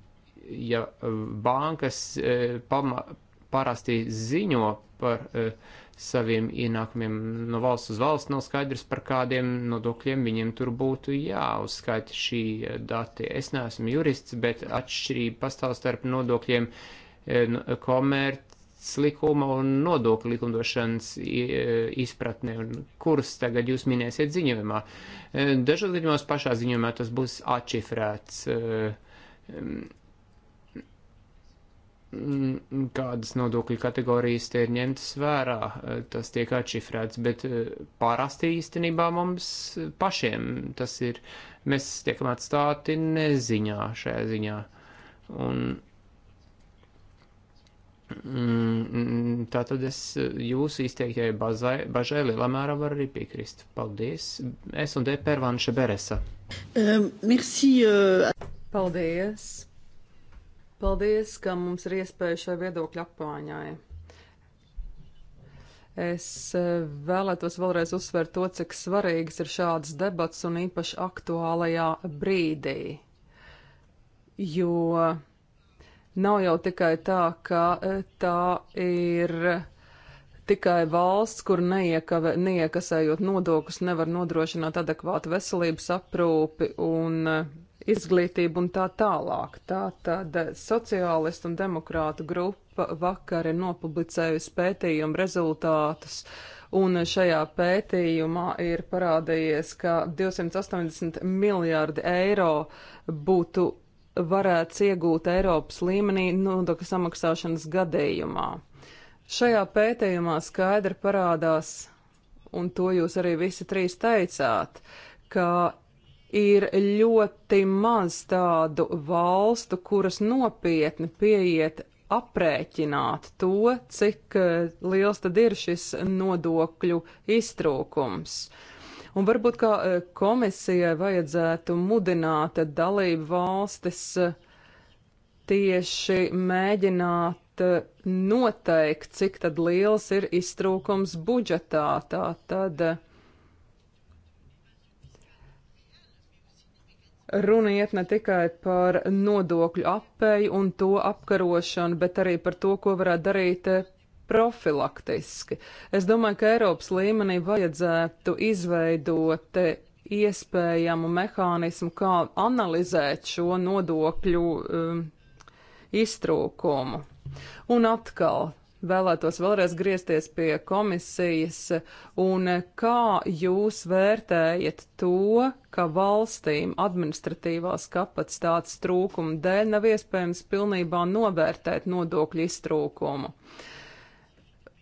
ja e, bankas e, pama, parasti ziņo par e, saviem ienākumiem no valsts uz valsts, nav skaidrs par kādiem nodokļiem viņiem tur būtu jāuzskaita šī dati. Es neesmu jurists, bet atšķirība pastāv starp nodokļiem komerc likuma un nodokļu likumdošanas izpratnē, un kurus tagad jūs minēsiet ziņojumā. Dažos gadījumos pašā ziņojumā tas būs atšifrēts kādas nodokļu kategorijas te ir ņemtas vērā, e, tas tiek atšifrēts, bet e, parasti īstenībā mums pašiem tas ir, mēs tiekam atstāti neziņā šajā ziņā. Un, mm, tā tad es jūsu izteiktajai bazai, bažai lielā mērā varu arī piekrist. Paldies. Es un D. Pervanša Beresa. Um, merci. Uh... Paldies. Paldies, ka mums ir iespēja šai viedokļu apmaiņai. Es eh, vēlētos vēlreiz uzsvērt to, cik svarīgas ir šādas debats un īpaši aktuālajā brīdī. Jo nav jau tikai tā, ka eh, tā ir tikai valsts, kur neiekave, neiekasējot nodokļus, nevar nodrošināt adekvātu veselības aprūpi un izglītību un tā tālāk. Tā tad sociālistu un demokrātu grupa vakar ir nopublicējusi pētījumu rezultātus. Un šajā pētījumā ir parādījies, ka 280 miljārdi eiro būtu varēts iegūt Eiropas līmenī nodokļu samaksāšanas gadījumā. Šajā pētījumā skaidri parādās, un to jūs arī visi trīs teicāt, ka ir ļoti maz tādu valstu, kuras nopietni pieiet aprēķināt to, cik eh, liels tad ir šis nodokļu iztrūkums. Un varbūt kā eh, komisijai vajadzētu mudināt dalību valstis eh, tieši mēģināt noteikt, cik tad liels ir iztrūkums budžetā. Tā tad Runa iet ne tikai par nodokļu apēju un to apkarošanu, bet arī par to, ko varētu darīt eh, profilaktiski. Es domāju, ka Eiropas līmenī vajadzētu izveidot eh, iespējamu mehānismu, kā analizēt šo nodokļu um, iztrūkumu. Un atkal vēlētos vēlreiz griezties pie komisijas, un kā jūs vērtējat to, ka valstīm administratīvās kapacitātes trūkuma dēļ nav iespējams pilnībā novērtēt nodokļu iztrūkumu?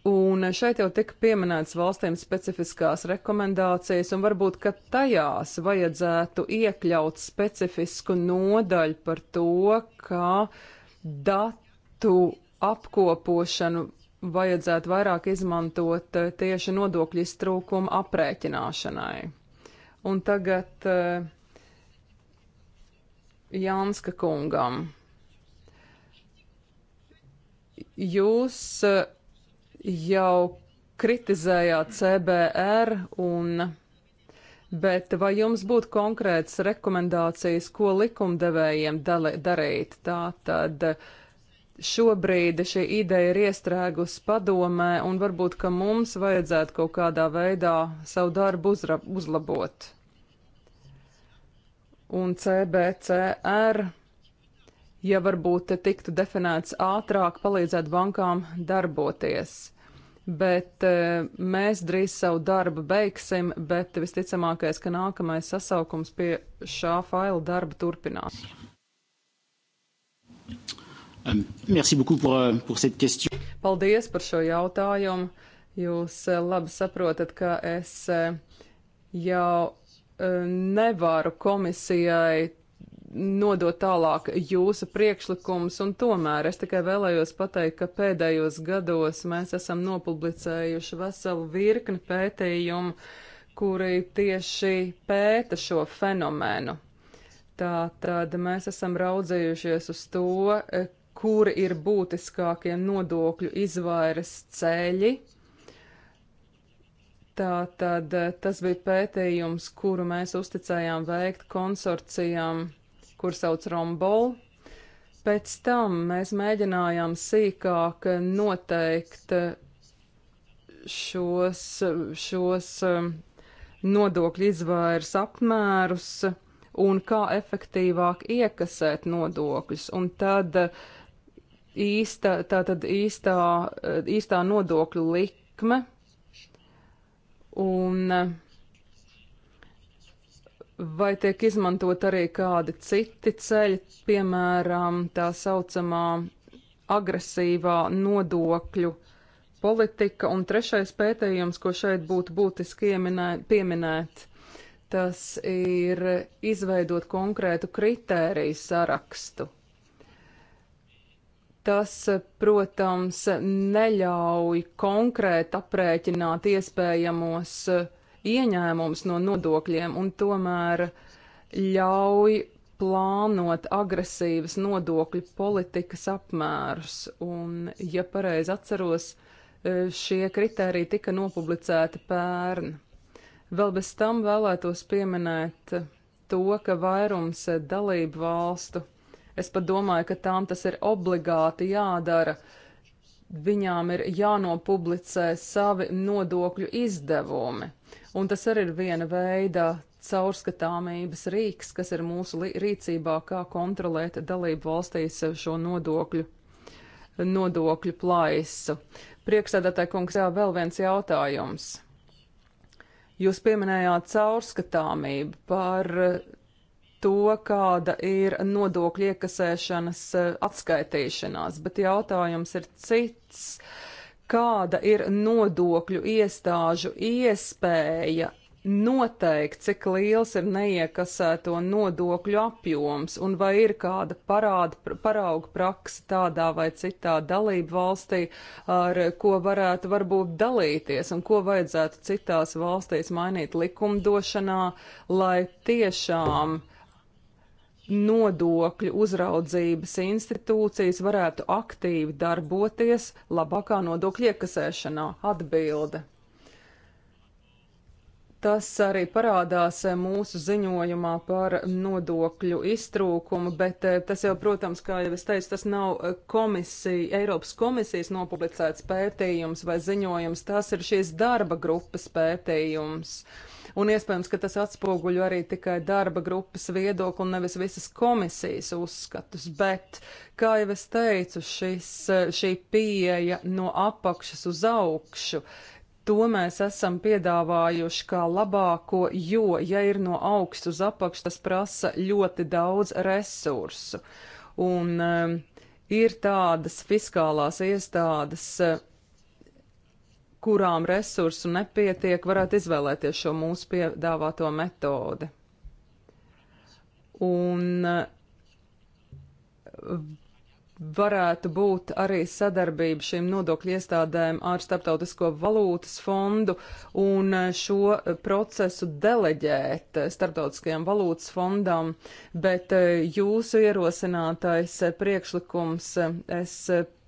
Un šeit jau tika pieminēts valstīm specifiskās rekomendācijas, un varbūt, ka tajās vajadzētu iekļaut specifisku nodaļu par to, ka datu apkopošanu vajadzētu vairāk izmantot eh, tieši nodokļu iztrūkuma aprēķināšanai. Un tagad eh, Jānska kungam. Jūs eh, jau kritizējāt CBR un Bet vai jums būtu konkrētas rekomendācijas, ko likumdevējiem darīt? Tā tad šobrīd šī ideja ir iestrēgusi padomē, un varbūt, ka mums vajadzētu kaut kādā veidā savu darbu uzra, uzlabot. Un CBCR, ja varbūt te tiktu definēts ātrāk, palīdzētu bankām darboties. Bet e, mēs drīz savu darbu beigsim, bet visticamākais, ka nākamais sasaukums pie šā faila darba turpinās. Thank you. Merci beaucoup pour, euh, pour cette question. Paldies par šo jautājumu. Jūs eh, labi saprotat, ka es eh, jau eh, nevaru komisijai nodot tālāk jūsu priekšlikumus, un tomēr es tikai vēlējos pateikt, ka pēdējos gados mēs esam nopublicējuši veselu virkni pētījumu, kuri tieši pēta šo fenomenu. Tā tad mēs esam raudzējušies uz to, kur ir būtiskākie nodokļu izvairas ceļi. Tātad eh, tas bija pētījums, kuru mēs uzticējām veikt konsorcijām, kur sauc Rombol. Pēc tam mēs mēģinājām sīkāk noteikt eh, šos, šos eh, nodokļu izvairas apmērus un kā efektīvāk iekasēt nodokļus. Un tad uh, īsta, tātad īstā, īstā nodokļu likme un vai tiek izmantot arī kādi citi ceļi, piemēram, tā saucamā agresīvā nodokļu politika, un trešais pētījums, ko šeit būtu būtiski ieminē, pieminēt, tas ir izveidot konkrētu kritēriju sarakstu Tas, protams, neļauj konkrēti aprēķināt iespējamos eh, ieņēmumus no nodokļiem un tomēr ļauj plānot agresīvas nodokļu politikas apmērus. Un, ja pareizi atceros, eh, šie kriteriji tika nopublicēti pērn. Vēl bez tam vēlētos pieminēt to, ka vairums eh, dalību valstu Es pat domāju, ka tām tas ir obligāti jādara. Viņām ir jānopublicē savi nodokļu izdevumi. Un tas arī ir viena veida caurskatāmības rīks, kas ir mūsu rīcībā, kā kontrolēt dalību valstīs šo nodokļu, nodokļu plaisu. Prieksēdētāji kungs, jā, vēl viens jautājums. Jūs pieminējāt caurskatāmību par to, kāda ir nodokļu iekasēšanas eh, atskaitīšanās, bet jautājums ir cits. Kāda ir nodokļu iestāžu iespēja noteikt, cik liels ir neiekasēto nodokļu apjoms un vai ir kāda parāda, parauga praksa tādā vai citā dalību valstī, ar ko varētu varbūt dalīties un ko vajadzētu citās valstīs mainīt likumdošanā, lai tiešām uh, nodokļu uzraudzības institūcijas varētu aktīvi darboties labākā nodokļu iekasēšanā? Atbilde. Tas arī parādās eh, mūsu ziņojumā par nodokļu iztrūkumu, bet eh, tas jau, protams, kā jau es teicu, tas nav eh, komisija, Eiropas komisijas nopublicēts pētījums vai ziņojums, tas ir šīs darba grupas pētījums un iespējams, ka tas atspoguļo arī tikai darba grupas viedokli un nevis visas komisijas uzskatus. Bet, kā jau es teicu, šis, šī pieeja no apakšas uz augšu, To mēs esam piedāvājuši kā labāko, jo, ja ir no augsts uz apakšu, tas prasa ļoti daudz resursu. Un um, ir tādas fiskālās iestādes, kurām resursu nepietiek, varētu izvēlēties šo mūsu piedāvāto metodi. Un um, varētu būt arī sadarbība šīm nodokļu iestādēm ar Startautisko valūtas fondu un eh, šo eh, procesu deleģēt eh, Startautiskajam valūtas fondam, bet jūsu ierosinātais priekšlikums es,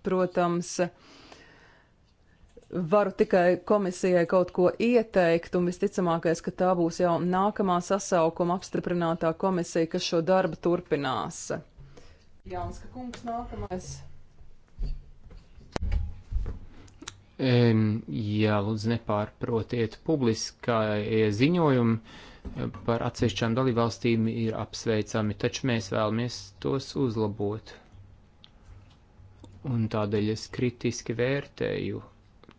protams, varu tikai komisijai kaut ko ieteikt, un visticamākais, ka tā būs jau nākamā sasaukuma apstiprinātā komisija, kas šo darbu turpinās. Jānska kungs nākamais. Jā, lūdzu, nepārprotiet. Publiskā ziņojumi par atsevišķām dalībvalstīm ir apsveicami, taču mēs vēlamies tos uzlabot. Un tādēļ es kritiski vērtēju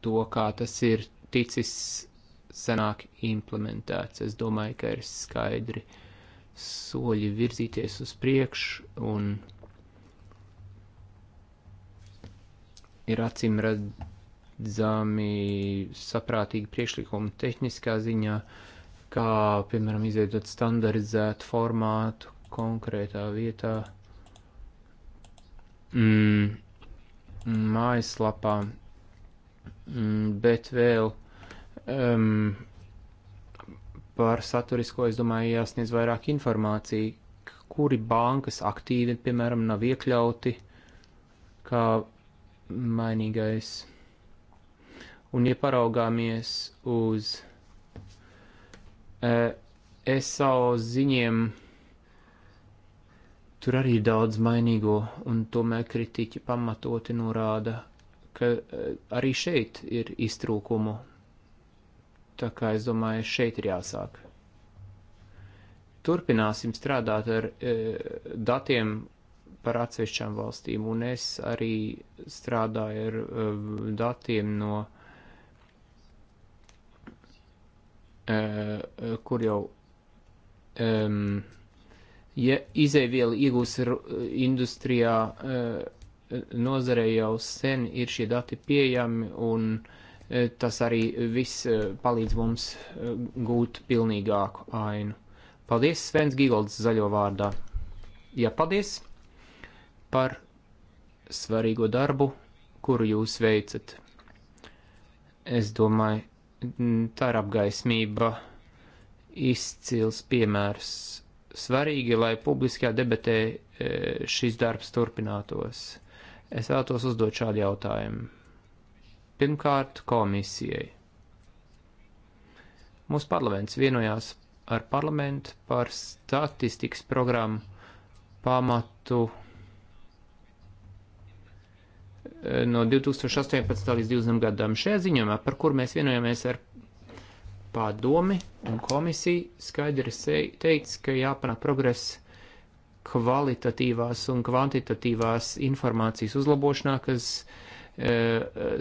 to, kā tas ir ticis senāk implementēts. Es domāju, ka ir skaidri soļi virzīties uz priekšu un ir acīm redzami saprātīgi priekšlikumi tehniskā ziņā, kā, piemēram, izveidot standardizētu formātu konkrētā vietā. Mm, mājaslapā, mm, bet vēl um, par saturisko, es domāju, jāsniedz vairāk informācija, kuri bankas aktīvi, piemēram, nav iekļauti kā mainīgais. Un, ja paraugāmies uz uh, eh, SAO ziņiem, tur arī ir daudz mainīgo, un tomēr kritiķi pamatoti norāda, ka uh, arī šeit ir iztrūkumu. Tā kā es domāju, šeit ir jāsāk. Turpināsim strādāt ar uh, datiem par atsevišķām valstīm, un es arī strādāju ar eh, datiem no, eh, kur jau ja izēviela iegūs industrijā eh, nozarē jau sen ir šie dati pieejami, un tas arī viss palīdz mums gūt pilnīgāku ainu. Paldies, Svens Gigolds, zaļo vārdā. Jā, paldies! par svarīgo darbu, kuru jūs veicat. Es domāju, tā ir apgaismība, izcils piemērs. Svarīgi, lai publiskajā debatē e, šis darbs turpinātos. Es vēlos uzdot šādu jautājumu. Pirmkārt, komisijai. Mūsu parlaments vienojās ar parlamentu par statistikas programmu pamatu no 2018. līdz 2020. gadam. Šajā ziņojumā, par kur mēs vienojamies ar padomi un komisiju, skaidri teicis, ka jāpanāk progress kvalitatīvās un kvantitatīvās informācijas uzlabošanā, kas e,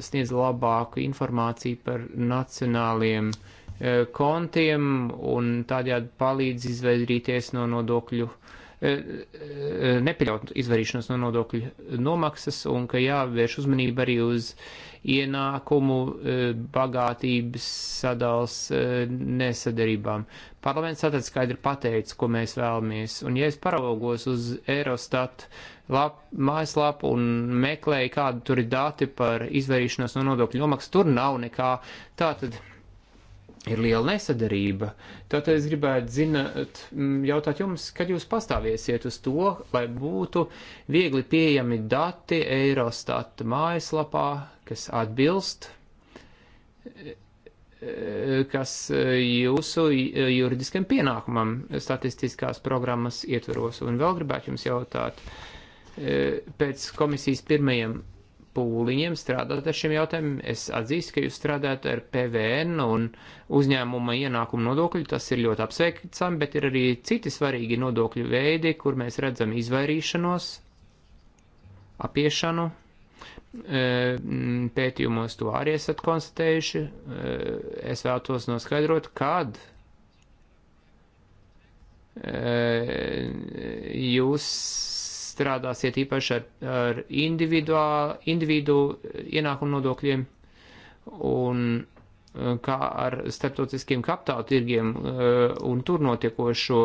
sniedz labāku informāciju par nacionāliem e, kontiem un tādējādi palīdz izvairīties no nodokļu uh, E, e, nepieļaut izvarīšanos no nodokļu nomaksas un ka jāvērš uzmanība arī uz ienākumu e, bagātības sadals nesadarībām. Parlaments tātad skaidri pateica, ko mēs vēlamies, un ja es paraugos uz Eurostat lap, mājaslapu un meklēju, kādi tur ir dati par izvairīšanos no nodokļu nomaksas, tur nav nekā. Tātad ir liela nesadarība. Tātad es gribētu zināt, mm, jautāt jums, kad jūs pastāviesiet uz to, lai būtu viegli pieejami dati Eurostata mājaslapā, kas atbilst, eh, kas eh, jūsu eh, juridiskam pienākumam statistiskās programmas ietveros. Un vēl gribētu jums jautāt pēc komisijas pirmajiem pūliņiem strādāt ar šiem jautājumiem. Es atzīstu, ka jūs strādājat ar PVN un uzņēmuma ienākumu nodokļu, tas ir ļoti apsveicami, bet ir arī citi svarīgi nodokļu veidi, kur mēs redzam izvairīšanos, apiešanu. E, pētījumos to arī esat konstatējuši. E, es vēlos noskaidrot, kad e, jūs strādāsiet īpaši ar, ar individu ienākumu nodokļiem un eh, kā ar starptautiskiem kapitāla tirgiem eh, un tur notiekošo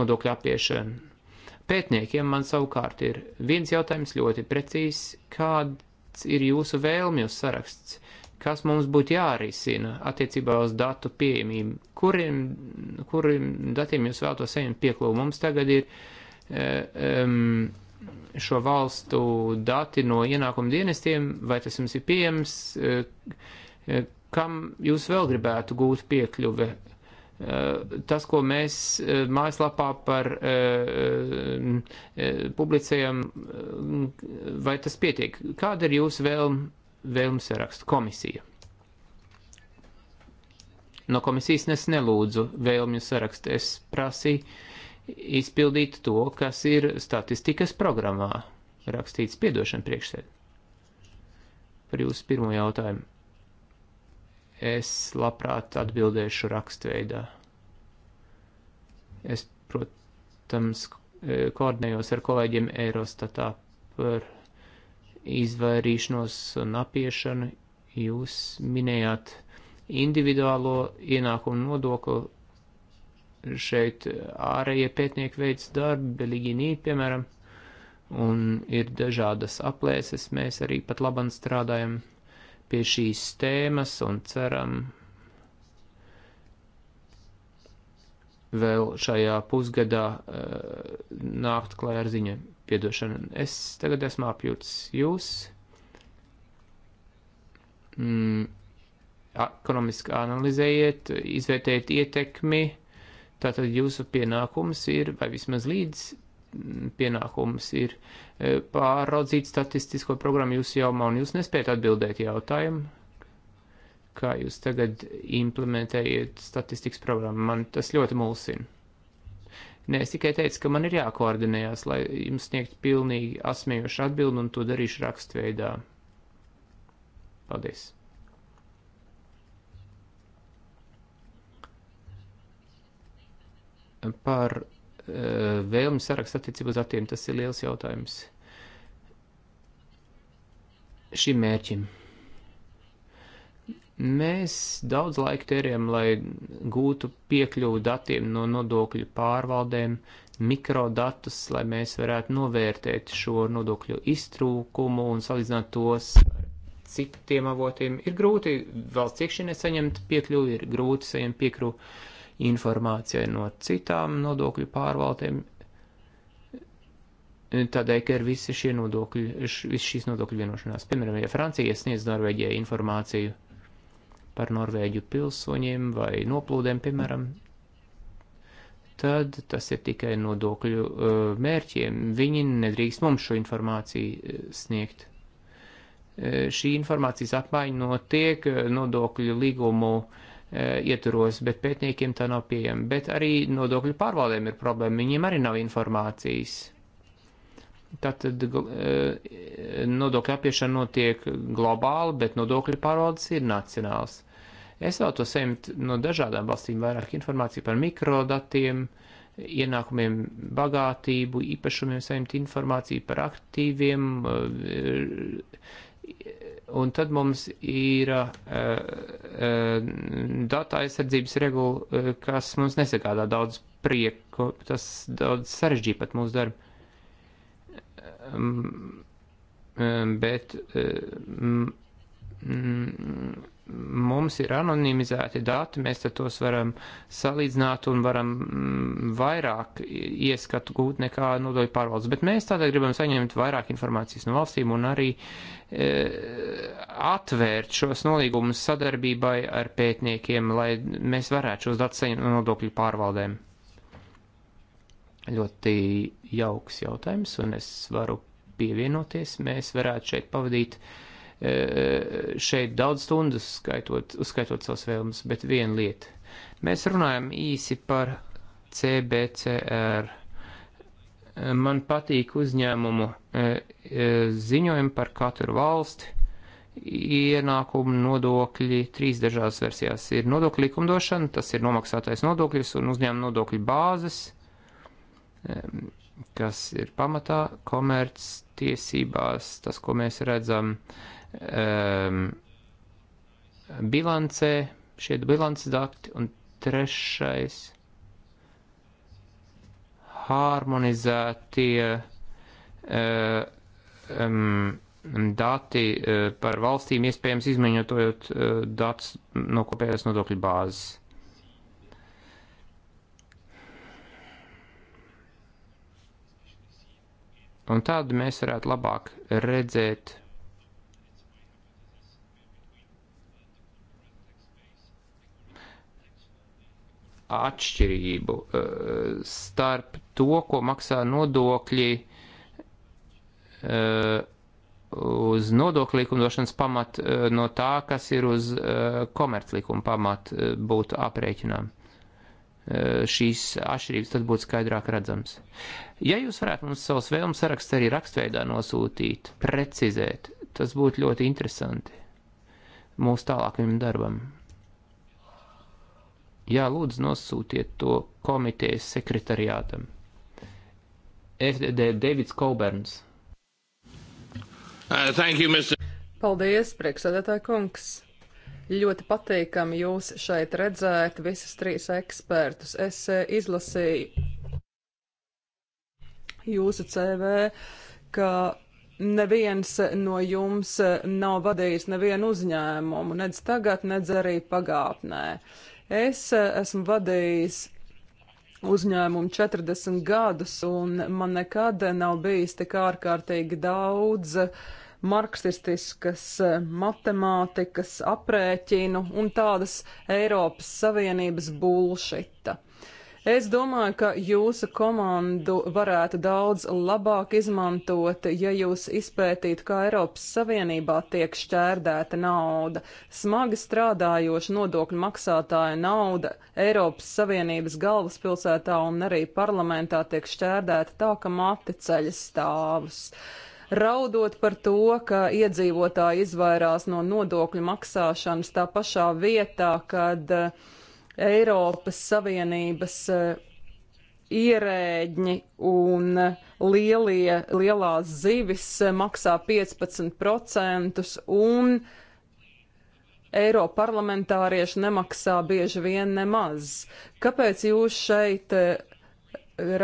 nodokļu apiešanu. Pētniekiem man savukārt ir viens jautājums ļoti precīzs, kāds ir jūsu vēlmju saraksts, kas mums būtu jārisina attiecībā uz datu pieejamību, kuriem, kuriem datiem jūs vēlaties saņemt pieklūmu. Mums tagad ir um, šo valstu dati no ienākuma dienestiem, vai tas jums ir pieejams, eh, eh, kam jūs vēl gribētu gūt piekļuve. Eh, tas, ko mēs mājaslapā par publicējam, vai tas pietiek? Kāda ir jūsu vēlme, vēlme sarakstu komisija? No komisijas nes nelūdzu vēlmju sarakstu. Es prasīju izpildīt to, kas ir statistikas programmā rakstīts piedošana priekšsēd. Par jūsu pirmo jautājumu. Es labprāt atbildēšu rakstveidā. Es, protams, koordinējos ar kolēģiem Eirostatā par izvairīšanos un apiešanu. Jūs minējāt individuālo ienākumu nodokli šeit ārējie pētnieki veids darbu, Beliginī, piemēram, un ir dažādas aplēses. Mēs arī pat labam strādājam pie šīs tēmas un ceram vēl šajā pusgadā uh, nākt klāj ar ziņu piedošanu. Es tagad esmu apjūts jūs. Mm, ekonomiski analizējiet, izvērtējiet ietekmi Tātad jūsu pienākums ir, vai vismaz līdz pienākums ir e, pāraudzīt statistisko programmu jūsu jomā, un jūs nespējat atbildēt jautājumu, kā jūs tagad implementējat statistikas programmu. Man tas ļoti mulsina. Nē, es tikai teicu, ka man ir jākoordinējas, lai jums sniegtu pilnīgi asmējošu atbildi, un to darīšu rakstveidā. Paldies! Par eh, vēlmi sarakstu attiecību uz datiem tas ir liels jautājums šim mērķim. Mēs daudz laika tērējam, lai gūtu piekļuvu datiem no nodokļu pārvaldēm, mikrodatus, lai mēs varētu novērtēt šo nodokļu iztrūkumu un salīdzināt tos ar citiem avotiem. Ir grūti valsts iekšienē saņemt piekļuvi, ir grūti saņemt piekļuvi informācijai no citām nodokļu pārvaldēm, tādēļ, ka ir visi šie nodokļi, visas šīs nodokļu vienošanās. Piemēram, ja Francija sniedz Norvēģijai informāciju par Norvēģu pilsoņiem vai noplūdēm, piemēram, tad tas ir tikai nodokļu uh, mērķiem. Viņi nedrīkst mums šo informāciju uh, sniegt. Uh, šī informācijas apmaiņa notiek uh, nodokļu līgumu uh, Eh, ietvaros, bet pētniekiem tā nav pieejama. Bet arī nodokļu pārvaldēm ir problēma, viņiem arī nav informācijas. Tātad eh, nodokļu apiešana notiek globāli, bet nodokļu pārvaldes ir nacionāls. Es vēlos saņemt no dažādām valstīm vairāk informāciju par mikrodatiem, ienākumiem, bagātību, īpašumiem, saņemt informāciju par aktīviem, eh, Un tad mums ir uh, uh, data aizsardzības regula, uh, kas mums nesagādā daudz prieku, tas daudz sarežģīja pat mūsu darbu. Um, um bet um, mums ir anonimizēti dati, mēs tos varam salīdzināt un varam mm, vairāk ieskatu gūt nekā nodoļu pārvaldes. Bet mēs tādēļ gribam saņemt vairāk informācijas no valstīm un arī e, atvērt šos nolīgumus sadarbībai ar pētniekiem, lai mēs varētu šos datus saņemt no nodokļu pārvaldēm. Ļoti jauks jautājums, un es varu pievienoties. Mēs varētu šeit pavadīt uh, Eh, šeit daudz stundas skaitot, uzskaitot savas vēlmes, bet viena lieta. Mēs runājam īsi par CBCR. Eh, man patīk uzņēmumu eh, ziņojumi par katru valsti, ienākumu nodokļi, trīs dažās versijās ir nodokļu likumdošana, tas ir nomaksātais nodokļus un uzņēmuma nodokļu bāzes, kas ir pamatā komerc tiesībās, tas, ko mēs redzam uh, um, ehm, bilancē, šie bilances dati, un trešais harmonizētie uh, um, dati uh, par valstīm, iespējams izmaiņotojot uh, datus no kopējās nodokļu bāzes. Un tad mēs varētu labāk redzēt atšķirību eh, starp to, ko maksā nodokļi eh, uz nodokļu likumdošanas pamat eh, no tā, kas ir uz komerclikuma pamat būtu aprēķinām. Šīs atšķirības tad būtu skaidrāk redzams. Ja jūs varētu mums savus vēlmu sarakstu arī rakstveidā nosūtīt, precizēt, tas būtu ļoti interesanti mūsu tālākajam darbam. Jā, lūdzu, nosūtiet to komitejas sekretariātam. FDD Davids Kauberns. Uh, thank you, Mr. Paldies, priekšsēdētāja kungs. Ļoti patīkami jūs šeit redzēt visus trīs ekspertus. Es eh, izlasīju jūsu CV, ka neviens no jums eh, nav vadījis nevienu uzņēmumu, nedz tagad, nedz arī pagātnē. Uh, Es eh, esmu vadījis uzņēmumu 40 gadus, un man nekad nav bijis tik ārkārtīgi daudz eh, marksistiskas eh, matemātikas aprēķinu un tādas Eiropas Savienības bulšita. Es domāju, ka jūsu komandu varētu daudz labāk izmantot, ja jūs izpētītu, kā Eiropas Savienībā tiek šķērdēta nauda. Smagi strādājoša nodokļu maksātāja nauda Eiropas Savienības galvaspilsētā un arī parlamentā tiek šķērdēta tā, ka mati ceļas stāvus. Raudot par to, ka iedzīvotāji izvairās no nodokļu maksāšanas tā pašā vietā, kad uh, Eiropas Savienības e, ierēģi un lielie, lielās zivis e, maksā 15% un Eiropa parlamentārieši nemaksā bieži vien nemaz. Kāpēc jūs šeit e,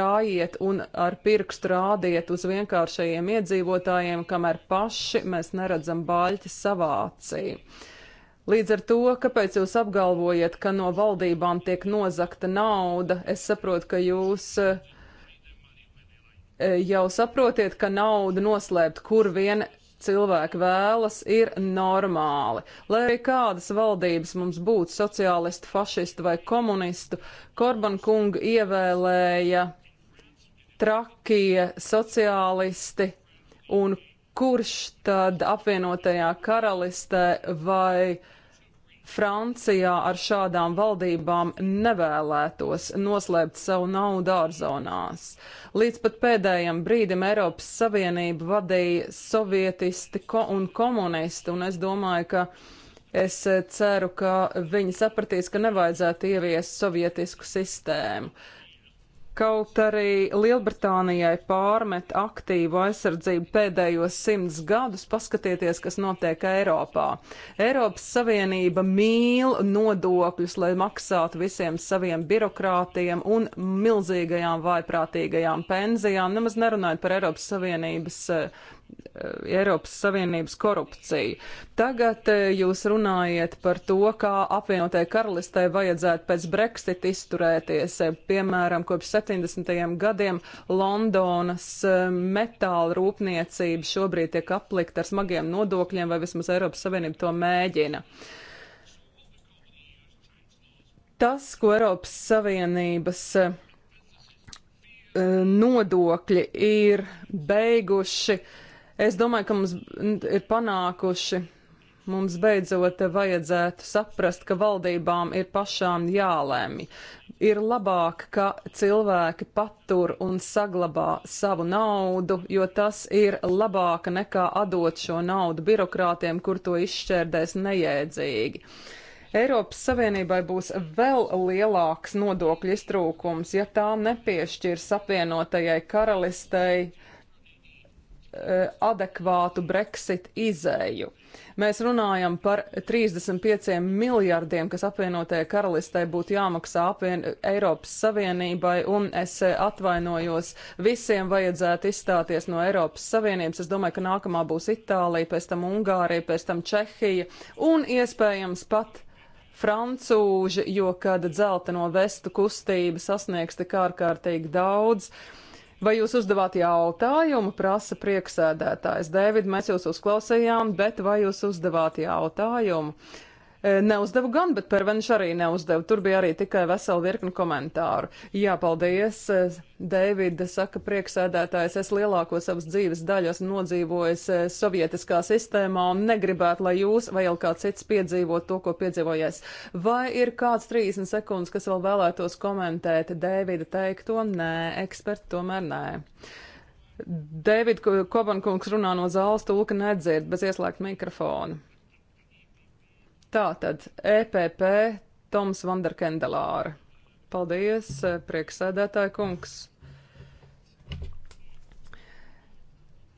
rājiet un ar pirkstu rādiet uz vienkāršajiem iedzīvotājiem, kamēr paši mēs neredzam bāļķi savācī? Uh, Līdz ar to, kāpēc jūs apgalvojat, ka no valdībām tiek nozakta nauda, es saprotu, ka jūs eh, jau saprotiet, ka nauda noslēpt, kur vien cilvēki vēlas, ir normāli. Lai arī kādas valdības mums būtu sociālistu, fašistu vai komunistu, Korban kunga ievēlēja trakie sociālisti un kurš tad apvienotajā karalistē vai Francijā ar šādām valdībām nevēlētos noslēpt savu naudu ārzonās. Līdz pat pēdējiem brīdim Eiropas Savienību vadīja sovietisti ko un komunisti, un es domāju, ka es eh, ceru, ka viņi sapratīs, ka nevajadzētu ieviest sovietisku sistēmu. Uh, Kaut arī Lielbritānijai pārmet aktīvu aizsardzību pēdējos simts gadus, paskatieties, kas notiek Eiropā. Eiropas Savienība mīl nodokļus, lai maksātu visiem saviem birokrātiem un milzīgajām vaiprātīgajām pensijām, nemaz nerunājot par Eiropas Savienības eh, Eh, Eiropas Savienības korupciju. Tagad eh, jūs runājat par to, kā apvienotai karalistē vajadzētu pēc Brexit izturēties. Eh, piemēram, kopš 70. gadiem Londonas metāla rūpniecība šobrīd tiek aplikta ar smagiem nodokļiem, vai vismaz Eiropas Savienība to mēģina. Tas, ko Eiropas Savienības nodokļi ir beiguši, uh, Es domāju, ka mums ir panākuši, mums beidzot vajadzētu saprast, ka valdībām ir pašām jālēmi. Ir labāk, ka cilvēki patur un saglabā savu naudu, jo tas ir labāk nekā atdot šo naudu birokrātiem, kur to izšķērdēs nejēdzīgi. Eiropas Savienībai būs vēl lielāks nodokļu iztrūkums, ja tā nepiešķirs apvienotajai karalistei Eh, adekvātu Brexit izēju. Mēs runājam par 35 miljardiem, kas apvienotajai karalistē būtu jāmaksā apvien Eiropas Savienībai, un es eh, atvainojos, visiem vajadzētu izstāties no Eiropas Savienības. Es domāju, ka nākamā būs Itālija, pēc tam Ungārija, pēc tam Čehija, un iespējams pat Francūži, jo kad dzelteno vestu kustība sasniegs tik ārkārtīgi daudz, uh, Vai jūs uzdevāt jautājumu, prasa prieksēdētājs. Dēvid, mēs jūs uzklausījām, bet vai jūs uzdevāt jautājumu? E, neuzdevu gan, bet pērvenš arī neuzdevu. Tur bija arī tikai vesela virkni komentāru. Jā, paldies, e, Deivida, saka prieksēdētājs. Es lielāko savas dzīves daļu esmu nodzīvojis e, sovietiskā sistēmā un negribētu, lai jūs vai jau kāds cits piedzīvot to, ko piedzīvojies. Vai ir kāds 30 sekundes, kas vēl vēlētos komentēt Deivida teikto? Nē, eksperti tomēr nē. Deivida Kobankungs runā no zāles, tulka nedzird bez ieslēgt mikrofonu. Tātad EPP Toms Vanderkendelāra. Paldies, eh, prieksēdētāja kungs.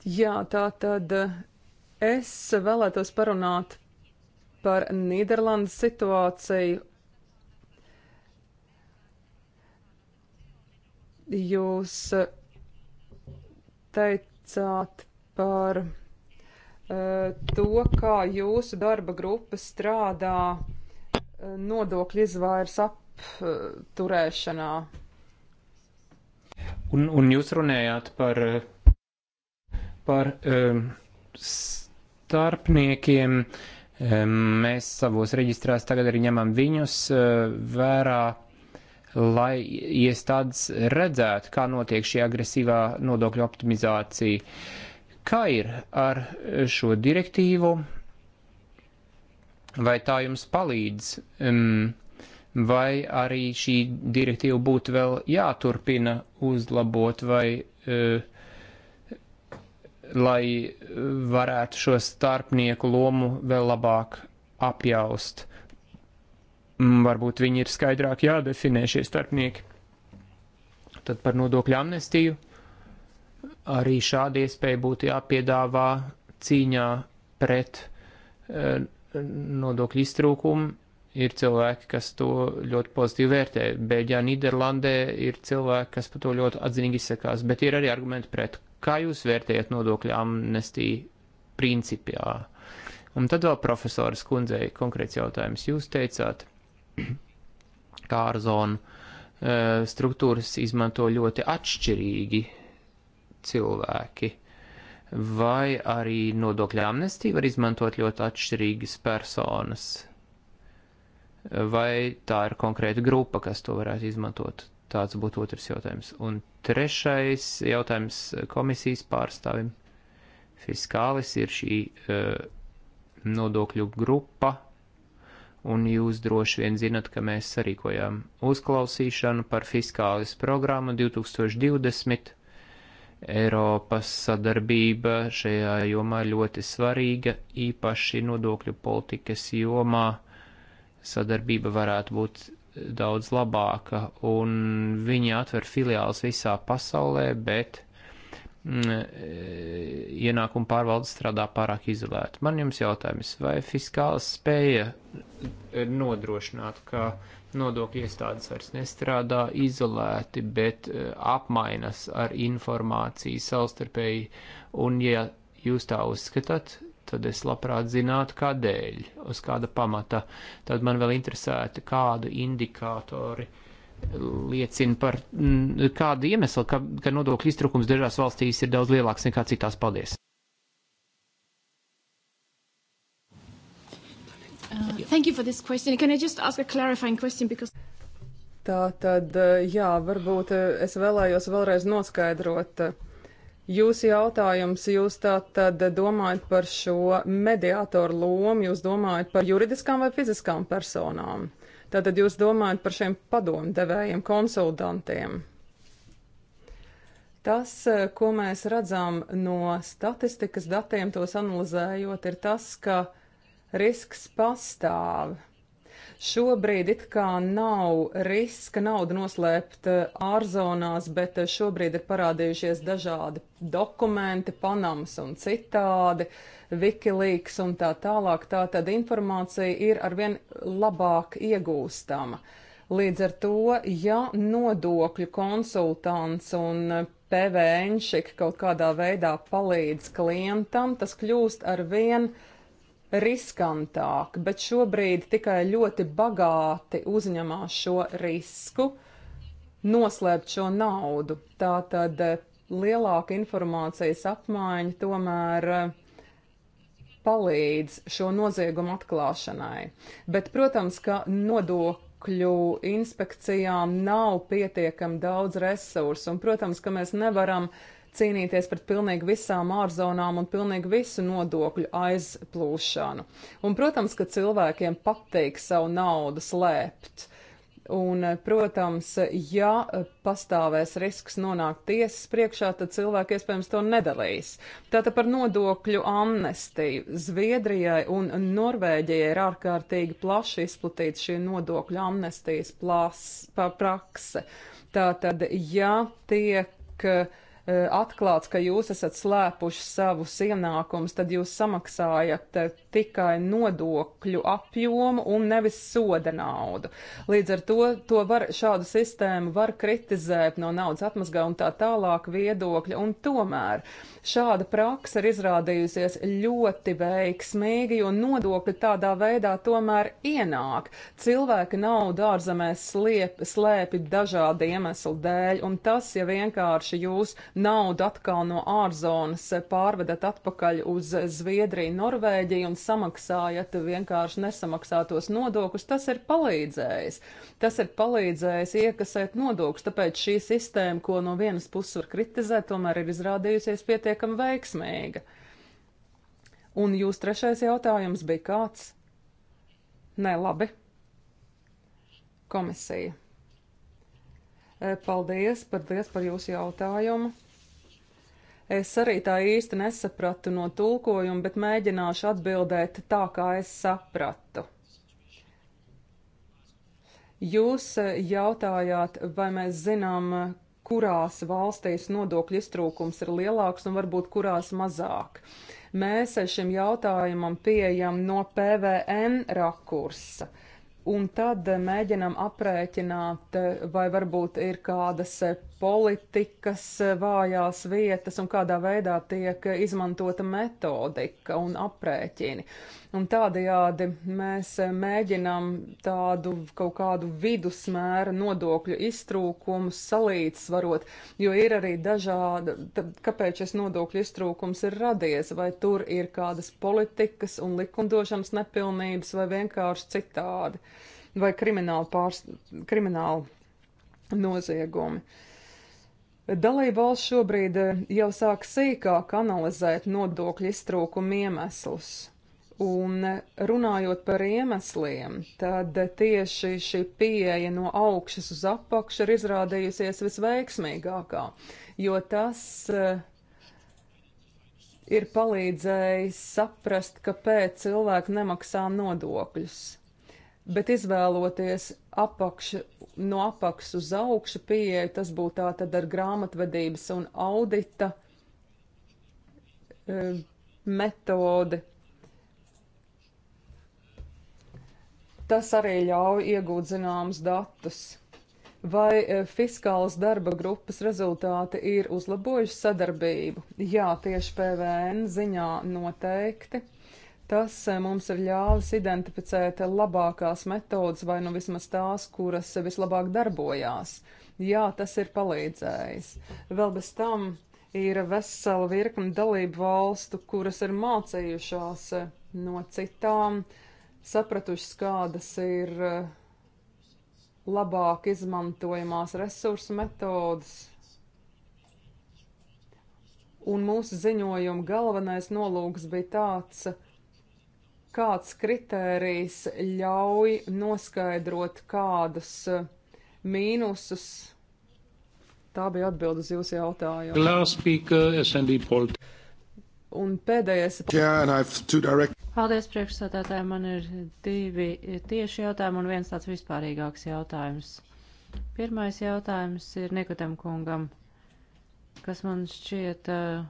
Jā, tātad eh, es vēlētos parunāt par Nīderlandes situāciju. Jūs eh, teicāt par Eh, to, kā jūsu darba grupa strādā eh, nodokļu izvairs apturēšanā. Un, un jūs runējāt par, par um, starpniekiem. Um, mēs savos reģistrās tagad arī ņemam viņus uh, vērā, lai iestādes redzētu, kā notiek šī agresīvā nodokļu optimizācija. Uh, Kā ir ar šo direktīvu? Vai tā jums palīdz? Um, vai arī šī direktīva būtu vēl jāturpina uzlabot, vai uh, lai varētu šo starpnieku lomu vēl labāk apjaust? Mm, varbūt viņi ir skaidrāk jādefinē šie starpnieki. Tad par nodokļu amnestiju arī šāda iespēja būtu jāpiedāvā cīņā pret eh, nodokļu iztrūkumu. Ir cilvēki, kas to ļoti pozitīvi vērtē. Bēļģijā, Nīderlandē ir cilvēki, kas par to ļoti atzinīgi izsakās, bet ir arī argumenti pret. Kā jūs vērtējat nodokļu amnestiju principā? Un tad vēl profesoras kundzei konkrēts jautājums. Jūs teicāt, kā ar zonu struktūras izmanto ļoti atšķirīgi cilvēki. Vai arī nodokļa amnestija var izmantot ļoti atšķirīgas personas? Vai tā ir konkrēta grupa, kas to varētu izmantot? Tāds būtu otrs jautājums. Un trešais jautājums komisijas pārstāvim. Fiskālis ir šī uh, nodokļu grupa, un jūs droši vien zinat, ka mēs sarīkojām uzklausīšanu par fiskālis programmu 2020. Eiropas sadarbība šajā jomā ļoti svarīga, īpaši nodokļu politikas jomā sadarbība varētu būt daudz labāka, un viņi atver filiāls visā pasaulē, bet mm, e, ienākuma pārvalde strādā pārāk izolēti. Man jums jautājums, vai fiskāla spēja nodrošināt, ka nodokļu iestādes vairs nestrādā izolēti, bet eh, apmainas ar informāciju savstarpēji, un ja jūs tā uzskatāt, tad es labprāt zinātu, kādēļ, uz kāda pamata. Tad man vēl interesēta, kādu indikātori eh, liecina par m, kādu iemeslu, ka, ka nodokļu iztrūkums dažās valstīs ir daudz lielāks nekā citās. Paldies! thank you for this question. Can I just ask a clarifying question? Because... Tā tad, eh, jā, varbūt eh, es vēlējos vēlreiz noskaidrot. Eh, jūsu jautājums, jūs tā tad domājat par šo mediātoru lomu, jūs domājat par juridiskām vai fiziskām personām? Tātad jūs domājat par šiem padomdevējiem, konsultantiem? Tas, ko mēs redzam no statistikas datiem, tos analizējot, ir tas, ka risks pastāv. Šobrīd it kā nav riska naudu noslēpt eh, ārzonās, bet eh, šobrīd ir parādījušies dažādi dokumenti, Panamas un citādi, Wikileaks un tā tālāk. Tā tad informācija ir arvien labāk iegūstama. Līdz ar to, ja nodokļu konsultants un PVNšik kaut kādā veidā palīdz klientam, tas kļūst ar vien uh, riskantāk, bet šobrīd tikai ļoti bagāti uzņemās šo risku noslēpt šo naudu. Tātad eh, lielāka informācijas apmaiņa tomēr eh, palīdz šo noziegumu atklāšanai. Bet, protams, ka nodokļu inspekcijām nav pietiekami daudz resursu, un, protams, ka mēs nevaram uh, cīnīties pret pilnīgi visām ārzonām un pilnīgi visu nodokļu aizplūšanu. Un, protams, ka cilvēkiem patīk savu naudu slēpt. Un, protams, ja pastāvēs risks nonākt tiesas priekšā, tad cilvēki iespējams to nedalīs. Tātad par nodokļu amnestiju. Zviedrijai un Norvēģijai ir ārkārtīgi plaši izplatīta šī nodokļu amnestijas plas, pa, prakse. Tātad, ja tiek uh, Eh, atklāts, ka jūs esat slēpuši savus ienākumus, tad jūs samaksājat eh, tikai nodokļu apjomu un nevis soda naudu. Līdz ar to, to var, šādu sistēmu var kritizēt no naudas atmazgā un tā tālāk viedokļa, un tomēr Šāda praksa ir izrādījusies ļoti veiksmīga, jo nodokļi tādā veidā tomēr ienāk. Cilvēki naudu ārzemēs sliep, slēpi dažādu iemeslu dēļ, un tas, ja vienkārši jūs naudu atkal no ārzonas pārvedat atpakaļ uz Zviedriju, Norvēģiju un samaksājat vienkārši nesamaksātos nodokļus, tas ir palīdzējis. Tas ir palīdzējis iekasēt nodokļus, tāpēc šī sistēma, ko no vienas puses var kritizēt, tomēr ir izrādījusies pietiekami pietiekami veiksmīga. Un jūs trešais jautājums bija kāds? Nē, labi. Komisija. E, paldies, paldies par jūsu jautājumu. Es arī tā īsti nesapratu no tulkojuma, bet mēģināšu atbildēt tā, kā es sapratu. Jūs e, jautājāt, vai mēs zinām, kurās valstīs nodokļu iztrūkums ir lielāks un varbūt kurās mazāk. Mēs šim jautājumam pieejam no PVN rakursa. Un tad mēģinam aprēķināt, vai varbūt ir kādas politikas eh, vājās vietas un kādā veidā tiek eh, izmantota metodika un aprēķini. Un tādējādi mēs eh, mēģinām tādu kaut kādu vidusmēra nodokļu iztrūkumu salīdzvarot, jo ir arī dažāda, tad kāpēc šis nodokļu iztrūkums ir radies, vai tur ir kādas politikas un likumdošanas nepilnības vai vienkārši citādi, vai krimināli, pārst, krimināli noziegumi. Uh, Dalībvalsts šobrīd eh, jau sāk sīkāk analizēt nodokļu iztrūkumu iemeslus. Un eh, runājot par iemesliem, tad tieši šī pieeja no augšas uz apakšu ir izrādījusies visveiksmīgākā, jo tas eh, ir palīdzējis saprast, kāpēc cilvēki nemaksā nodokļus bet izvēloties apakšu, no apakšas uz augšu pieeju, tas būtu tā tad ar grāmatvedības un audita e, metodi. Tas arī ļauj iegūt zināmus datus. Vai e, fiskālas darba grupas rezultāti ir uzlabojuši sadarbību? Jā, tieši PVN ziņā noteikti. Tas eh, mums ir ļāvis identificēt labākās metodas vai nu vismaz tās, kuras vislabāk darbojās. Jā, tas ir palīdzējis. Vēl bez tam ir vesela virkni dalību valstu, kuras ir mācījušās eh, no citām, sapratušas, kādas ir eh, labāk izmantojamās resursu metodas, un mūsu ziņojuma galvenais nolūks bija tāds kāds kritērijs ļauj noskaidrot kādus eh, mīnusus. Tā bija atbilde uz jūsu jautājumu. Un pēdējais. Yeah, Paldies, priekšsādātāji. Man ir divi tieši jautājumi un viens tāds vispārīgāks jautājums. Pirmais jautājums ir Nikotam kungam, kas man šķiet uh,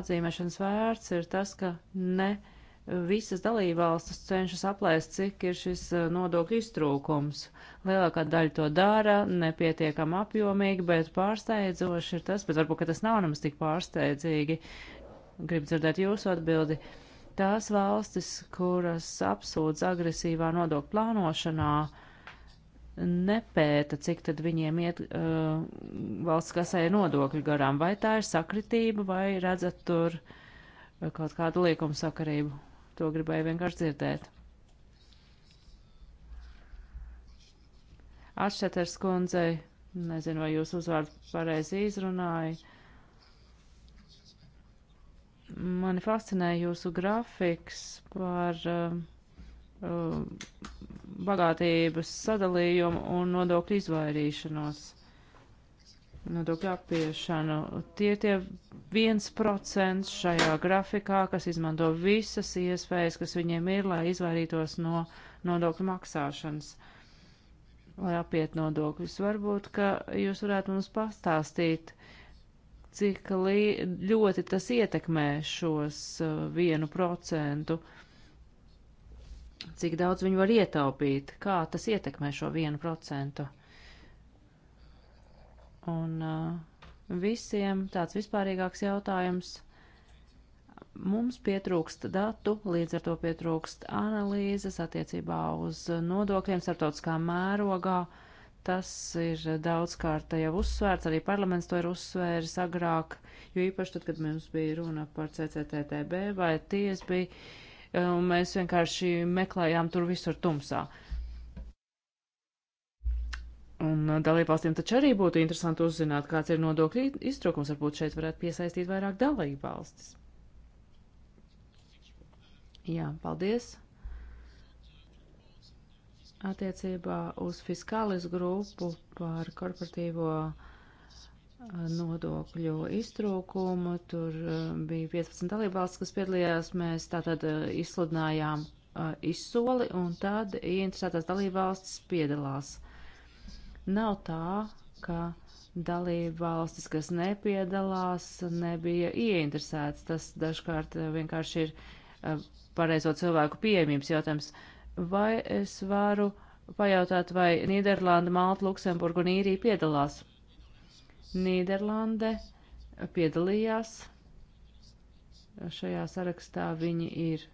atzīmēšanas vērts, ir tas, ka ne. Uh, visas dalībvalstis cenšas aplēst, cik ir šis nodokļu iztrūkums. Lielākā daļa to dara, nepietiekam apjomīgi, bet pārsteidzoši ir tas, bet varbūt, ka tas nav mums tik pārsteidzīgi. Gribu dzirdēt jūsu atbildi. Tās valstis, kuras apsūdz agresīvā nodokļu plānošanā, nepēta, cik tad viņiem iet uh, valsts kasē nodokļu garām. Vai tā ir sakritība, vai redzat tur kaut kādu liekumu sakarību? To gribēju vienkārši dzirdēt. Atšķeters kundzei, nezinu, vai jūs uzvārdu pareizi izrunāju. Mani fascinē jūsu grafiks par uh, bagātības sadalījumu un nodokļu izvairīšanos nodokļu apiešanu. Tie ir tie viens procents šajā grafikā, kas izmanto visas iespējas, kas viņiem ir, lai izvairītos no nodokļu maksāšanas, lai apiet nodokļus. Varbūt, ka jūs varētu mums pastāstīt, cik ļoti tas ietekmē šos uh, vienu procentu, cik daudz viņi var ietaupīt, kā tas ietekmē šo vienu procentu un uh, visiem tāds vispārīgāks jautājums. Mums pietrūkst datu, līdz ar to pietrūkst analīzes attiecībā uz nodokļiem starptautiskā mērogā. Tas ir daudzkārt jau uzsvērts, arī parlaments to ir uzsvēris agrāk, jo īpaši tad, kad mums bija runa par CCTTB vai tiesbī, mēs vienkārši meklējām tur visur tumsā. Uh, Un uh, dalībvalstīm taču arī būtu interesanti uzzināt, kāds ir nodokļu iztrūkums. Varbūt šeit varētu piesaistīt vairāk dalībvalstis. Jā, paldies. Attiecībā uz fiskālis grupu par korporatīvo uh, nodokļu iztrūkumu, tur uh, bija 15 dalībvalsts, kas piedalījās, mēs tātad izsludinājām izsoli, un tad ieinteresētās dalībvalstis piedalās Nav tā, ka dalība valstis, kas nepiedalās, nebija ieinteresēts. Tas dažkārt eh, vienkārši ir eh, pareizo cilvēku pieejamības jautājums. Vai es varu pajautāt, vai Nīderlanda, Malta, Luksemburga un Īrija piedalās? Nīderlande piedalījās šajā sarakstā. Viņi ir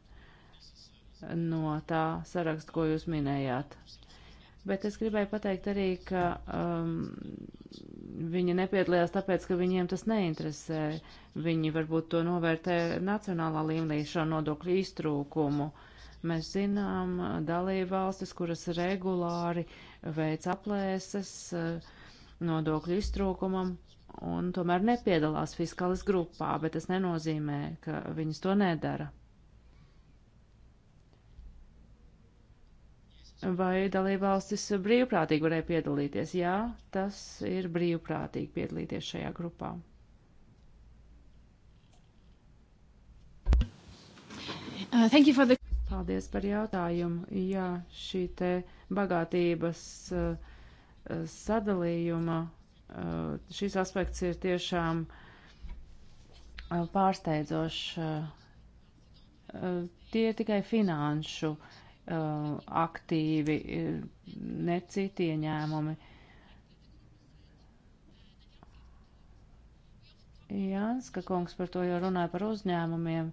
no tā saraksta, ko jūs minējāt. Bet es gribēju pateikt arī, ka um, viņi nepiedalījās tāpēc, ka viņiem tas neinteresē. Viņi varbūt to novērtē nacionālā līmenī šo nodokļu iztrūkumu. Mēs zinām dalību valstis, kuras regulāri veic aplēses uh, nodokļu iztrūkumam, un tomēr nepiedalās fiskālis grupā, bet tas nenozīmē, ka viņas to nedara. vai dalībvalstis brīvprātīgi varēja piedalīties. Jā, tas ir brīvprātīgi piedalīties šajā grupā. Uh, the... Paldies par jautājumu. Jā, šī te bagātības uh, sadalījuma, uh, šis aspekts ir tiešām uh, pārsteidzošs. Uh, tie ir tikai finanšu uh, Uh, aktīvi, uh, ne citi ieņēmumi. Jānska kungs par to jau runāja par uzņēmumiem.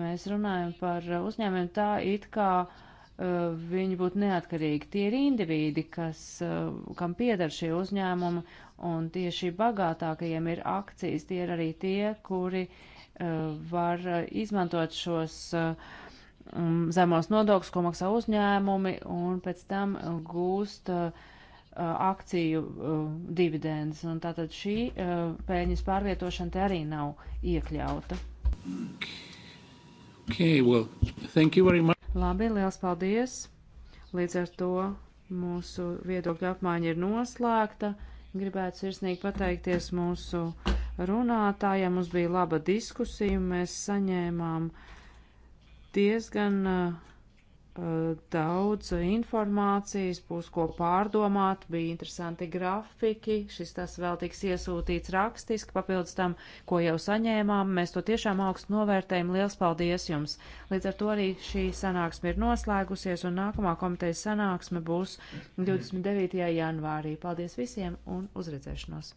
Mēs runājam par uzņēmumiem tā it kā uh, viņi būtu neatkarīgi. Tie ir individi, kas, uh, kam piedar šie uzņēmumi, un tieši bagātākajiem ir akcijas. Tie ir arī tie, kuri uh, var izmantot šos uh, Um, zemos nodokļus, ko maksā uzņēmumi, un pēc tam uh, gūst uh, uh, akciju uh, dividendes. Un tātad šī uh, pēļņas pārvietošana te arī nav iekļauta. Okay, well, thank you very much. Labi, liels paldies. Līdz ar to mūsu viedokļu apmaiņa ir noslēgta. Gribētu sirsnīgi pateikties mūsu runātājiem. Mums bija laba diskusija, mēs saņēmām uh, diezgan uh, uh, daudz informācijas, būs ko pārdomāt, bija interesanti grafiki, šis tas vēl tiks iesūtīts rakstiski, papildus tam, ko jau saņēmām, mēs to tiešām augstu novērtējam, liels paldies jums. Līdz ar to arī šī sanāksme ir noslēgusies, un nākamā komitejas sanāksme būs 29. janvārī. Paldies visiem un uzredzēšanos!